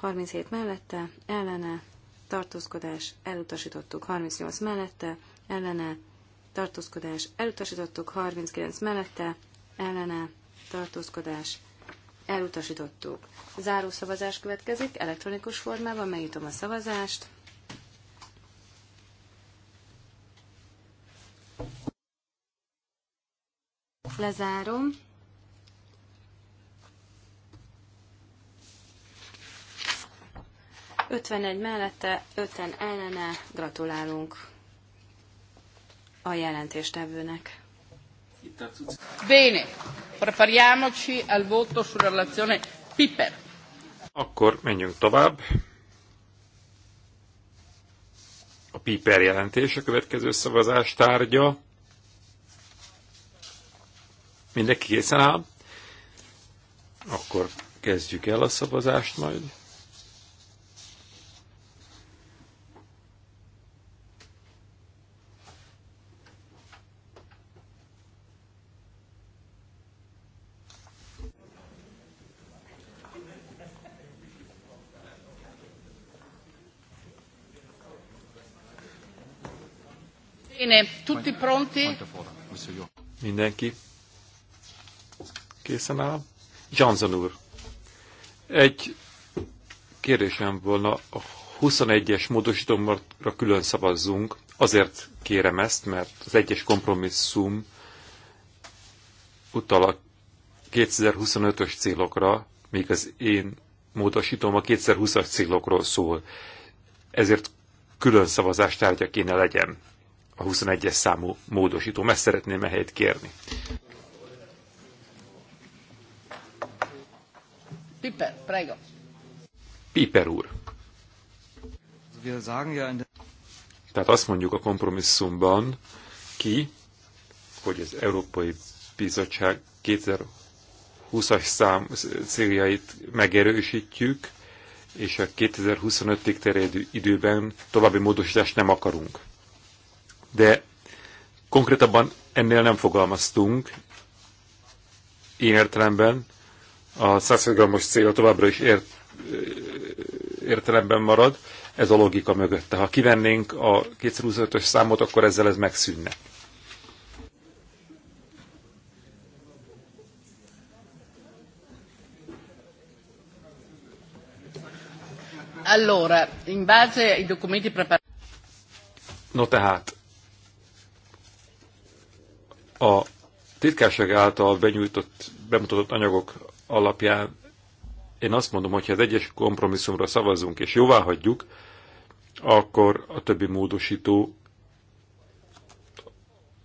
37 mellette, ellene, tartózkodás elutasítottuk, 38 mellette, ellene, tartózkodás elutasítottuk, 39 mellette, ellene, tartózkodás elutasítottuk. Záró szavazás következik, elektronikus formában megnyitom a szavazást. Lezárom. 51 mellette, 5-en ellene. Gratulálunk a jelentéstevőnek. Bene, prepariamoci al voto sulla relazione Piper. Akkor menjünk tovább. A Piper jelentés a következő szavazás tárgya. Mindenki készen áll? Akkor kezdjük el a szavazást majd. Bene, tutti pronti? Mindenki készen áll. Johnson úr, egy kérdésem volna, a 21-es módosítomra külön szavazzunk. Azért kérem ezt, mert az egyes kompromisszum utal a 2025-ös célokra, míg az én módosítom a 2020-as célokról szól. Ezért külön szavazás tárgya kéne legyen a 21-es számú módosító. Meg szeretném ehelyt kérni. Piper, prego. Piper úr. Tehát azt mondjuk a kompromisszumban ki, hogy az Európai Bizottság 2020-as szám céljait megerősítjük, és a 2025-ig terjedő időben további módosítást nem akarunk de konkrétabban ennél nem fogalmaztunk, én értelemben a 100 g-os cél továbbra is ért, értelemben marad, ez a logika mögötte. Ha kivennénk a 225-ös számot, akkor ezzel ez megszűnne. Allora, in base ai documenti preparati. No tehát, a titkárság által benyújtott, bemutatott anyagok alapján én azt mondom, hogy ha az egyes kompromisszumra szavazunk és jóvá hagyjuk, akkor a többi módosító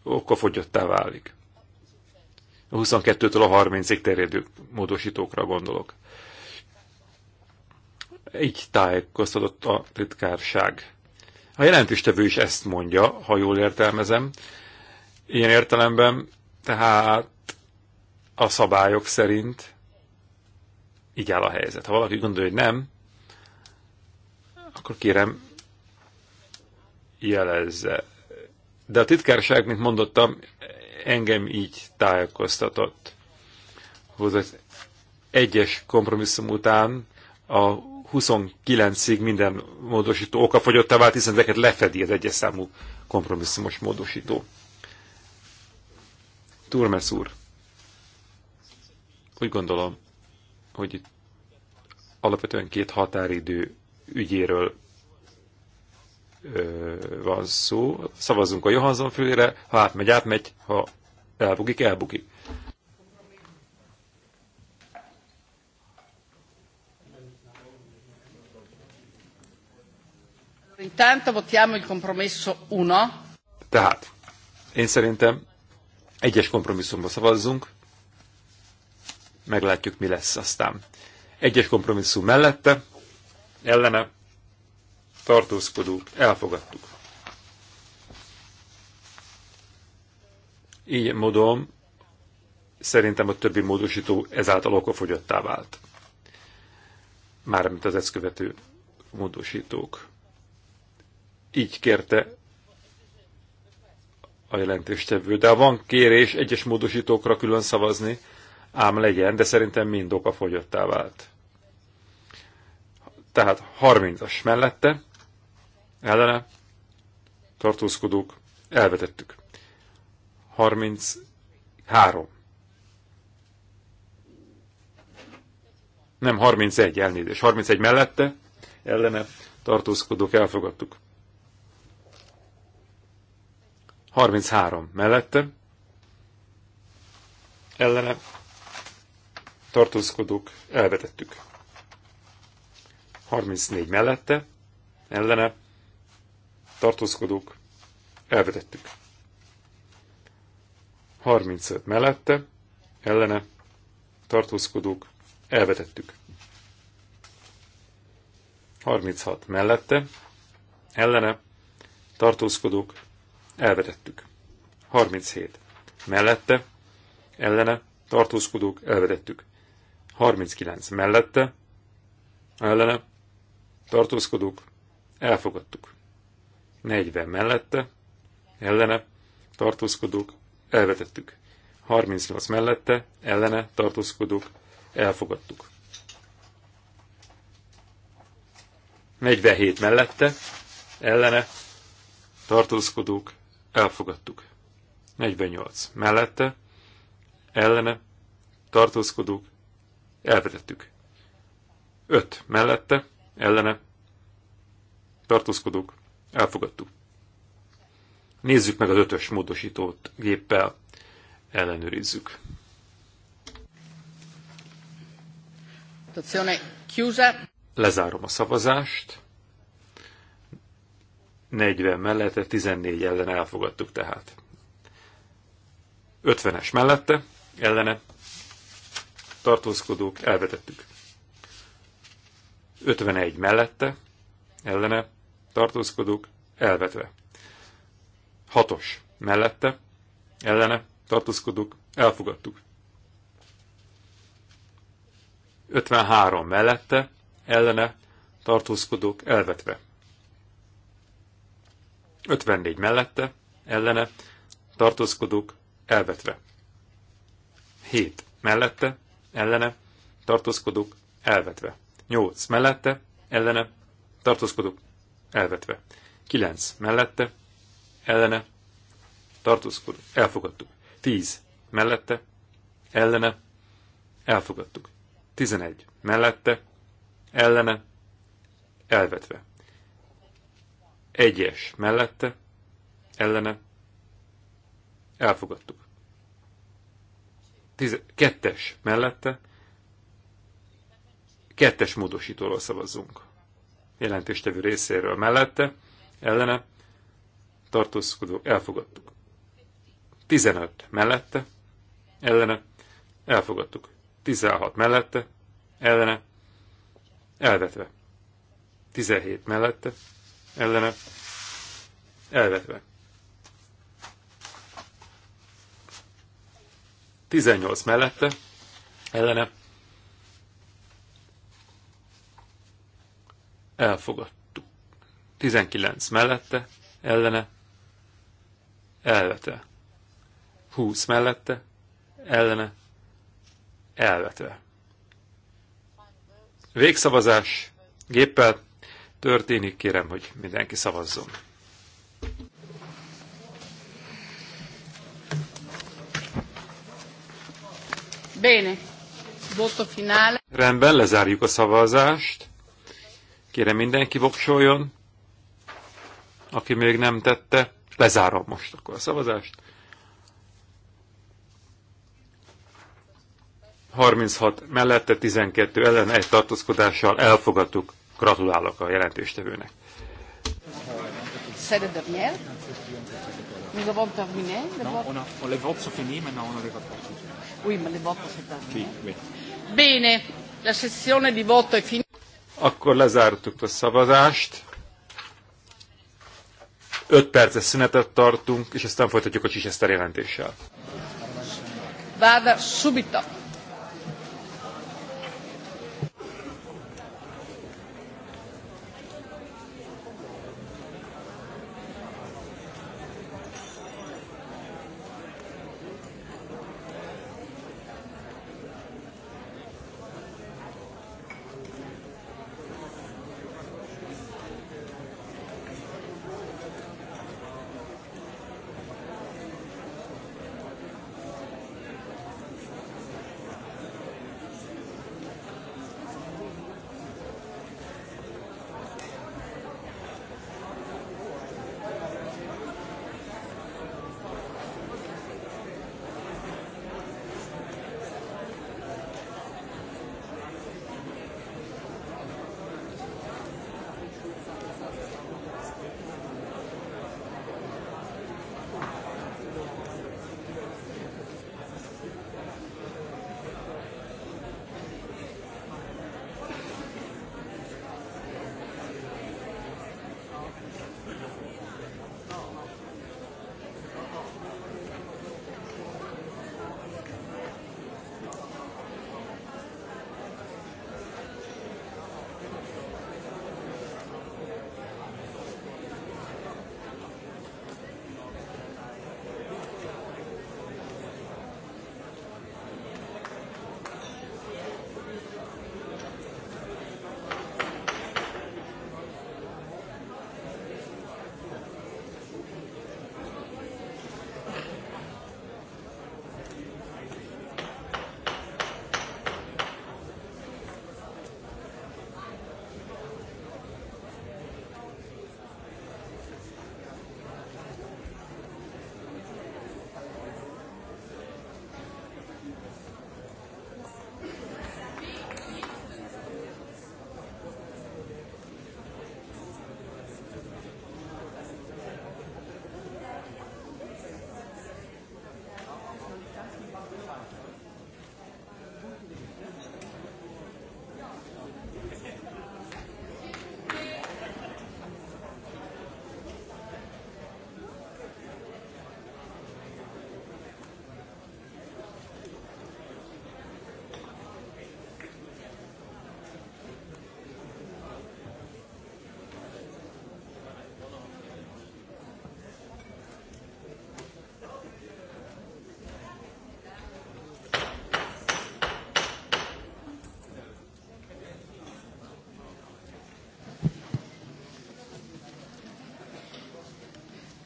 okafogyottá válik. A 22-től a 30-ig terjedő módosítókra gondolok. Így tájékoztatott a titkárság. A jelentéstevő is ezt mondja, ha jól értelmezem, Ilyen értelemben tehát a szabályok szerint így áll a helyzet. Ha valaki gondolja, hogy nem, akkor kérem, jelezze. De a titkárság, mint mondottam, engem így tájékoztatott, hogy az egyes kompromisszum után a 29-ig minden módosító fogyott vált, hiszen ezeket lefedi az egyes számú kompromisszumos módosító. Turmes úr, úgy gondolom, hogy itt alapvetően két határidő ügyéről ö, van szó. Szavazunk a Johansson fülére, ha átmegy, átmegy, ha elbukik, elbukik. Intanto votiamo il compromesso 1. Tehát, én szerintem egyes kompromisszumba szavazzunk, meglátjuk, mi lesz aztán. Egyes kompromisszum mellette, ellene tartózkodók, elfogadtuk. Így módon szerintem a többi módosító ezáltal okafogyottá vált. Mármint az ezt követő módosítók. Így kérte a jelentéstevő, de van kérés egyes módosítókra külön szavazni, ám legyen, de szerintem mind oka fogyottá vált. Tehát 30-as mellette, ellene, tartózkodók, elvetettük. 33. Nem, 31 elnézés. 31 mellette, ellene tartózkodók elfogadtuk. 33 mellette, ellene tartózkodók elvetettük. 34 mellette, ellene tartózkodók elvetettük. 35 mellette, ellene tartózkodók elvetettük. 36 mellette, ellene tartózkodók elvetettük. 37. Mellette, ellene, tartózkodók, elvetettük. 39. Mellette, ellene, tartózkodók, elfogadtuk. 40. Mellette, ellene, tartózkodók, elvetettük. 38 mellette, ellene tartózkodók, elfogadtuk. 47 mellette, ellene tartózkodók, Elfogadtuk. 48. Mellette, ellene, tartózkodók, elvetettük. 5. Mellette, ellene, tartózkodók, elfogadtuk. Nézzük meg az ötös módosítót géppel, ellenőrizzük. Lezárom a szavazást. 40 mellette, 14 ellen elfogadtuk tehát. 50-es mellette, ellene tartózkodók elvetettük. 51 mellette, ellene tartózkodók elvetve. 6-os mellette, ellene tartózkodók elfogadtuk. 53 mellette, ellene tartózkodók elvetve. 54 mellette, ellene, tartózkodók, elvetve. 7 mellette, ellene, tartózkodók, elvetve. 8 mellette, ellene, tartózkodók, elvetve. 9 mellette, ellene, tartózkodók, elfogadtuk. 10 mellette, ellene, elfogadtuk. 11 mellette, ellene, elvetve. Egyes mellette, ellene, elfogadtuk. Tize, kettes mellette, kettes módosítóról szavazzunk. Jelentéstevő részéről mellette, ellene, tartózkodó, elfogadtuk. 15 mellette, ellene, elfogadtuk. 16 mellette, ellene, elvetve. 17 mellette, ellene elvetve. 18 mellette ellene elfogadtuk. 19 mellette ellene elvetve. 20 mellette ellene elvetve. Végszavazás géppel történik, kérem, hogy mindenki szavazzon. Bene. Voto finale. Rendben, lezárjuk a szavazást. Kérem mindenki voksoljon. Aki még nem tette, lezárom most akkor a szavazást. 36 mellette, 12 ellen, egy tartózkodással elfogadtuk Gratulálok a jelentéstevőnek. C'est le dernier. Nous avons terminé. non, on, a, les votes sont finis, maintenant on a les votes Oui, mais les votes sont terminés. Bene, la sessione di voto è finita. Akkor lezártuk a szavazást. 5 perces szünetet tartunk, és aztán folytatjuk a Csicseszter jelentéssel. Váda subita.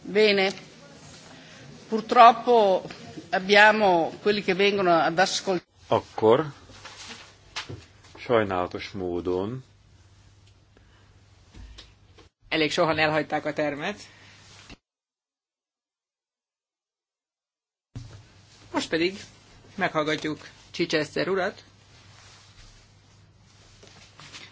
Bene, purtroppo abbiamo quelli che vengono ad ascoltare. Akkor sajnálatos módon elég sohan elhagyták a termet. Most pedig meghallgatjuk Csicseszter urat.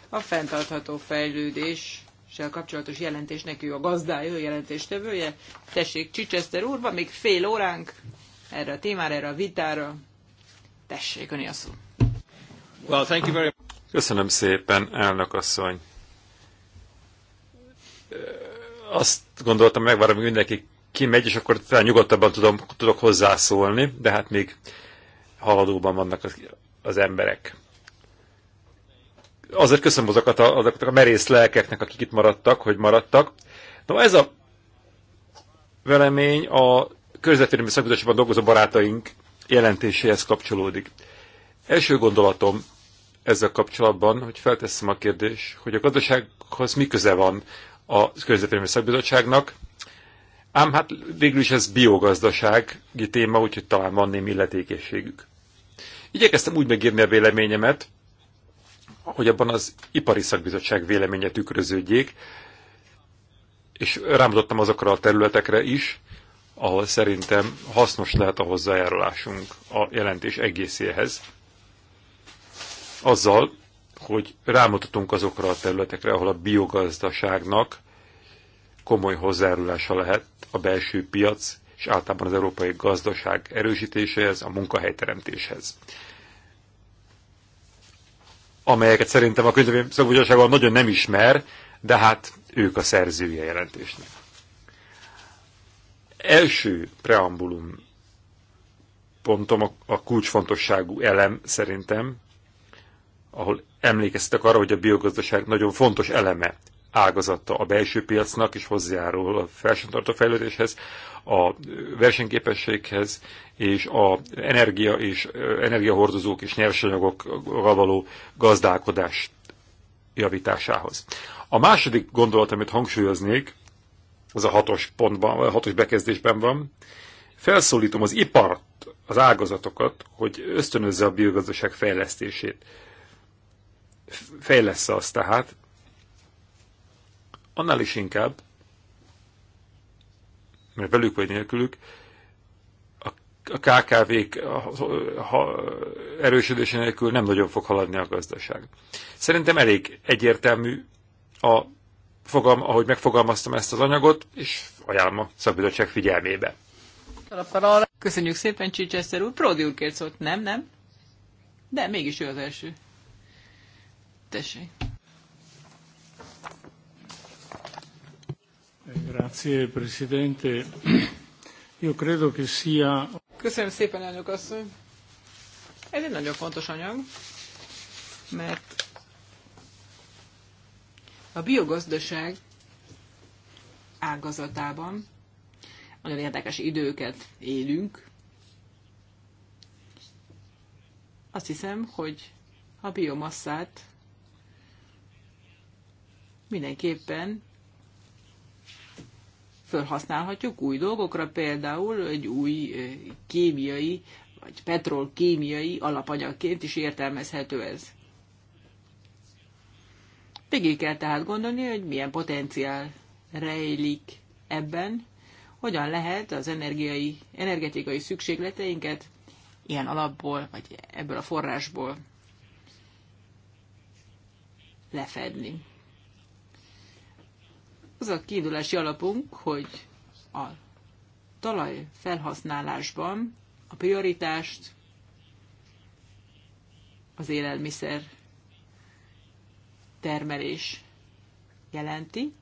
A fenntartható fejlődés kapcsolatos jelentésnek ő a gazdája, ő jelentéstevője. Tessék, Csicseszter úr, van még fél óránk erre a témára, erre a vitára. Tessék, öné a szó. Well, thank you very much. Köszönöm szépen, elnök asszony. Azt gondoltam, megvárom, hogy mindenki kimegy, és akkor talán nyugodtabban tudom, tudok hozzászólni, de hát még haladóban vannak az, az emberek azért köszönöm azokat a, azokat a merész lelkeknek, akik itt maradtak, hogy maradtak. Na, ez a velemény a környezetvédelmi szakításban dolgozó barátaink jelentéséhez kapcsolódik. Első gondolatom ezzel kapcsolatban, hogy felteszem a kérdés, hogy a gazdasághoz mi köze van a környezetvédelmi szakbizottságnak, ám hát végül is ez biogazdasági téma, úgyhogy talán van némi illetékességük. Igyekeztem úgy megírni a véleményemet, hogy abban az ipari szakbizottság véleménye tükröződjék, és rámutattam azokra a területekre is, ahol szerintem hasznos lehet a hozzájárulásunk a jelentés egészéhez. Azzal, hogy rámutatunk azokra a területekre, ahol a biogazdaságnak komoly hozzájárulása lehet a belső piac és általában az európai gazdaság erősítéséhez, a munkahelyteremtéshez amelyeket szerintem a könyvém szakbúgyaságban nagyon nem ismer, de hát ők a szerzője jelentésnek. Első preambulum pontom a, a kulcsfontosságú elem szerintem, ahol emlékeztek arra, hogy a biogazdaság nagyon fontos eleme ágazata a belső piacnak, és hozzájárul a felsőtartó fejlődéshez a versenyképességhez és a energia és energiahordozók és nyersanyagokkal való gazdálkodás javításához. A második gondolat, amit hangsúlyoznék, az a hatos pontban, a hatos bekezdésben van, felszólítom az ipart, az ágazatokat, hogy ösztönözze a biogazdaság fejlesztését. Fejlessze azt tehát, annál is inkább, mert velük vagy nélkülük a KKV-k erősödése nélkül nem nagyon fog haladni a gazdaság. Szerintem elég egyértelmű a fogalma, ahogy megfogalmaztam ezt az anyagot, és ajánlom a szakbizottság figyelmébe. Köszönjük szépen, Csicseszter úr. Pródi úr kért szólt. Nem, nem? De mégis ő az első. Tessék. Köszönöm szépen, elnök asszony. Ez egy nagyon fontos anyag, mert a biogazdaság ágazatában nagyon érdekes időket élünk. Azt hiszem, hogy a biomasszát mindenképpen felhasználhatjuk új dolgokra, például egy új kémiai vagy petrolkémiai alapanyagként is értelmezhető ez. Végig kell tehát gondolni, hogy milyen potenciál rejlik ebben, hogyan lehet az energiai, energetikai szükségleteinket ilyen alapból, vagy ebből a forrásból lefedni az a kiindulási alapunk, hogy a talaj felhasználásban a prioritást az élelmiszer termelés jelenti.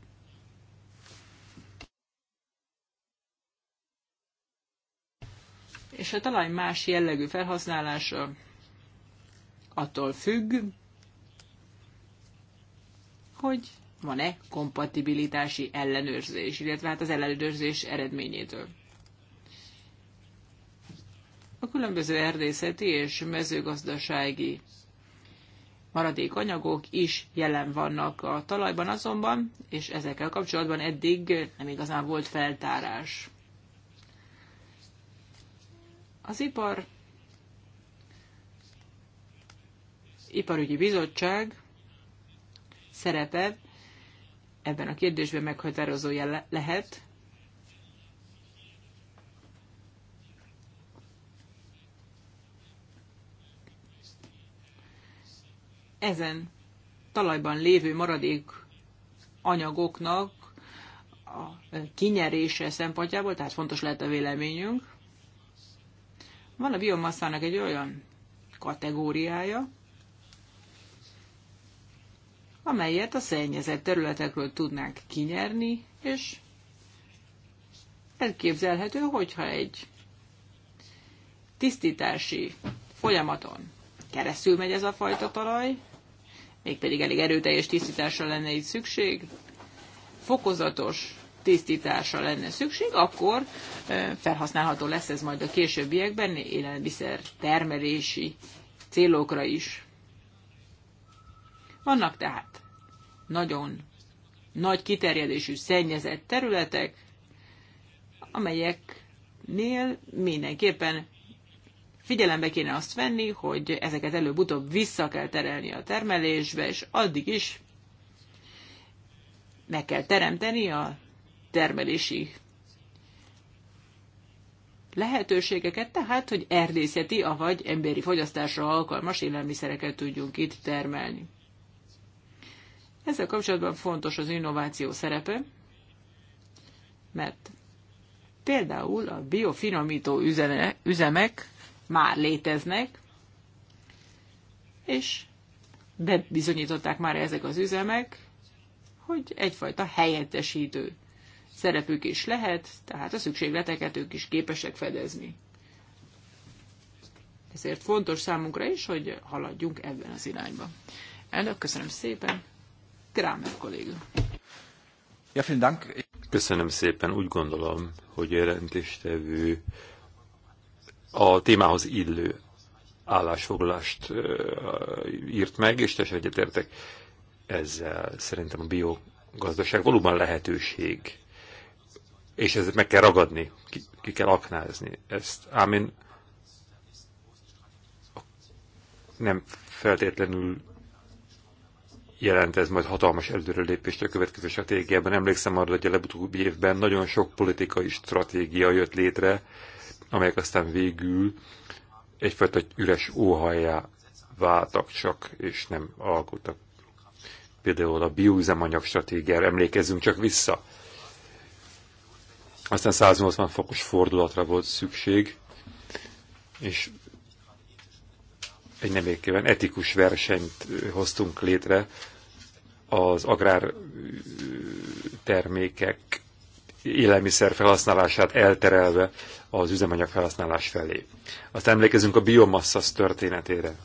És a talaj más jellegű felhasználása attól függ, hogy van-e kompatibilitási ellenőrzés, illetve hát az ellenőrzés eredményétől. A különböző erdészeti és mezőgazdasági maradékanyagok is jelen vannak a talajban azonban, és ezekkel kapcsolatban eddig nem igazán volt feltárás. Az ipar iparügyi bizottság szerepet ebben a kérdésben meghatározója lehet. Ezen talajban lévő maradék anyagoknak a kinyerése szempontjából, tehát fontos lehet a véleményünk. Van a biomasszának egy olyan kategóriája, amelyet a szennyezett területekről tudnánk kinyerni, és elképzelhető, hogyha egy tisztítási folyamaton keresztül megy ez a fajta talaj, mégpedig elég erőteljes tisztításra lenne itt szükség, fokozatos tisztításra lenne szükség, akkor felhasználható lesz ez majd a későbbiekben élelmiszer termelési célokra is. Vannak tehát nagyon nagy kiterjedésű szennyezett területek, amelyeknél mindenképpen figyelembe kéne azt venni, hogy ezeket előbb-utóbb vissza kell terelni a termelésbe, és addig is meg kell teremteni a termelési lehetőségeket, tehát, hogy erdészeti, avagy emberi fogyasztásra alkalmas élelmiszereket tudjunk itt termelni. Ezzel kapcsolatban fontos az innováció szerepe, mert például a biofinomító üzeme, üzemek már léteznek, és bebizonyították már ezek az üzemek, hogy egyfajta helyettesítő szerepük is lehet, tehát a szükségleteket ők is képesek fedezni. Ezért fontos számunkra is, hogy haladjunk ebben az irányba. Elnök, köszönöm szépen! Kramer kolléga. Ja, vielen Dank. Köszönöm szépen. Úgy gondolom, hogy jelentéstevő a témához illő állásfoglalást írt meg, és teljesen egyetértek ezzel. Szerintem a biogazdaság valóban lehetőség, és ezt meg kell ragadni, ki, ki kell aknázni ezt. Ám én nem feltétlenül jelent ez majd hatalmas előrelépést a következő stratégiában. Emlékszem arra, hogy a legutóbbi évben nagyon sok politikai stratégia jött létre, amelyek aztán végül egyfajta üres óhajjá váltak csak, és nem alkottak. Például a bióüzemanyag stratégiára emlékezzünk csak vissza. Aztán 180 fokos fordulatra volt szükség, és egy nem etikus versenyt hoztunk létre az agrártermékek élelmiszer felhasználását elterelve az üzemanyag felhasználás felé. Azt emlékezünk a biomasszasz történetére,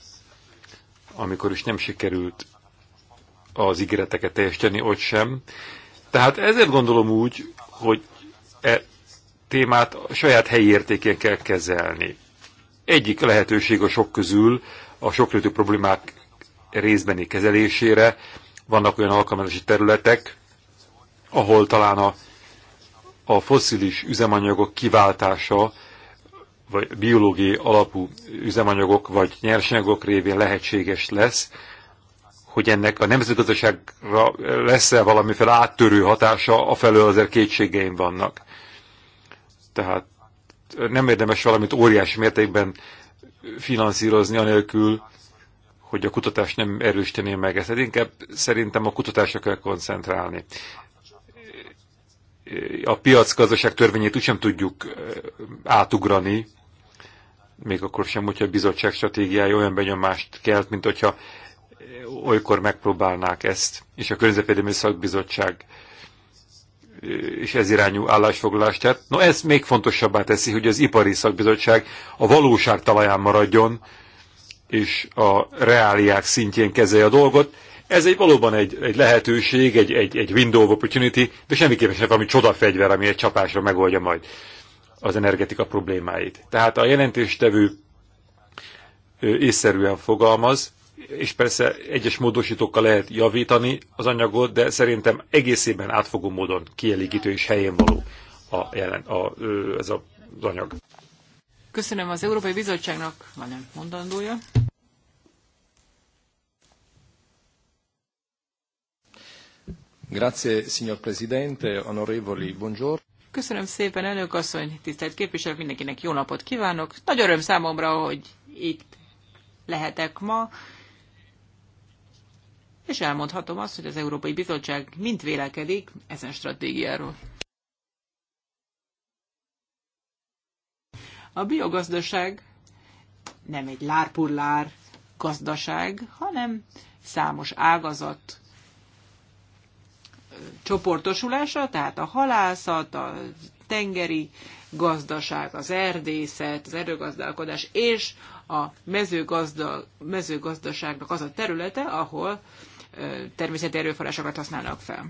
amikor is nem sikerült az ígéreteket teljesíteni ott sem. Tehát ezért gondolom úgy, hogy e témát a saját helyi értékén kell kezelni. Egyik lehetőség a sok közül a sokrétű problémák részbeni kezelésére, vannak olyan alkalmazási területek, ahol talán a, a foszilis üzemanyagok kiváltása, vagy biológiai alapú üzemanyagok, vagy nyersanyagok révén lehetséges lesz, hogy ennek a nemzetgazdaságra lesz-e valamiféle áttörő hatása, felől azért kétségeim vannak. Tehát nem érdemes valamit óriási mértékben finanszírozni, anélkül, hogy a kutatás nem erősítené meg ezt. Hát inkább szerintem a kutatásra kell koncentrálni. A piacgazdaság törvényét úgysem tudjuk eh, átugrani, még akkor sem, hogyha a bizottság stratégiája olyan benyomást kelt, mint hogyha eh, olykor megpróbálnák ezt, és a Környezetvédelmi Szakbizottság és eh, ez irányú állásfoglalást tett. No, ez még fontosabbá teszi, hogy az ipari szakbizottság a valóság talaján maradjon, és a reáliák szintjén kezelje a dolgot. Ez egy valóban egy, egy lehetőség, egy, egy, egy window of opportunity, de semmiképpen sem valami csodafegyver, ami egy csapásra megoldja majd az energetika problémáit. Tehát a jelentéstevő észszerűen fogalmaz, és persze egyes módosítókkal lehet javítani az anyagot, de szerintem egészében átfogó módon kielégítő és helyén való a jelen, a, ez az anyag. Köszönöm az Európai Bizottságnak, van nem mondandója? Grazie, signor Presidente, onorevoli, buongiorno. Köszönöm szépen, elnök asszony, tisztelt képviselő, mindenkinek jó napot kívánok. Nagy öröm számomra, hogy itt lehetek ma, és elmondhatom azt, hogy az Európai Bizottság mint vélekedik ezen stratégiáról. A biogazdaság nem egy lárpullár gazdaság, hanem számos ágazat csoportosulása, tehát a halászat, a tengeri gazdaság, az erdészet, az erdőgazdálkodás és a mezőgazda, mezőgazdaságnak az a területe, ahol természeti erőforrásokat használnak fel.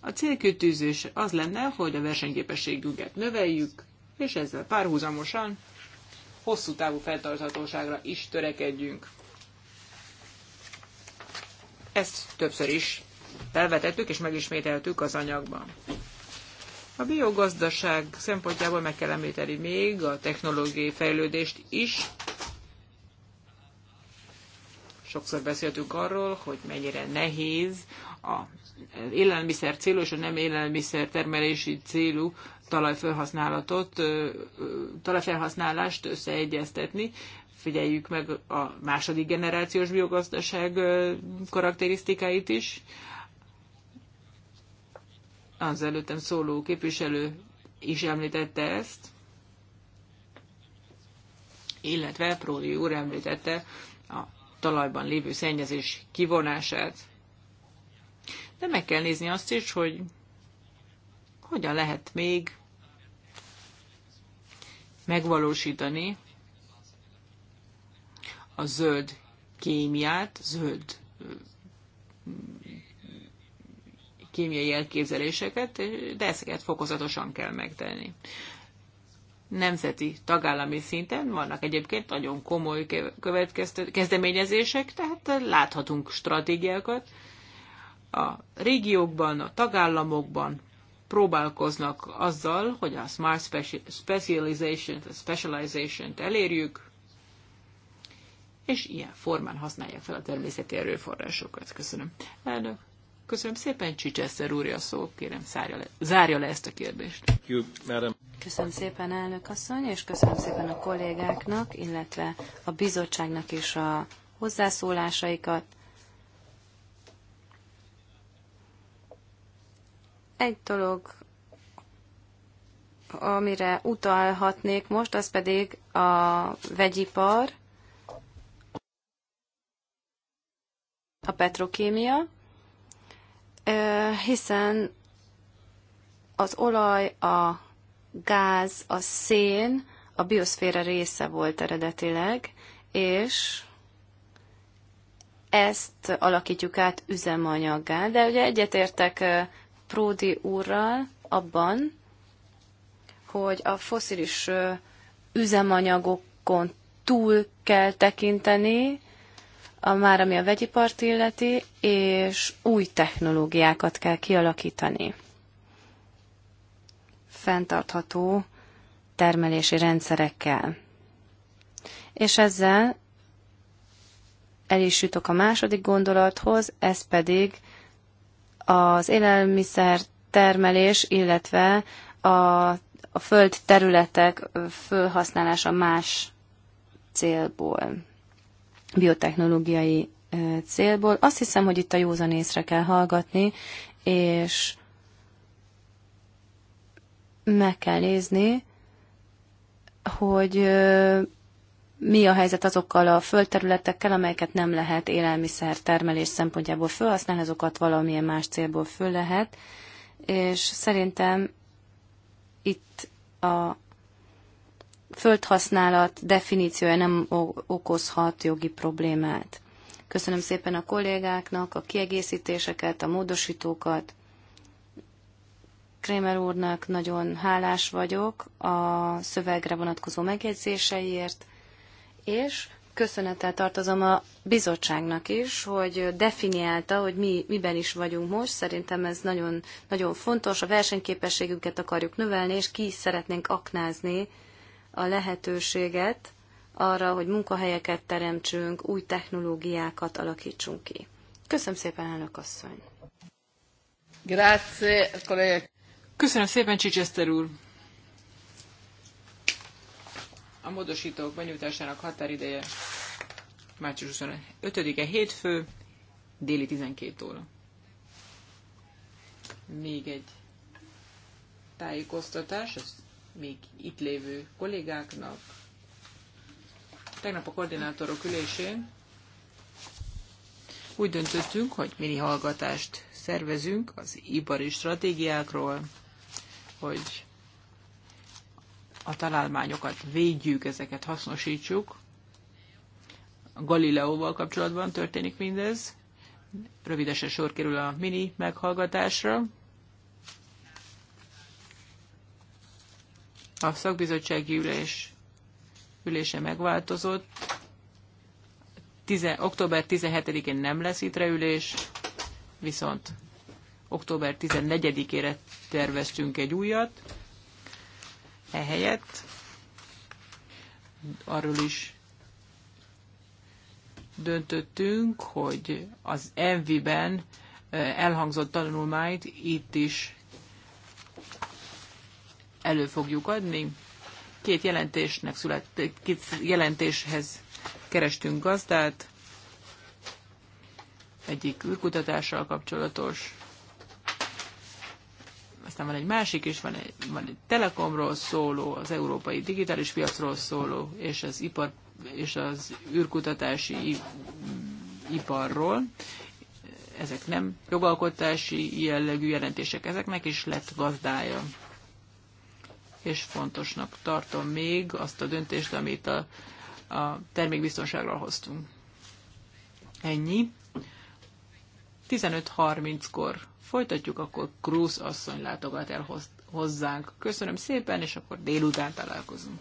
A célkütőzés az lenne, hogy a versenyképességünket növeljük, és ezzel párhuzamosan hosszú távú fenntarthatóságra is törekedjünk. Ezt többször is felvetettük és megismételtük az anyagban. A biogazdaság szempontjából meg kell említeni még a technológiai fejlődést is. Sokszor beszéltünk arról, hogy mennyire nehéz a élelmiszer célú és a nem élelmiszer termelési célú talajfelhasználatot, talajfelhasználást összeegyeztetni. Figyeljük meg a második generációs biogazdaság karakterisztikáit is. Az előttem szóló képviselő is említette ezt, illetve Pródi úr említette a talajban lévő szennyezés kivonását de meg kell nézni azt is, hogy hogyan lehet még megvalósítani a zöld kémiát, zöld kémiai elképzeléseket, de ezeket fokozatosan kell megtenni. Nemzeti, tagállami szinten vannak egyébként nagyon komoly következte- kezdeményezések, tehát láthatunk stratégiákat, a régiókban, a tagállamokban próbálkoznak azzal, hogy a smart specialization, a specialization elérjük, és ilyen formán használják fel a természeti erőforrásokat. Köszönöm. Elnök, köszönöm szépen, Csicseszer úr, a szó, kérem, zárja le, zárja le ezt a kérdést. Köszönöm szépen, elnök asszony, és köszönöm szépen a kollégáknak, illetve a bizottságnak is a hozzászólásaikat. Egy dolog, amire utalhatnék most, az pedig a vegyipar, a petrokémia, hiszen az olaj, a gáz, a szén a bioszféra része volt eredetileg, és ezt alakítjuk át üzemanyaggá. De ugye egyetértek Pródi úrral abban, hogy a foszilis üzemanyagokon túl kell tekinteni, a már ami a vegyipart illeti, és új technológiákat kell kialakítani. Fentartható termelési rendszerekkel. És ezzel el is jutok a második gondolathoz, ez pedig az élelmiszer termelés, illetve a, a föld területek felhasználása más célból, biotechnológiai célból. Azt hiszem, hogy itt a józan észre kell hallgatni, és meg kell nézni, hogy mi a helyzet azokkal a földterületekkel, amelyeket nem lehet élelmiszer termelés szempontjából felhasználni, azokat valamilyen más célból föl lehet, és szerintem itt a földhasználat definíciója nem okozhat jogi problémát. Köszönöm szépen a kollégáknak a kiegészítéseket, a módosítókat. Krémer úrnak nagyon hálás vagyok a szövegre vonatkozó megjegyzéseiért és köszönettel tartozom a bizottságnak is, hogy definiálta, hogy mi, miben is vagyunk most. Szerintem ez nagyon, nagyon fontos. A versenyképességünket akarjuk növelni, és ki szeretnénk aknázni a lehetőséget arra, hogy munkahelyeket teremtsünk, új technológiákat alakítsunk ki. Köszönöm szépen, elnök asszony! Grazie, kollégák! Köszönöm szépen, Csicseszter úr! A módosítók benyújtásának határideje március 25-e hétfő, déli 12 óra. Még egy tájékoztatás, az még itt lévő kollégáknak. Tegnap a koordinátorok ülésén úgy döntöttünk, hogy mini hallgatást szervezünk az ipari stratégiákról, hogy a találmányokat védjük, ezeket hasznosítsuk. A Galileóval kapcsolatban történik mindez. Rövidesen sor kerül a mini meghallgatásra. A szakbizottsági ülés ülése megváltozott. Tize, október 17-én nem lesz itt reülés, viszont október 14-ére terveztünk egy újat. Ehelyett arról is döntöttünk, hogy az mv ben elhangzott tanulmányt itt is elő fogjuk adni. Két, jelentésnek szület, két jelentéshez kerestünk gazdát, egyik űrkutatással kapcsolatos, aztán van egy másik is, van egy, van egy telekomról szóló, az európai digitális piacról szóló, és az ipar és az űrkutatási iparról. Ezek nem jogalkotási jellegű jelentések, ezeknek is lett gazdája. És fontosnak tartom még azt a döntést, amit a, a termékbiztonságról hoztunk. Ennyi. 15.30-kor Folytatjuk, akkor Cruz asszony látogat el hozzánk. Köszönöm szépen, és akkor délután találkozunk.